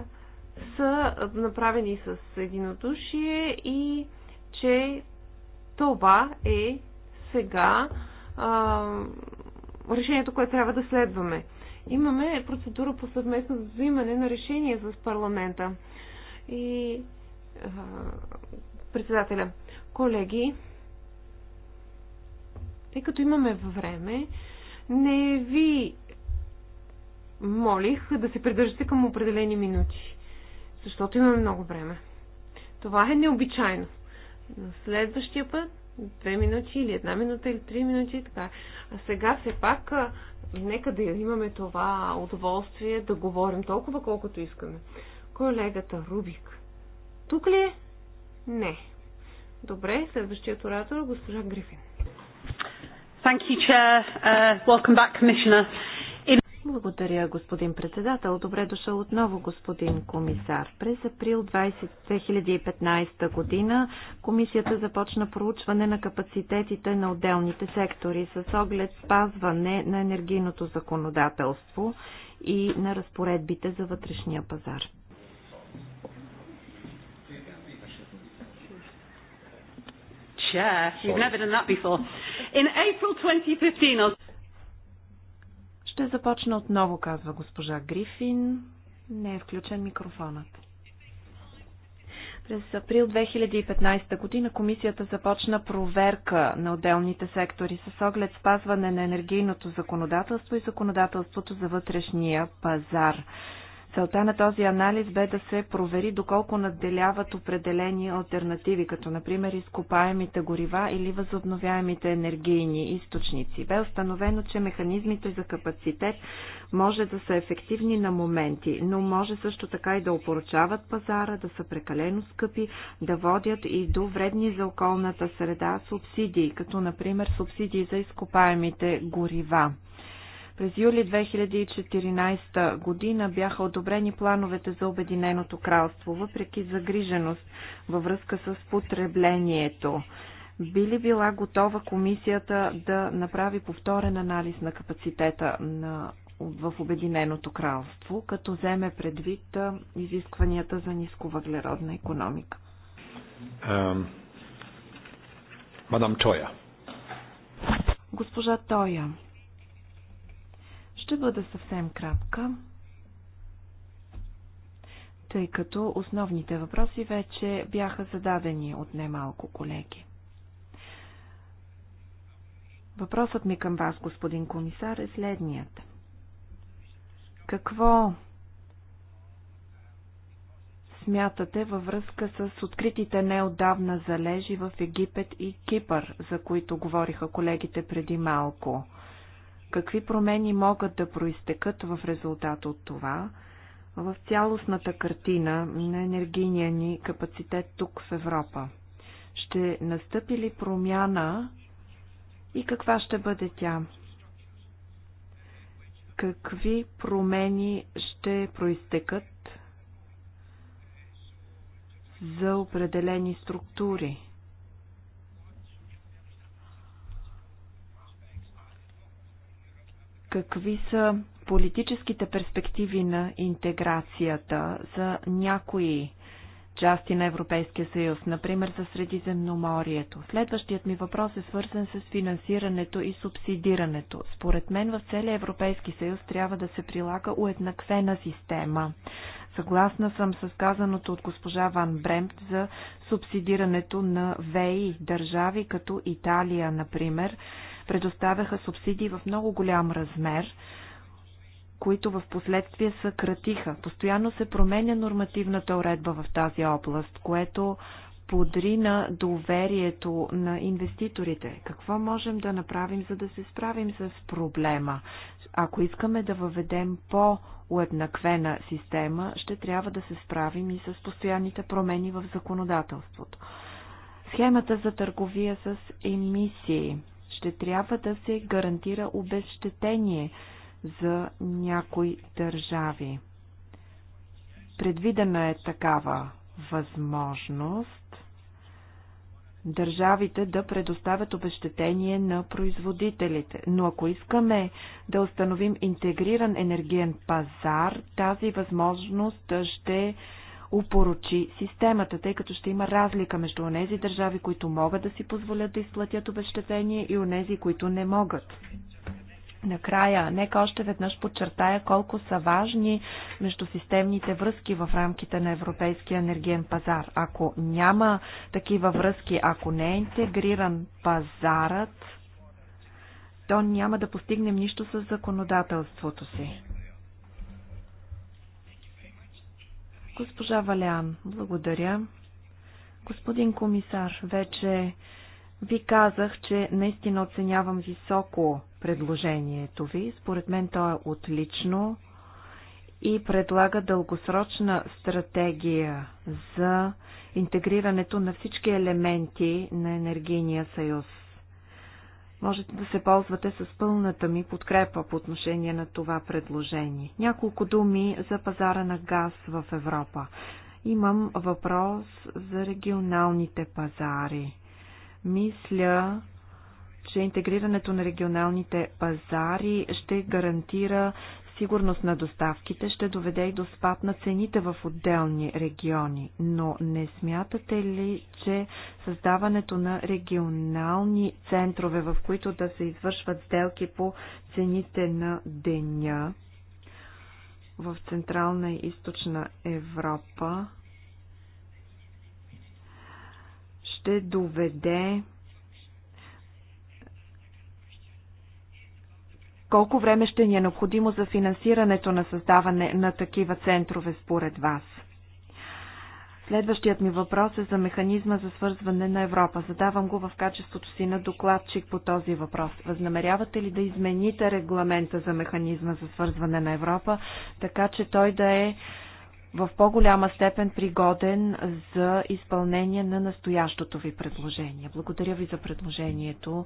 B: са направени с единодушие и че това е сега а, решението, което трябва да следваме. Имаме процедура по съвместно взимане на решение с парламента. И а, председателя, колеги, тъй като имаме време, не ви молих да се придържате към определени минути, защото имаме много време. Това е необичайно. На следващия път, две минути или една минута или три минути така. А сега все пак, нека да имаме това удоволствие да говорим толкова колкото искаме. Колегата Рубик. Тук ли е? Не. Добре, следващият оратор, е госпожа Грифин. Thank you, Chair. Uh, welcome back, Commissioner. Благодаря, господин председател. Добре дошъл отново, господин комисар. През април 2015 година комисията започна проучване на капацитетите на отделните сектори с оглед спазване на енергийното законодателство и на разпоредбите за вътрешния пазар. Chair, you've never done that before. In April 2015... Ще започна отново, казва госпожа Грифин. Не е включен микрофонът. През април 2015 година комисията започна проверка на отделните сектори с оглед спазване на енергийното законодателство и законодателството за вътрешния пазар. Целта на този анализ бе да се провери доколко надделяват определени альтернативи, като например изкопаемите горива или възобновяемите енергийни източници. Бе установено, че механизмите за капацитет може да са ефективни на моменти, но може също така и да опоручават пазара, да са прекалено скъпи, да водят и до вредни за околната среда субсидии, като например субсидии за изкопаемите горива. През юли 2014 година бяха одобрени плановете за Обединеното кралство, въпреки загриженост във връзка с потреблението. Би ли била готова комисията да направи повторен анализ на капацитета на, в Обединеното кралство, като вземе предвид изискванията за нисковъглеродна економика? Мадам Тоя. Госпожа Тоя. Ще бъда съвсем кратка, тъй като основните въпроси вече бяха зададени от немалко колеги. Въпросът ми към вас, господин комисар, е следният. Какво смятате във връзка с откритите неодавна залежи в Египет и Кипър, за които говориха колегите преди малко? какви промени могат да проистекат в резултат от това в цялостната картина на енергийния ни капацитет тук в Европа. Ще настъпи ли промяна и каква ще бъде тя? Какви промени ще проистекат за определени структури? какви са политическите перспективи на интеграцията за някои части на Европейския съюз, например за Средиземноморието. Следващият ми въпрос е свързан с финансирането и субсидирането. Според мен в целия Европейски съюз трябва да се прилага уеднаквена система. Съгласна съм с казаното от госпожа Ван Бремт за субсидирането на ВЕИ държави като Италия, например, предоставяха субсидии в много голям размер, които в последствие съкратиха. Постоянно се променя нормативната уредба в тази област, което подрина доверието на инвеститорите. Какво можем да направим, за да се справим с проблема? Ако искаме да въведем по-уеднаквена система, ще трябва да се справим и с постоянните промени в законодателството. Схемата за търговия с емисии – ще трябва да се гарантира обезщетение за някои държави. Предвидена е такава възможност държавите да предоставят обещетение на производителите. Но ако искаме да установим интегриран енергиен пазар, тази възможност ще упорочи системата, тъй като ще има разлика между онези държави, които могат да си позволят да изплатят обещетение и онези, които не могат. Накрая, нека още веднъж подчертая колко са важни междусистемните връзки в рамките на Европейския енергиен пазар. Ако няма такива връзки, ако не е интегриран пазарът, то няма да постигнем нищо с законодателството си. Госпожа Валян, благодаря. Господин комисар, вече ви казах, че наистина оценявам високо предложението ви. Според мен то е отлично и предлага дългосрочна стратегия за интегрирането на всички елементи на енергийния съюз можете да се ползвате с пълната ми подкрепа по отношение на това предложение. Няколко думи за пазара на газ в Европа. Имам въпрос за регионалните пазари. Мисля, че интегрирането на регионалните пазари ще гарантира сигурност на доставките ще доведе и до спад на цените в отделни региони, но не смятате ли, че създаването на регионални центрове, в които да се извършват сделки по цените на деня в Централна и Източна Европа, ще доведе Колко време ще ни е необходимо за финансирането на създаване на такива центрове според вас? Следващият ми въпрос е за механизма за свързване на Европа. Задавам го в качеството си на докладчик по този въпрос. Възнамерявате ли да измените регламента за механизма за свързване на Европа, така че той да е в по-голяма степен пригоден за изпълнение на настоящото ви предложение? Благодаря ви за предложението,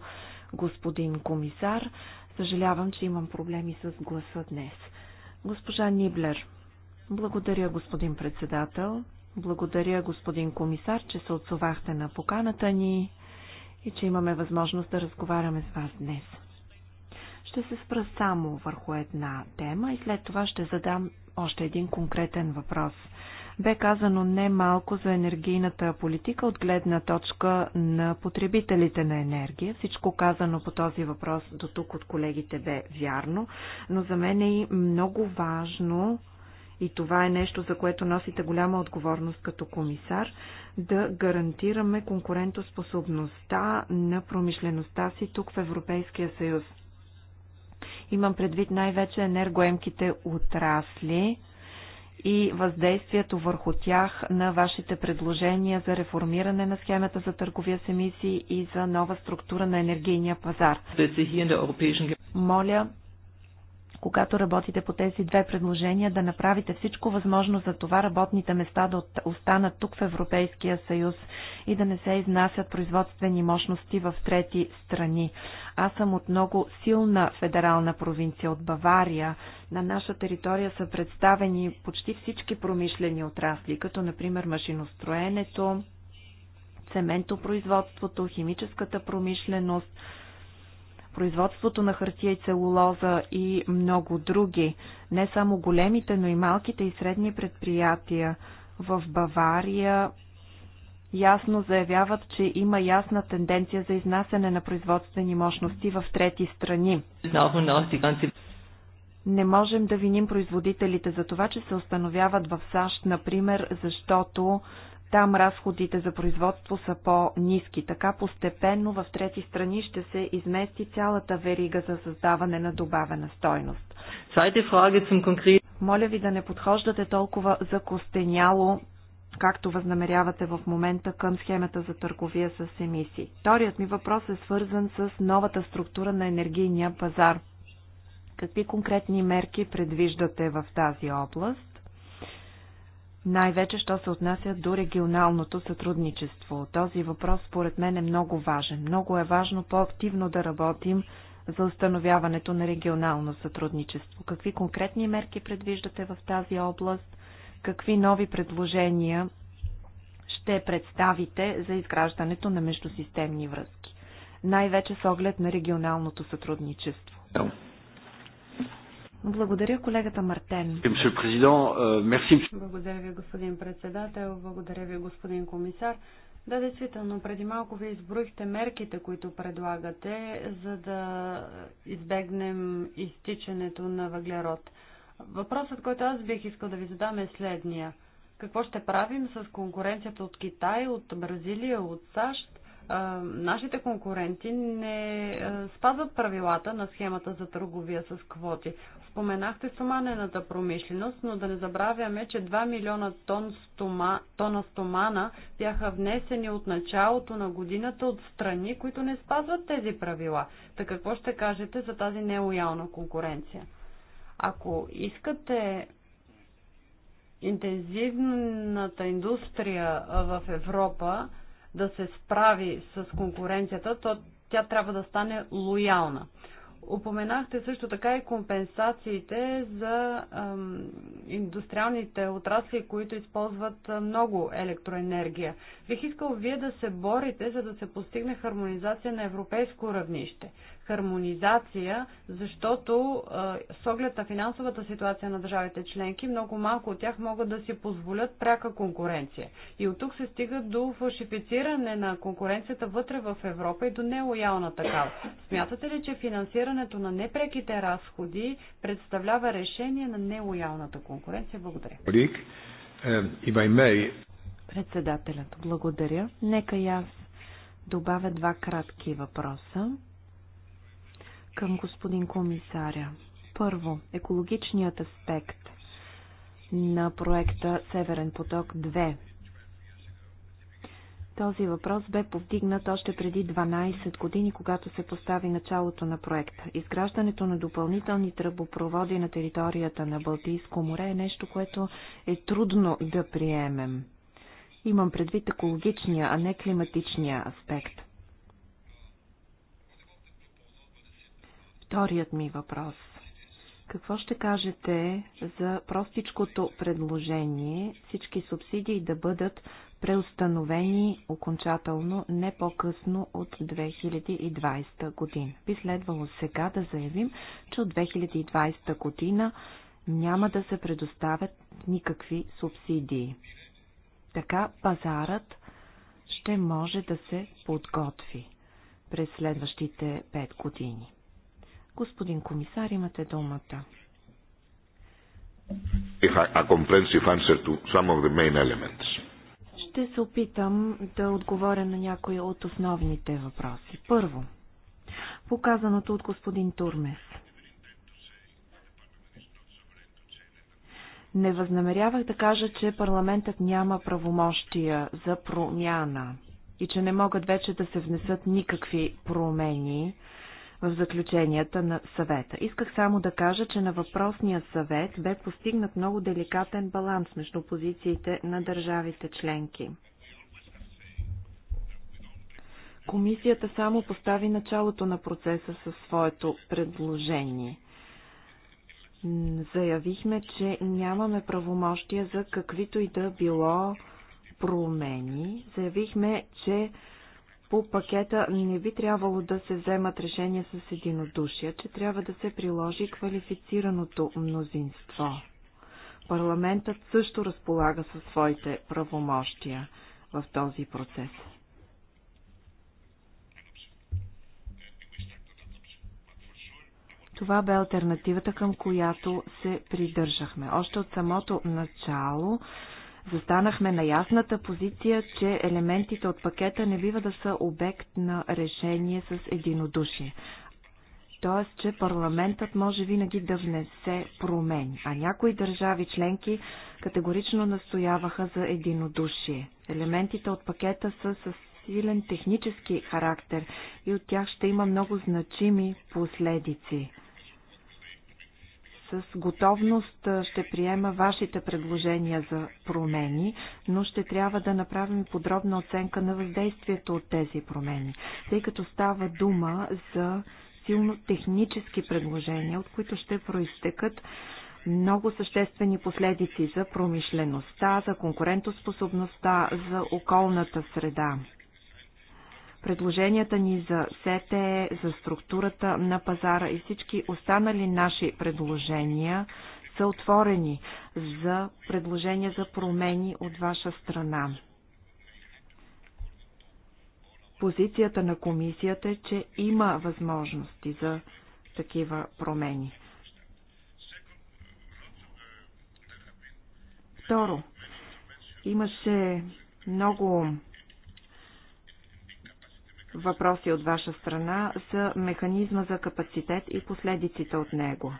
B: господин комисар. Съжалявам, че имам проблеми с гласа днес. Госпожа Ниблер. Благодаря, господин председател. Благодаря, господин комисар, че се отсовахте на поканата ни и че имаме възможност да разговаряме с вас днес. Ще се спра само върху една тема и след това ще задам още един конкретен въпрос – бе казано не малко за енергийната политика от гледна точка на потребителите на енергия. Всичко казано по този въпрос до тук от колегите бе вярно, но за мен е и много важно и това е нещо, за което носите голяма отговорност като комисар, да гарантираме конкурентоспособността на промишлеността си тук в Европейския съюз. Имам предвид най-вече енергоемките отрасли, и въздействието върху тях на вашите предложения за реформиране на схемата за търговия с емисии и за нова структура на енергийния пазар. Моля, когато работите по тези две предложения, да направите всичко възможно за това работните места да останат тук в Европейския съюз и да не се изнасят производствени мощности в трети страни. Аз съм от много силна федерална провинция от Бавария, на наша територия са представени почти всички промишлени отрасли, като например машиностроенето, цементопроизводството, химическата промишленост, производството на хартия и целулоза и много други. Не само големите, но и малките и средни предприятия в Бавария ясно заявяват, че има ясна тенденция за изнасяне на производствени мощности в трети страни. Не можем да виним производителите за това, че се установяват в САЩ, например, защото там разходите за производство са по-низки. Така постепенно в трети страни ще се измести цялата верига за създаване на добавена стойност. Моля ви да не подхождате толкова закостеняло, както възнамерявате в момента към схемата за търговия с емисии. Вторият ми въпрос е свързан с новата структура на енергийния пазар – Какви конкретни мерки предвиждате в тази област? Най-вече, що се отнася до регионалното сътрудничество. Този въпрос, според мен, е много важен. Много е важно по-активно да работим за установяването на регионално сътрудничество. Какви конкретни мерки предвиждате в тази област? Какви нови предложения ще представите за изграждането на междусистемни връзки? Най-вече с оглед на регионалното сътрудничество. Благодаря колегата Мартен.
A: Euh,
B: Благодаря ви, господин председател. Благодаря ви, господин комисар. Да, действително, преди малко ви изброихте мерките, които предлагате, за да избегнем изтичането на въглерод. Въпросът, който аз бих искал да ви задам е следния. Какво ще правим с конкуренцията от Китай, от Бразилия, от САЩ, нашите конкуренти не спазват правилата на схемата за търговия с квоти. Споменахте стоманената промишленост, но да не забравяме, че 2 милиона тон стома, тона стомана бяха внесени от началото на годината от страни, които не спазват тези правила. Така какво ще кажете за тази нелоялна конкуренция? Ако искате интензивната индустрия в Европа, да се справи с конкуренцията, то тя трябва да стане лоялна. Упоменахте също така и компенсациите за индустриалните отрасли, които използват много електроенергия. Бих искал вие да се борите, за да се постигне хармонизация на европейско равнище хармонизация, защото с оглед на финансовата ситуация на държавите членки, много малко от тях могат да си позволят пряка конкуренция. И от тук се стига до фалшифициране на конкуренцията вътре в Европа и до нелоялна такава. Смятате ли, че финансирането на непреките разходи представлява решение на нелоялната конкуренция? Благодаря. Председателят, благодаря. Нека я добавя два кратки въпроса към господин комисаря. Първо, екологичният аспект на проекта Северен поток 2. Този въпрос бе повдигнат още преди 12 години, когато се постави началото на проекта. Изграждането на допълнителни тръбопроводи на територията на Балтийско море е нещо, което е трудно да приемем. Имам предвид екологичния, а не климатичния аспект. Вторият ми въпрос. Какво ще кажете за простичкото предложение всички субсидии да бъдат преустановени окончателно не по-късно от 2020 година? Би следвало сега да заявим, че от 2020 година няма да се предоставят никакви субсидии. Така пазарът ще може да се подготви през следващите 5 години. Господин комисар, имате думата. Ще се опитам да отговоря на някои от основните въпроси. Първо, показаното от господин Турмес. Не възнамерявах да кажа, че парламентът няма правомощия за промяна и че не могат вече да се внесат никакви промени в заключенията на съвета. Исках само да кажа, че на въпросния съвет бе постигнат много деликатен баланс между позициите на държавите членки. Комисията само постави началото на процеса със своето предложение. Заявихме, че нямаме правомощия за каквито и да било промени. Заявихме, че по пакета не би трябвало да се вземат решения с единодушие, че трябва да се приложи квалифицираното мнозинство. Парламентът също разполага със своите правомощия в този процес. Това бе альтернативата, към която се придържахме. Още от самото начало застанахме на ясната позиция, че елементите от пакета не бива да са обект на решение с единодушие. Тоест, че парламентът може винаги да внесе промени, а някои държави членки категорично настояваха за единодушие. Елементите от пакета са с силен технически характер и от тях ще има много значими последици с готовност ще приема вашите предложения за промени, но ще трябва да направим подробна оценка на въздействието от тези промени, тъй като става дума за силно технически предложения, от които ще проистекат много съществени последици за промишлеността, за конкурентоспособността, за околната среда. Предложенията ни за СТЕ, за структурата на пазара и всички останали наши предложения са отворени за предложения за промени от ваша страна. Позицията на комисията е, че има възможности за такива промени. Второ, имаше много въпроси от ваша страна за механизма за капацитет и последиците от него.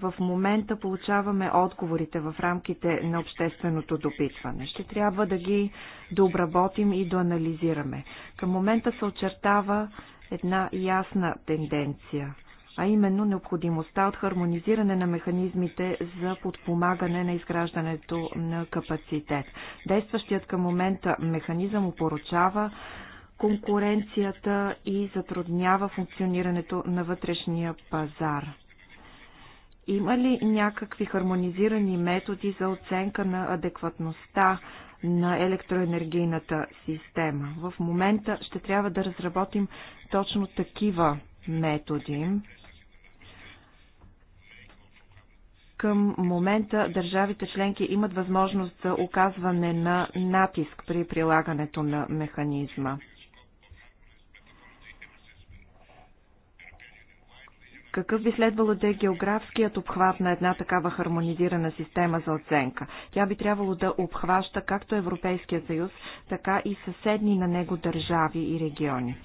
B: В момента получаваме отговорите в рамките на общественото допитване. Ще трябва да ги дообработим да и доанализираме. Към момента се очертава една ясна тенденция, а именно необходимостта от хармонизиране на механизмите за подпомагане на изграждането на капацитет. Действащият към момента механизъм упоручава конкуренцията и затруднява функционирането на вътрешния пазар. Има ли някакви хармонизирани методи за оценка на адекватността на електроенергийната система? В момента ще трябва да разработим точно такива методи. Към момента държавите членки имат възможност за оказване на натиск при прилагането на механизма. Какъв би следвало да е географският обхват на една такава хармонизирана система за оценка? Тя би трябвало да обхваща както Европейския съюз, така и съседни на него държави и региони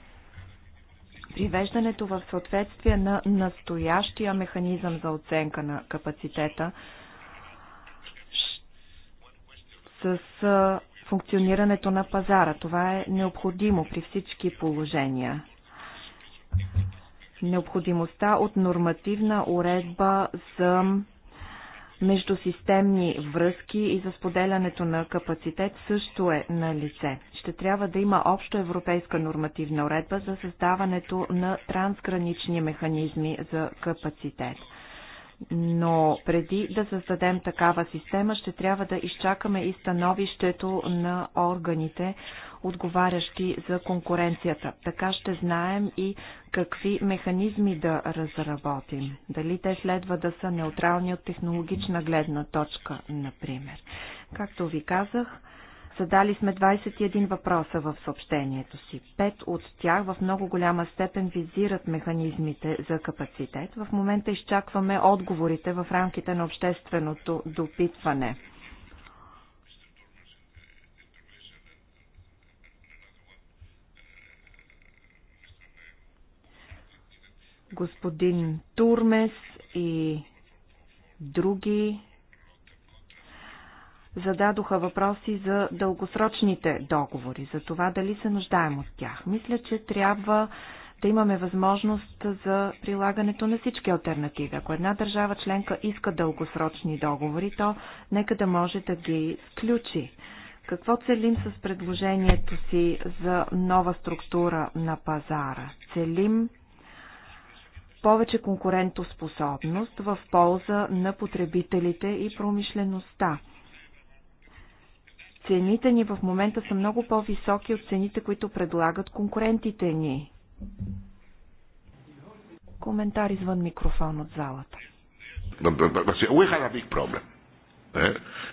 B: привеждането в съответствие на настоящия механизъм за оценка на капацитета с функционирането на пазара. Това е необходимо при всички положения необходимостта от нормативна уредба за междусистемни връзки и за споделянето на капацитет също е на лице. Ще трябва да има общо европейска нормативна уредба за създаването на трансгранични механизми за капацитет. Но преди да създадем такава система, ще трябва да изчакаме и становището на органите, отговарящи за конкуренцията. Така ще знаем и какви механизми да разработим. Дали те следва да са неутрални от технологична гледна точка, например. Както ви казах, задали сме 21 въпроса в съобщението си. Пет от тях в много голяма степен визират механизмите за капацитет. В момента изчакваме отговорите в рамките на общественото допитване. господин Турмес и други зададоха въпроси за дългосрочните договори, за това дали се нуждаем от тях. Мисля, че трябва да имаме възможност за прилагането на всички альтернативи. Ако една държава членка иска дългосрочни договори, то нека да може да ги включи. Какво целим с предложението си за нова структура на пазара? Целим повече конкурентоспособност в полза на потребителите и промишлеността. Цените ни в момента са много по-високи от цените, които предлагат конкурентите ни. Коментар извън микрофон от залата.
A: But, but, but, we have a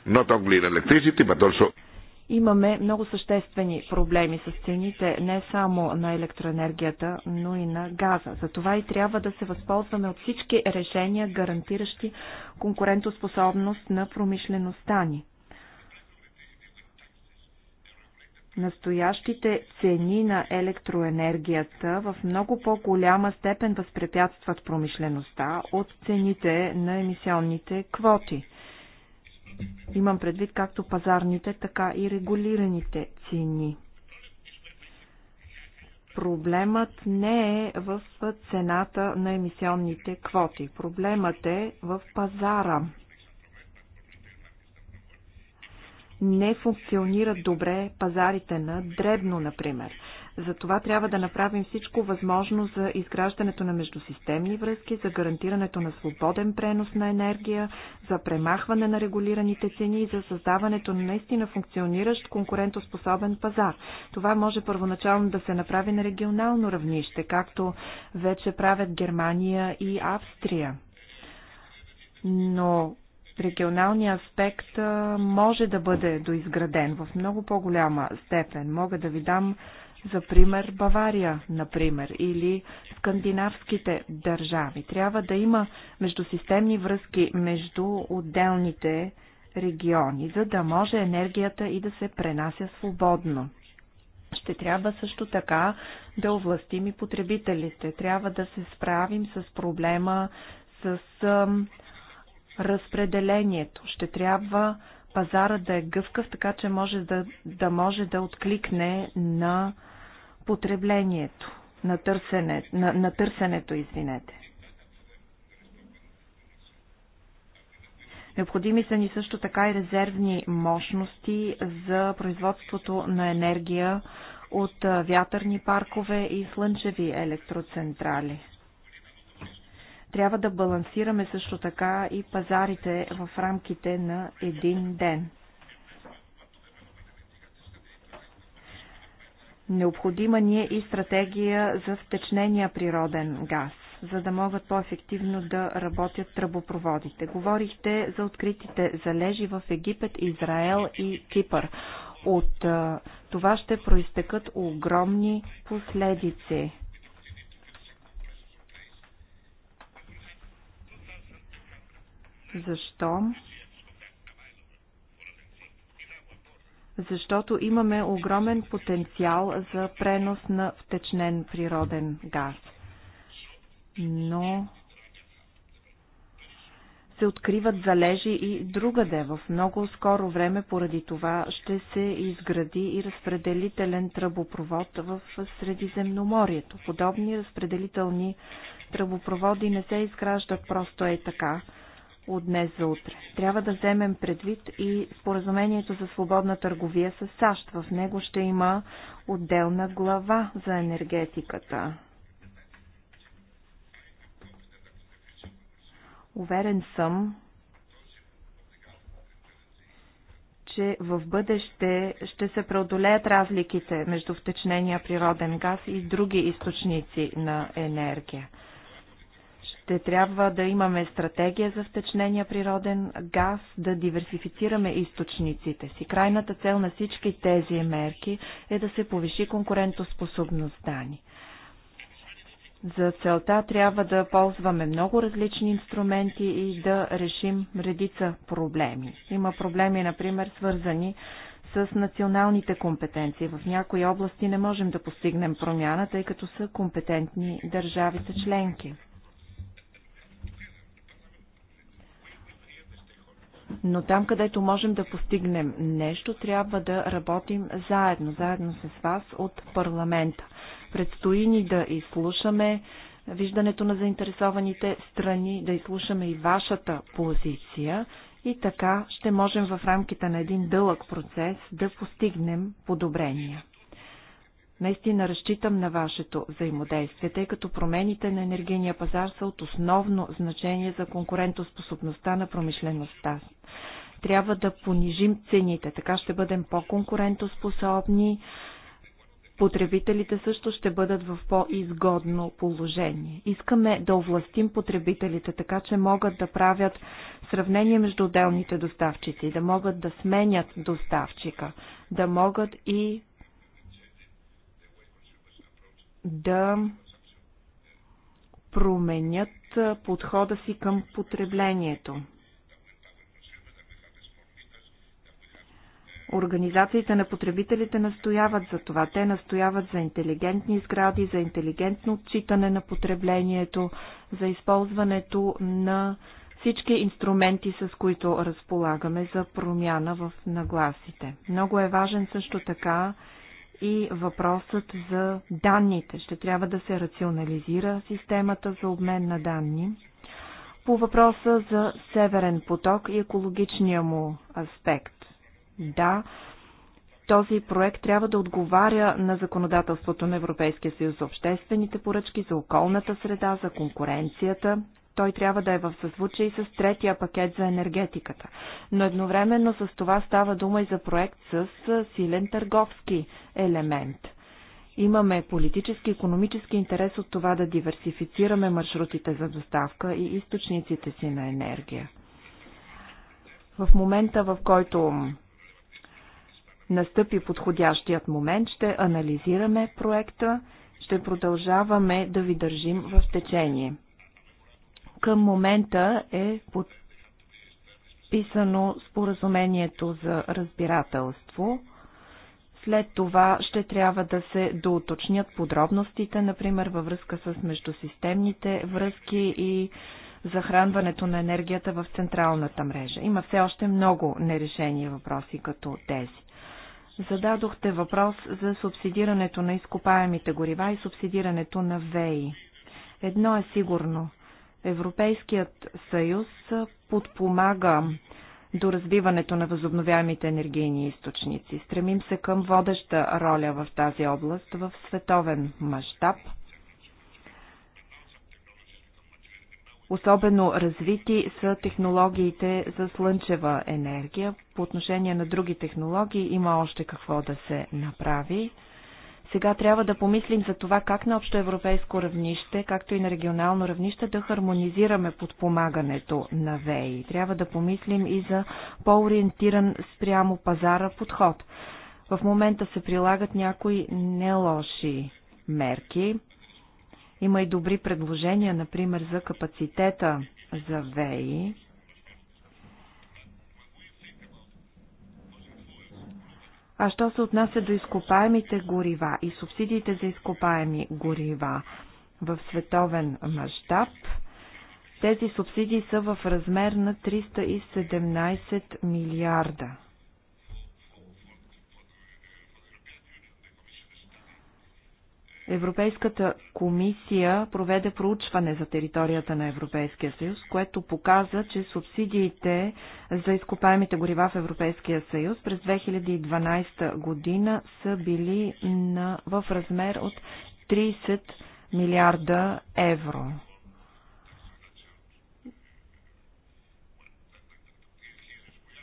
A: но, problem. Eh?
B: Имаме много съществени проблеми с цените не само на електроенергията, но и на газа. Затова и трябва да се възползваме от всички решения, гарантиращи конкурентоспособност на промишлеността ни. Настоящите цени на електроенергията в много по-голяма степен възпрепятстват промишлеността от цените на емисионните квоти. Имам предвид както пазарните, така и регулираните цени. Проблемът не е в цената на емисионните квоти. Проблемът е в пазара. Не функционират добре пазарите на дребно, например. Затова трябва да направим всичко възможно за изграждането на междусистемни връзки, за гарантирането на свободен пренос на енергия, за премахване на регулираните цени и за създаването на наистина функциониращ конкурентоспособен пазар. Това може първоначално да се направи на регионално равнище, както вече правят Германия и Австрия. Но регионалният аспект може да бъде доизграден в много по-голяма степен. Мога да ви дам за пример Бавария, например, или скандинавските държави. Трябва да има междусистемни връзки между отделните региони, за да може енергията и да се пренася свободно. Ще трябва също така да овластим и потребителите. Трябва да се справим с проблема с разпределението. Ще трябва пазара да е гъвкав, така че може да, да може да откликне на потреблението, на, търсене, на, на търсенето, извинете. Необходими са ни също така и резервни мощности за производството на енергия от вятърни паркове и слънчеви електроцентрали. Трябва да балансираме също така и пазарите в рамките на един ден – Необходима ни е и стратегия за втечнения природен газ, за да могат по-ефективно да работят тръбопроводите. Говорихте за откритите залежи в Египет, Израел и Кипър. От това ще проистекат огромни последици. Защо? защото имаме огромен потенциал за пренос на втечнен природен газ. Но се откриват залежи и другаде. В много скоро време поради това ще се изгради и разпределителен тръбопровод в Средиземноморието. Подобни разпределителни тръбопроводи не се изграждат просто е така от днес за утре. Трябва да вземем предвид и споразумението за свободна търговия с САЩ. В него ще има отделна глава за енергетиката. Уверен съм, че в бъдеще ще се преодолеят разликите между втечнения природен газ и други източници на енергия. Ще трябва да имаме стратегия за втечнения природен газ, да диверсифицираме източниците си. Крайната цел на всички тези мерки е да се повиши конкурентоспособността ни. За целта трябва да ползваме много различни инструменти и да решим редица проблеми. Има проблеми, например, свързани с националните компетенции. В някои области не можем да постигнем промяна, тъй като са компетентни държавите членки. Но там, където можем да постигнем нещо, трябва да работим заедно, заедно с вас от парламента. Предстои ни да изслушаме виждането на заинтересованите страни, да изслушаме и вашата позиция и така ще можем в рамките на един дълъг процес да постигнем подобрения. Наистина разчитам на вашето взаимодействие, тъй като промените на енергийния пазар са от основно значение за конкурентоспособността на промишлеността. Трябва да понижим цените, така ще бъдем по-конкурентоспособни, потребителите също ще бъдат в по-изгодно положение. Искаме да овластим потребителите, така че могат да правят сравнение между отделните доставчици, да могат да сменят доставчика, да могат и да променят подхода си към потреблението. Организациите на потребителите настояват за това. Те настояват за интелигентни сгради, за интелигентно отчитане на потреблението, за използването на всички инструменти, с които разполагаме за промяна в нагласите. Много е важен също така и въпросът за данните. Ще трябва да се рационализира системата за обмен на данни. По въпроса за Северен поток и екологичния му аспект. Да, този проект трябва да отговаря на законодателството на Европейския съюз за обществените поръчки, за околната среда, за конкуренцията той трябва да е в съзвучие с третия пакет за енергетиката. Но едновременно с това става дума и за проект с силен търговски елемент. Имаме политически и економически интерес от това да диверсифицираме маршрутите за доставка и източниците си на енергия. В момента, в който настъпи подходящият момент, ще анализираме проекта, ще продължаваме да ви държим в течение. Към момента е подписано споразумението за разбирателство. След това ще трябва да се доуточнят подробностите, например във връзка с междусистемните връзки и захранването на енергията в централната мрежа. Има все още много нерешени въпроси като тези. Зададохте въпрос за субсидирането на изкопаемите горива и субсидирането на ВЕИ. Едно е сигурно. Европейският съюз подпомага до развиването на възобновяемите енергийни източници. Стремим се към водеща роля в тази област в световен мащаб. Особено развити са технологиите за слънчева енергия. По отношение на други технологии има още какво да се направи. Сега трябва да помислим за това как на общо европейско равнище, както и на регионално равнище да хармонизираме подпомагането на ВЕИ. Трябва да помислим и за по-ориентиран спрямо пазара подход. В момента се прилагат някои нелоши мерки. Има и добри предложения, например, за капацитета за ВЕИ. А що се отнася до изкопаемите горива и субсидиите за изкопаеми горива в световен мащаб, тези субсидии са в размер на 317 милиарда Европейската комисия проведе проучване за територията на Европейския съюз, което показа, че субсидиите за изкопаемите горива в Европейския съюз през 2012 година са били на, в размер от 30 милиарда евро.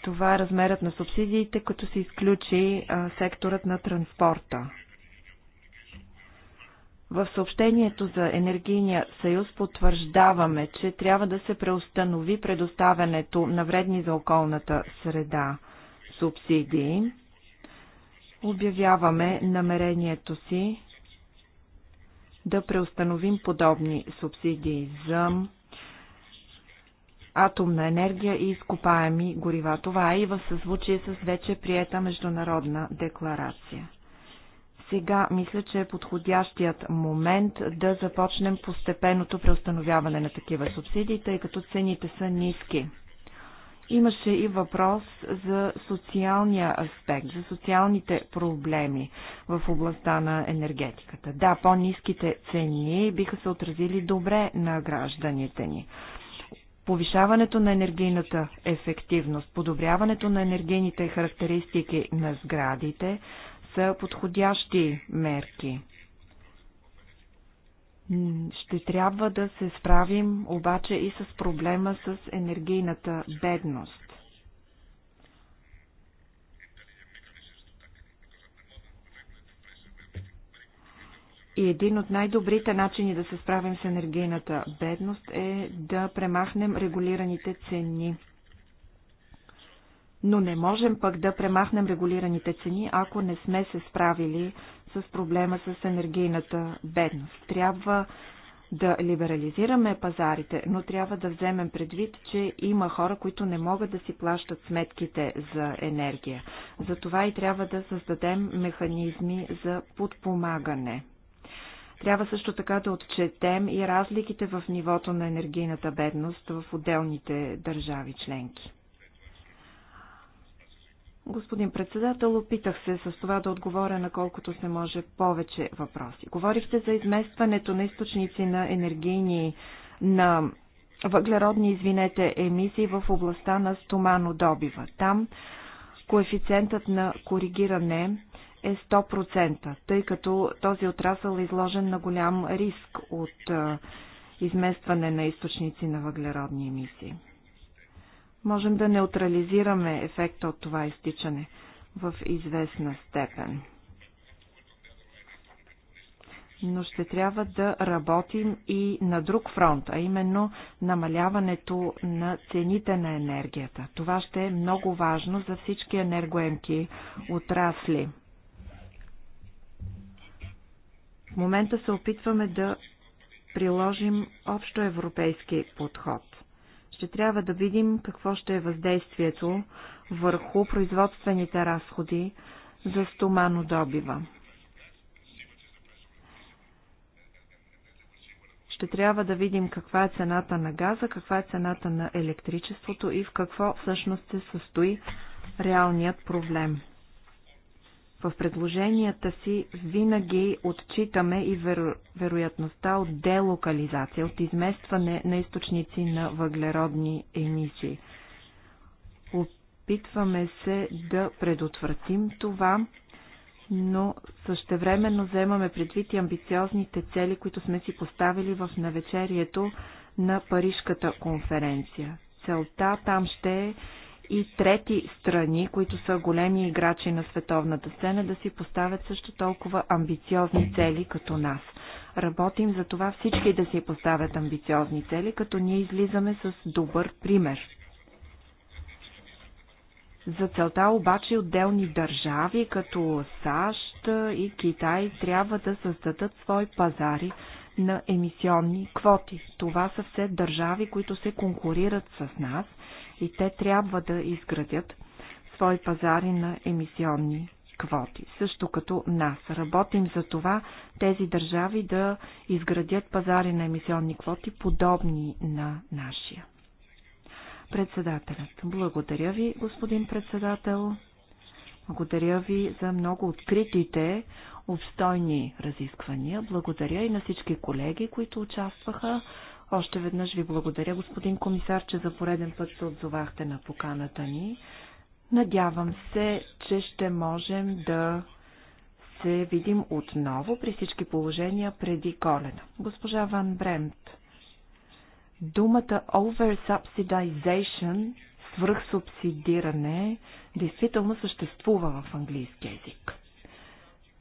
B: Това е размерът на субсидиите, като се изключи а, секторът на транспорта. В съобщението за енергийния съюз потвърждаваме, че трябва да се преустанови предоставянето на вредни за околната среда субсидии. Обявяваме намерението си да преустановим подобни субсидии за атомна енергия и изкопаеми горива. Това е и в съзвучие с вече приета международна декларация сега мисля, че е подходящият момент да започнем постепенното преустановяване на такива субсидии, тъй като цените са ниски. Имаше и въпрос за социалния аспект, за социалните проблеми в областта на енергетиката. Да, по-низките цени биха се отразили добре на гражданите ни. Повишаването на енергийната ефективност, подобряването на енергийните характеристики на сградите, са подходящи мерки. Ще трябва да се справим обаче и с проблема с енергийната бедност. И един от най-добрите начини да се справим с енергийната бедност е да премахнем регулираните цени но не можем пък да премахнем регулираните цени, ако не сме се справили с проблема с енергийната бедност. Трябва да либерализираме пазарите, но трябва да вземем предвид, че има хора, които не могат да си плащат сметките за енергия. Затова и трябва да създадем механизми за подпомагане. Трябва също така да отчетем и разликите в нивото на енергийната бедност в отделните държави членки. Господин председател, опитах се с това да отговоря на колкото се може повече въпроси. Говорихте за изместването на източници на енергийни, на въглеродни, извинете, емисии в областта на стоманодобива. Там коефициентът на коригиране е 100%, тъй като този отрасъл е изложен на голям риск от изместване на източници на въглеродни емисии можем да неутрализираме ефекта от това изтичане в известна степен. Но ще трябва да работим и на друг фронт, а именно намаляването на цените на енергията. Това ще е много важно за всички енергоемки отрасли. В момента се опитваме да приложим общоевропейски подход. Ще трябва да видим какво ще е въздействието върху производствените разходи за стоманодобива. Ще трябва да видим каква е цената на газа, каква е цената на електричеството и в какво всъщност се състои реалният проблем. В предложенията си винаги отчитаме и веро, вероятността от делокализация, от изместване на източници на въглеродни емисии. Опитваме се да предотвратим това, но същевременно вземаме предвид и амбициозните цели, които сме си поставили в навечерието на Парижката конференция. Целта там ще е и трети страни, които са големи играчи на световната сцена, да си поставят също толкова амбициозни цели като нас. Работим за това всички да си поставят амбициозни цели, като ние излизаме с добър пример. За целта обаче отделни държави, като САЩ и Китай, трябва да създадат свои пазари на емисионни квоти. Това са все държави, които се конкурират с нас – и те трябва да изградят свои пазари на емисионни квоти, също като нас. Работим за това тези държави да изградят пазари на емисионни квоти, подобни на нашия. Председателят. Благодаря ви, господин председател. Благодаря ви за много откритите, обстойни разисквания. Благодаря и на всички колеги, които участваха. Още веднъж ви благодаря, господин комисар, че за пореден път се отзовахте на поканата ни. Надявам се, че ще можем да се видим отново при всички положения преди колена. Госпожа Ван Бремт, думата oversubsidization, свръхсубсидиране, действително съществува в английски язик.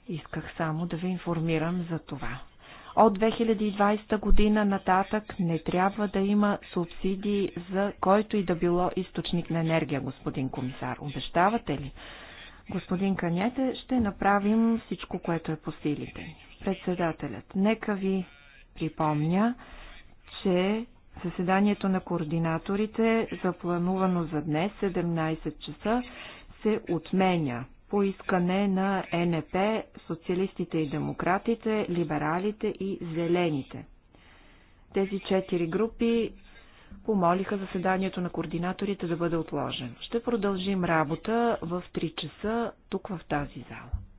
B: Исках само да ви информирам за това. От 2020 година нататък не трябва да има субсидии за който и да било източник на енергия, господин комисар. Обещавате ли? Господин Канете, ще направим всичко, което е по силите Председателят, нека ви припомня, че заседанието на координаторите, запланувано за днес, 17 часа, се отменя по искане на НП, социалистите и демократите, либералите и зелените. Тези четири групи помолиха заседанието на координаторите да бъде отложено. Ще продължим работа в 3 часа тук в
C: тази зала.